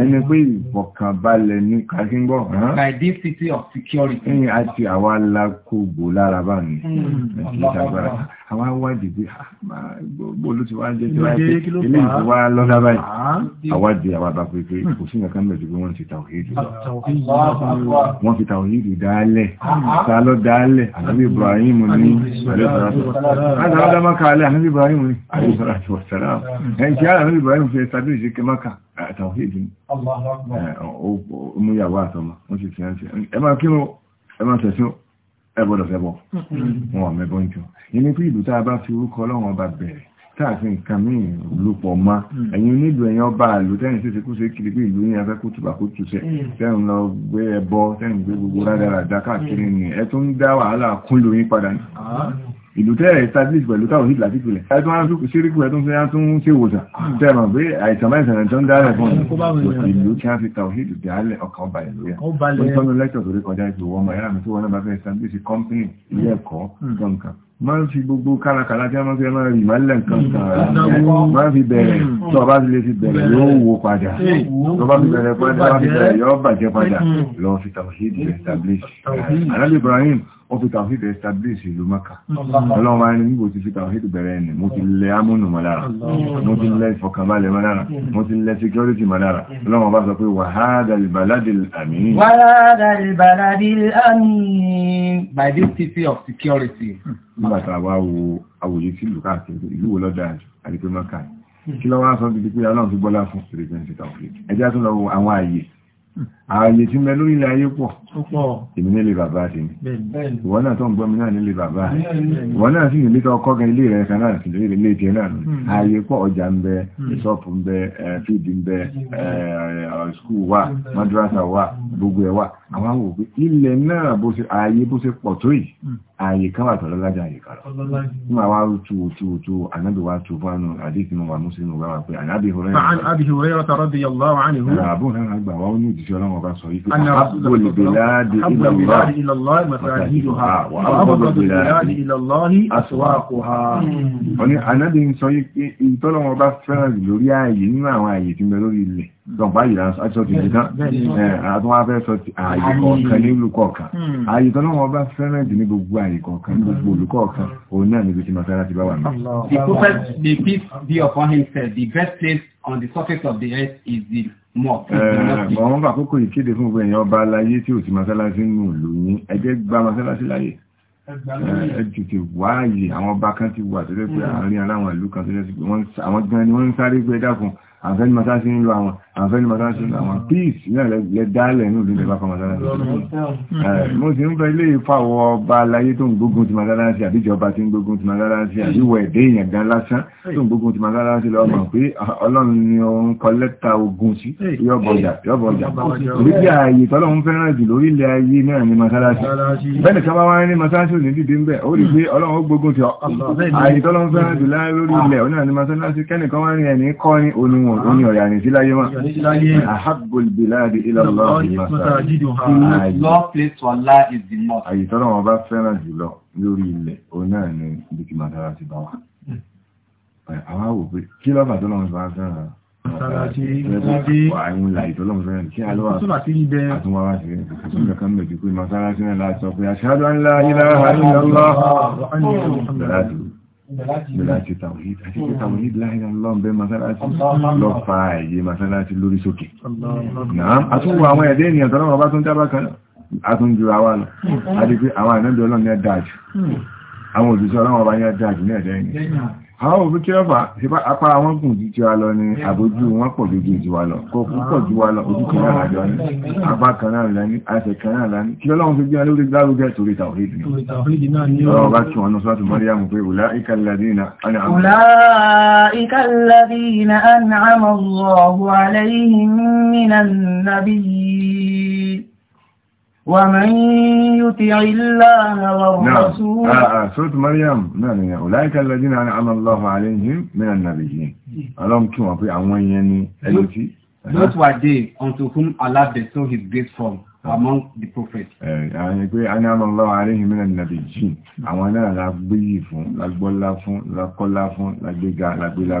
ẹni pé ìfọ̀kànbalẹ̀ ní kàkíngbọ̀. by this city of security. ní àti àwa la kò lára bá hmm. ní àwa wádìí pé gbogbo ló ti wá jẹ́ tí wá pé ilé ìlú wá lọ́dá báyìí àwádìí àwa bá pé pé kò sí nǹkan mẹ́jọ pé wọ́n ti tàwíìdì lọ wọ́n fi tàwíìdì dálẹ̀ ta lọ dálẹ̀ ànábì Ibrahim ní àlẹ́sọ̀rọ̀ maka alẹ́ ànábì Ibrahim ní àlẹ́sọ̀rọ̀ wọ̀sẹ̀rà ẹ̀yìn tí ànábì Ibrahim fi ẹ̀sàdé ìṣẹ́kẹ́ maka tàwíìdì ó mú yàwó àtọmọ wọ́n ti fi ẹ̀ máa kí ẹgbọ́dọ̀ fẹ́bọ̀ mm-hmm. wọn mẹ́bọ́ jù inú pé ìlú tàà bá fi orúkọ ọlọ́run ọba bẹ̀rẹ̀ tààfi nǹkan míì lúpọ̀ ma mm-hmm. ẹ̀yin onílù ẹ̀yàn ọba àlù tẹ́yìn sí ti kú sí kiri pé ìlú yẹn afẹ́ kú tùbà kú tùsẹ̀ tẹ́yìn lọ gbé ẹbọ tẹ́yìn gbé gbogbo rádaràdá káàkiri ni ẹ tún dá wàhálà kún lóyún padà ní ìlú tẹ́rẹ̀ establish pẹ̀lú táwọn hit láti ìpìlẹ̀ ẹ̀tún ara tún ṣíríkù ẹ̀tún fẹ́ tún ṣe ìwòsàn tẹ́mọ̀ pé àìsàn mẹ́sàn tó ń dálẹ̀ fún ìlú tí a fi tàwọn hit dálẹ̀ ọkà ọba ìlú yẹn wọ́n tọ́nu lẹ́tọ̀ tó rí kọjá ìpè wọ́n mọ̀ ẹ̀rà mi tó wọ́n náà bá fẹ́ establish company ilé hmm. ẹ̀kọ́ hmm. nǹkan máa ń fi gbogbo kárakára tí a máa fi ẹ máa rí ìmọ̀lẹ̀ nǹkan kan hmm. máa fi bẹ̀rẹ̀ tó bá fi lè fi bẹ̀rẹ̀ yóò wo padà tó bá fi bẹ̀rẹ̀ padà yóò bàjẹ́ padà lọ fi tàwọn hit establish. Anábì Ibrahim ó fi tàwíìdì establish ìlú maka ọlọ́run wáyé nígbò ti fi tàwíìdì bẹ̀rẹ̀ ẹni mo ti lẹ amúnù mọ́lára mo ti lẹ ìfọkànbalẹ̀ mọ́lára mm. mo ti lẹ security mọ́lára ọlọ́run bá sọ pé wàhádà ìbàládì àmì wàhádà ìbàládì àmì by this city of security mm. nígbàtà wá wo àwòyé sí ìlú káàkiri ìlú wo lọ́dà àdìpé maka mm. kí lọ́wọ́ á sọ ti di pé ọlọ́run ti gbọ́lá fún ìrẹ́jẹ́ ìsìtàwọ̀ ẹjẹ́ tó lọ àwọn àyè ààyè tí mẹ ilẹ̀ ayé pọ̀ èmi nílé bàbá ti ni ìwọ náà tó ń gbọ́mí náà nílé bàbá ìwọ náà sí ìlé tó ọkọ́ gan ilé rẹ̀ kan náà sí ilé tiẹ̀ náà nù hmm. ààyè pọ̀ ọjà ń bẹ hmm. ṣọ́ọ̀pù ń bẹ fíìdì ń bẹ hmm. skul wà madrasa wà gbogbo ẹ̀ wà àwọn àwọn òpin ilẹ̀ náà bó ṣe ààyè bó ṣe pọ̀ tó yìí ààyè kan wà tọ́lọ́ lájà ààyè kan tu tu tu wá wa wá pé òjíṣẹ́ ọlọ́run sọ wípé àbúlòbìláàdì ìlọ́lọ́ mọ̀tàdínlò ha wà ábọ̀lòbìláàdì ìlọ́lọ́ ní àwọn ààyè sọ ti ààyè kọ̀ọ̀kan ní ìlú kọ̀ọ̀kan hmm. ààyè tọ́lọ́run ọba fẹ́ràn jù ní gbogbo ààyè kọ̀ọ̀kan ní hmm. gbogbo ìlú kọ̀ọ̀kan náà níbi tí masara ti bá wà náà. The prophet, may the best place on the surface of the earth is the mọ̀. Wọ́n bá kókò ìkéde fún gbogbo èèyàn ọba aláyé tí ò sí masalasi nù lò ní ẹjẹ́ gba masalasi láyè. Ẹjù ti wáyé àwọn ọba kan ti wà tẹ́lẹ̀ pé mm. àárín aláwọn ìlú kan tẹ́lẹ̀ sí pé àwọn gan ni wọ́n sáré gbé dákun àwọn fẹ́ni masalasi ń lo àwọn àfẹ́ ní masáàsì àwọn peace náà lẹ dálẹ̀ ní òdúnlẹ̀ bá kọ masáàsì mo sì ń fẹ́ ilé ìfàwọ̀ ọba aláyé tó ń gbógun ti masáàsì àbíjọba tí ń gbógun ti masáàsì àbíwọ̀ ẹ̀dẹ́ èèyàn gan lásán tó ń gbógun ti masáàsì lọ mọ̀ pé ọlọ́run ni òun kọ lẹ́tà ogun sí yọ́bọ̀jà yọ́bọ̀jà orí bí ààyè tọ́lọ́run fẹ́ràn jù lórí ilẹ̀ ayé náà ni masáàsì bẹ́ẹ̀ ká bá wá ní masáàsì ò ní dìde ń bẹ̀ ó rí pé ọlọ́run gbógun ti ààyè tọ́lọ́run fẹ́ràn jù lórí ilẹ̀ ọ̀nà ni masáàsì kẹ́nìkan wá ní ẹni kọ́ ní oníwọ̀n oní ọ̀yà ní sí láyé wọn sí láyé ahabbul biladi ila Allah love place for Allah is the mosque àyè tọ́lá wọn bá fẹ́ràn jùlọ lórí ilẹ̀ o náà ní bíkí mọ́sára ti bá wà àwọn àwò pé kí lọ́fà tọ́lá wọn bá fẹ́ràn àwọn ìlàyé tọ́lá wọn fẹ́ràn kí alọ́wà àtúnwà wá sí rẹ̀ kí lọ́kà mẹ́jì pé mọ́sára sí rẹ̀ láti sọ pé ashhadu an la ilaha illallah láti tàwíd àti pé tàwíd láìra lọ́n bẹ masáláti lọ fa àyè masáláti lórí sókè náà àtúnwò àwọn ẹ̀dẹ́ ènìyàn tọ́lọ́wọ́ bá tún jábá kan àtúnjú àwa lọ àti pé àwọn ànábì ọlọ́run ní ẹ̀dájú àwọn òjúṣọ́ ọlọ́run ọba ní ẹ̀dájú ní ẹ̀dẹ́ ni àwọn òfin kí lọ́fà sípá apá wọn kùn jù ti wa lọ ni àbójú wọn pọ̀ jù ti wa lọ kò kún pọ̀ jù wa lọ ojú kan náà àjọ ní apá kan náà lẹ́ni àṣẹ kan náà lẹ́ni kí lọ́lọ́run fi gbé wọn lórí gbárùgẹ́ torí tàwọ́lẹ́dì náà ọ̀rọ̀ bá kí wọn náà sọ́tù mọ́rí àmú pé wùlá ìkàlẹ́dì náà ومن يطع الله والرسول نعم سورة مريم نعم أولئك الذين أنعم الله عليهم من النبيين اللهم كما في àwọn yẹn ni Those were they unto whom Allah bestowed his grace from among the prophets. Àwọn pé أنعم الله عليهم من mm. àwọn náà la gbéyì fún, la fún, la fún, la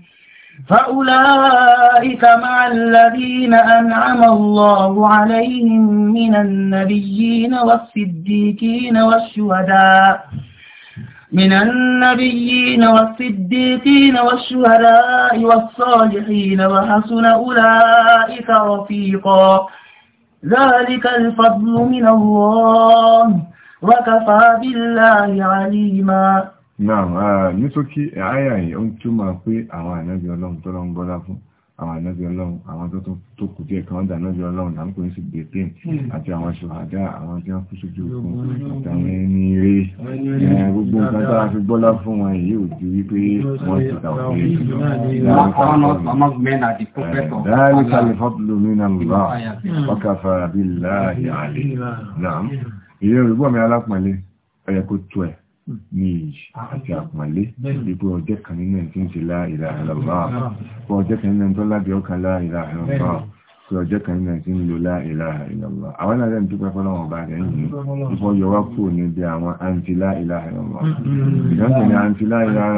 فأولئك مع الذين أنعم الله عليهم من النبيين والصديقين والشهداء من النبيين والصديقين والشهداء والصالحين وحسن أولئك رفيقا ذلك الفضل من الله وكفى بالله عليما náà ní ṣókí àyà yìí ó ń túmọ̀ pé àwọn ànábì ọlọ́run tó lọ́n gbọ́lá fún àwọn ànábì ọlọ́run àwọn tó tó kù díẹ̀ kan dà ànábì ọlọ́run là ń pè sí gbèpín àti àwọn ṣòhádà àwọn tí wọ́n kú sójú òkun àti àwọn ẹni eré gbogbo nǹkan tá a fi gbọ́lá fún wọn yìí ò ju wípé wọ́n ti ta òfin dáálí kálífọ́pùlù náà ìyẹn olùgbọ́n mi alápọ̀nlé ẹ̀yẹ ní ìyí àti àpàlẹ́ ipò ọjọ́ kan nínú ẹ̀ tí ń ṣe láìláàlọ́wọ́ ọjọ́ kan nínú ẹ̀ tó lábẹ́ ọkàn láìláàlọ́wọ́ tí ọjọ́ kan náà ti ń lo la ilaha illallah àwọn náà lẹ́nu dúpẹ́ fọ́lọ́wọ́n bá rẹ̀ yìí fífọ́ yọ wá kúrò níbi àwọn àǹtí la ilaha illallah ìjọ́sìn ni àǹtí la ilaha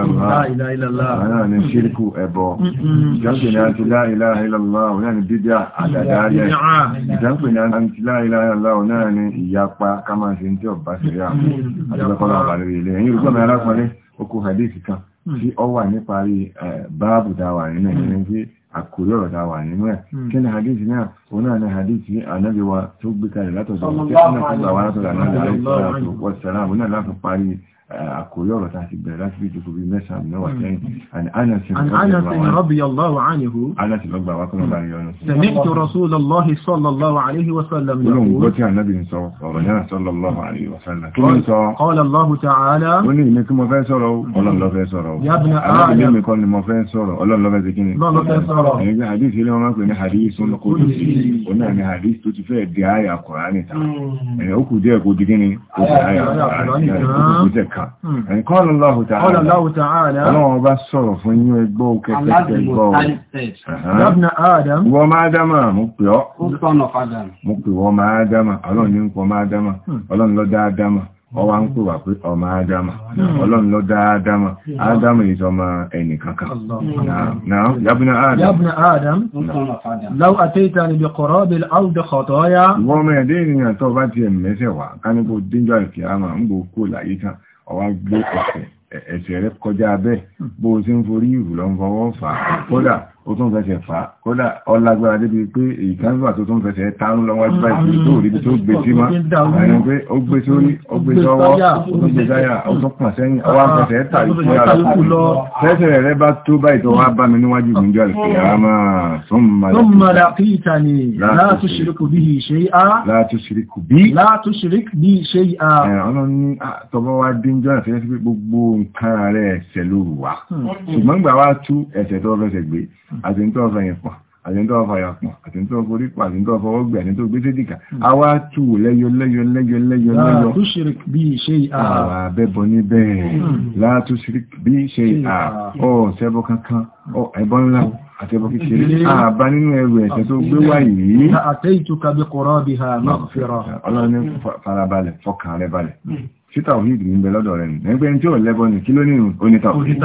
illallah àwọn náà ni ṣírkù ẹ̀bọ ìjọ́sìn ni àǹtí la ilaha illallah àwọn náà ni bídíà àdàdàálẹ̀ ìjọ́sìn ni àǹtí la ilaha illallah àwọn náà ni ìyapa kámáṣe ń tí ọ̀bá sí rí àwọn àti ọkọ̀ ọ̀bá àkórí ọ̀rọ̀ ta wà nínú ẹ̀ hmm. kí ni hadith náà o náà ni hadith anábi wa tó gbé kalẹ̀ látọ̀dọ̀ àkórí ọ̀rọ̀ tá a ti bẹ̀rẹ̀ láti bí ìdíkù bí mẹ́sàn-án mẹ́wàá tẹ́yìn. Àni hmm. Ánàsìn radiyallahu anhu. Ánàsìn lọ gbà wá kọ́nà bá yọ ọ́nà. Sami'tu Rasulallahi sallallahu alayhi wa sallam. Olóhùn gbọ́ tí ànábì ń sọ ọ̀rọ̀ náà sallallahu alayhi wa sallam. Kí ni sọ? Qala Allahu ta'ala. Ó ní ìmí kí mo fẹ́ sọ̀rọ̀ o, Ọlọ́run ló fẹ́ sọ̀rọ̀ o. Yabna Adam. Àbí mi kọ́ ni mo fẹ́ sọ̀rọ̀, Ọlọ́run ló fẹ́ ti kí ni? Ọlọ́run ló fẹ́ sọ̀rọ̀. Ẹ̀yin gbé hadith ilé wọn pè ní hadith sọ́nà kó tó sí. Òun náà ni hadith tó ti fẹ́ di àyà Kùránì ta. Hmm. Ẹ̀yìn ó kù díẹ̀ kó di kí ni? Hmm. Ó kù àyà Kùránì ta. قال الله تعالى قال الله تعالى الله بصر فنيو يقبو كتبت يقبو ابن آدم وما دما مقيا مقيا وما دما الله نينك دما الله لو دما ọwá ń pèwà pé ọmọ ádámà hmm. ọlọ́run ló dá ádámà ádámà hmm. hmm. ìsọmọ ẹni kankan náà yábùnà ádám láwọ́ àtẹ́ta níbi kọ̀rọ̀ bí áwùdó kọ̀tọ́ yá wọ́n mẹ́ẹ̀dẹ́ ènìyàn tó bá ti ẹ̀mẹ́sẹ̀ wà ká nípo díjọ́ ọwá gbé ẹsẹ̀ rẹ kọjá bẹ́ẹ̀ bó o ti ń forí ìrù lọ ń fọwọ́ fà á kódà ó tún fẹsẹ̀ fà á kódà ọlágbára débi pé èyí kan wà tó tún fẹsẹ̀ tánú lọ́wọ́ ẹgbẹ́ ìpínlẹ̀ tó rí tó gbé sí má àyàn pé ó gbé sórí ó gbé sọ́wọ́ ó tún gbé sáyà ó tún pọ̀ sẹ́yìn ọwọ́ fẹsẹ̀ tà ìfúnra lọ fẹsẹ̀ rẹ̀ bá tó báyìí tó wá bá mi níwájú ìgbìnjọ àlùfẹ́ àmà sọ́mọ̀lá látú ṣiríkù bí ṣe yá ọlọ́ni tọ́bọ́ wá díjọ́ àfẹ́ àti ní tó ọ̀fẹ́ yẹn pọ̀ àti ní tó ọ̀fẹ́ yà pọ̀ àti ní tó ọ̀fẹ́ orí pọ̀ àti ní tó ọ̀fẹ́ ọgbẹ̀ àti ní tó gbé sídìkà a wá tù lẹ́yọ lẹ́yọ lẹ́yọ lẹ́yọ lẹ́yọ àwọn abẹ́bọ níbẹ̀ látú ṣirik bí ṣe à ọ̀ ṣẹbọ kankan ọ̀ ẹbọ ńlá àtẹ́bọ̀ kékeré àbá nínú ẹrù ẹ̀ṣẹ̀ tó gbé wà yìí àtẹ́ìtùkà bí kọ̀rọ̀ bí ha mọ́fẹ́rọ̀ ọlọ́ni farabalẹ̀ fọkàn rẹ balẹ̀ tí tàwíd ní bẹ lọ́dọ̀ rẹ̀ nígbẹ́ tí ó lẹ́bọ̀ ní kí ló nínú onítàwíd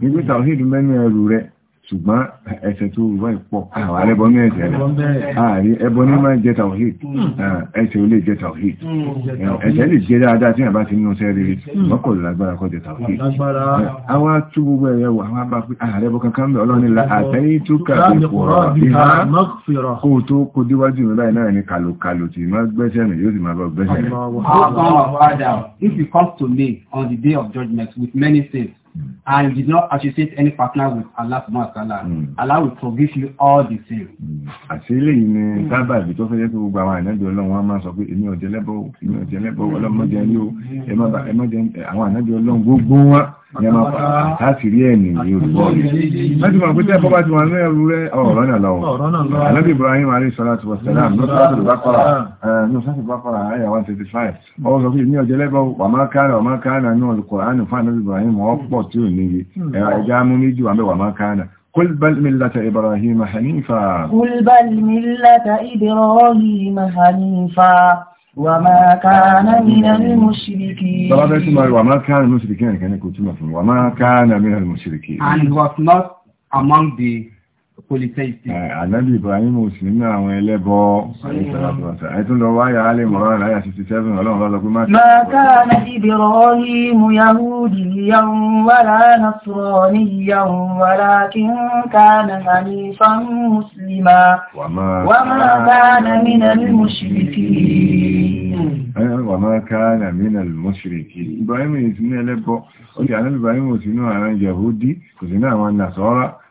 nígbẹ́ tàwíd mẹ́nu ẹrù rẹ̀ ṣùgbọ́n ẹ̀ṣẹ̀ tó wọ́ ìpọ̀ àwọn ẹbọ ní ẹ̀ṣẹ̀ rẹ̀ ààrí ah, ẹbọ ní máa jẹ́ tawhid hmm. ah, ẹ̀ṣẹ̀ ò lè jẹ́ tawhid hmm, ẹ̀ṣẹ̀ eh, lè jẹ́ dáadáa tí àbá ti nínú sẹ́rẹ̀ mọ́kànlá lágbára kọ́ jẹ́ tawhid eh, àwọn atú gbogbo ẹ̀yẹ wà wọ́n bá pé ààrẹ ah, ẹbọ kankan bẹ̀ ọlọ́ni la àtẹ́yìn tó kàbí kò tó kó díwájú mi báyìí náà ní kàlòkàlò tí má gbẹ́sẹ̀ mi yóò sì má bọ́ gbẹ́sẹ̀ mi. If you come to me on the day of judgment with many things Hmm. and did not associate any partner with Allah subhanahu wa ta'ala. Hmm. Allah will forgive you all the same. Àti ilé yìí ni sábàbí tó fẹ́ jẹ́ pé gbogbo àwọn ànábì Ọlọ́run wọn máa sọ pé èmi ò jẹ́lẹ́bọ̀ èmi ò jẹ́lẹ́bọ̀ ọlọ́mọdé ẹni o, àwọn ànábì Ọlọ́run gbogbo wọn yẹn máa fà á sì rí ẹ̀mí ní olùkọ́ rẹ̀. láti mọ̀ pé tẹ́ ẹ̀kọ́ bá ti wọn ní ẹrú rẹ̀ ọ̀rọ̀ náà lọ́wọ́. anábì Ibrahim alayhi salatu wa salam ní sọ́tò bákọ́rà ní sọ́tò bákọ́rà àyà 135. ọwọ́ sọ pé ní ọjọ́ lẹ́bọ̀ wà máa kára wà máa kára ní al قل بل ملة إبراهيم حنيفا قل بل ملة إبراهيم حنيفا وما كان من المشركين وما كان من المشركين كان يقول وما كان من المشركين and he was not among the polytheistic. Eh, ànábì Ibrahim ò sí nínú àwọn ẹlẹ́bọ ẹ̀tún lọ wáyà alẹ́ mọ̀rán láyà 67 ọlọ́run lọ́lọ́ pé máa kana Ibrahim yahudiyan wala nasraniyan walakin kana hanifan muslima wa ma kana minal mushrikin. Eh, wa ma kana minal mushrikin. Ibrahim ò sí nínú ẹlẹ́bọ, ó sì ànábì Ibrahim ò sí nínú àwọn Yahudi, kò sí nínú àwọn Nasara.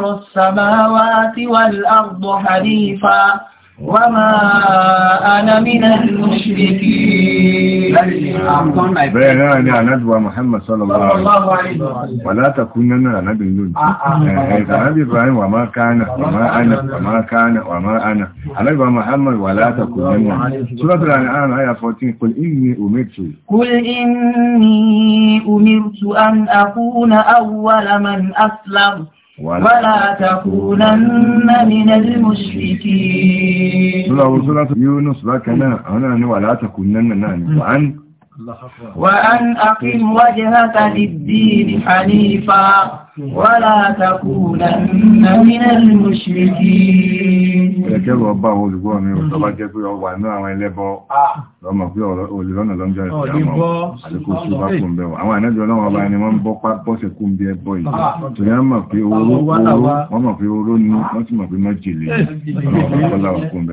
نور السماوات والأرض حنيفا وما أنا من المشركين لا أنا أدوى محمد صلى الله عليه وسلم ولا تكوننا نبي النون آه، آه. إيه، نبي إبراهيم وما كان وما أنا وما كان وما أنا أنا أدوى محمد ولا أنا سورة الآن آية 14 قل إني أمرت قل إني أمرت أن أكون أول من أسلمت ولا تكونن من المشركين. الله وصلت يونس لكن أنا ولا تكونن من وعن وأن أقم وجهك للدين حنيفا ولا تكونن من المشركين Ẹ̀kẹ́rù ọba àwọn olùgbọ́ mi ò tọ́bá jẹ́ pé ọwà náà àwọn ẹlẹ́bọ ah. lọ́mọ̀ pé olùrọ́nà lọ́njọ́ ìfìyàmọ́ àdíkò tí ó bá kùn bẹ̀wọ̀. Àwọn ànájọ́ náà wọ́n bá ní wọ́n bọ́ pọ́sẹ̀ kún bí ẹbọ ìjọ. Ah. Torí wọ́n mọ̀ pé oró ní wọ́n sì mọ̀ pé mọ́jèlé. Ọlọ́run kọ́lá ọkùn bẹ̀.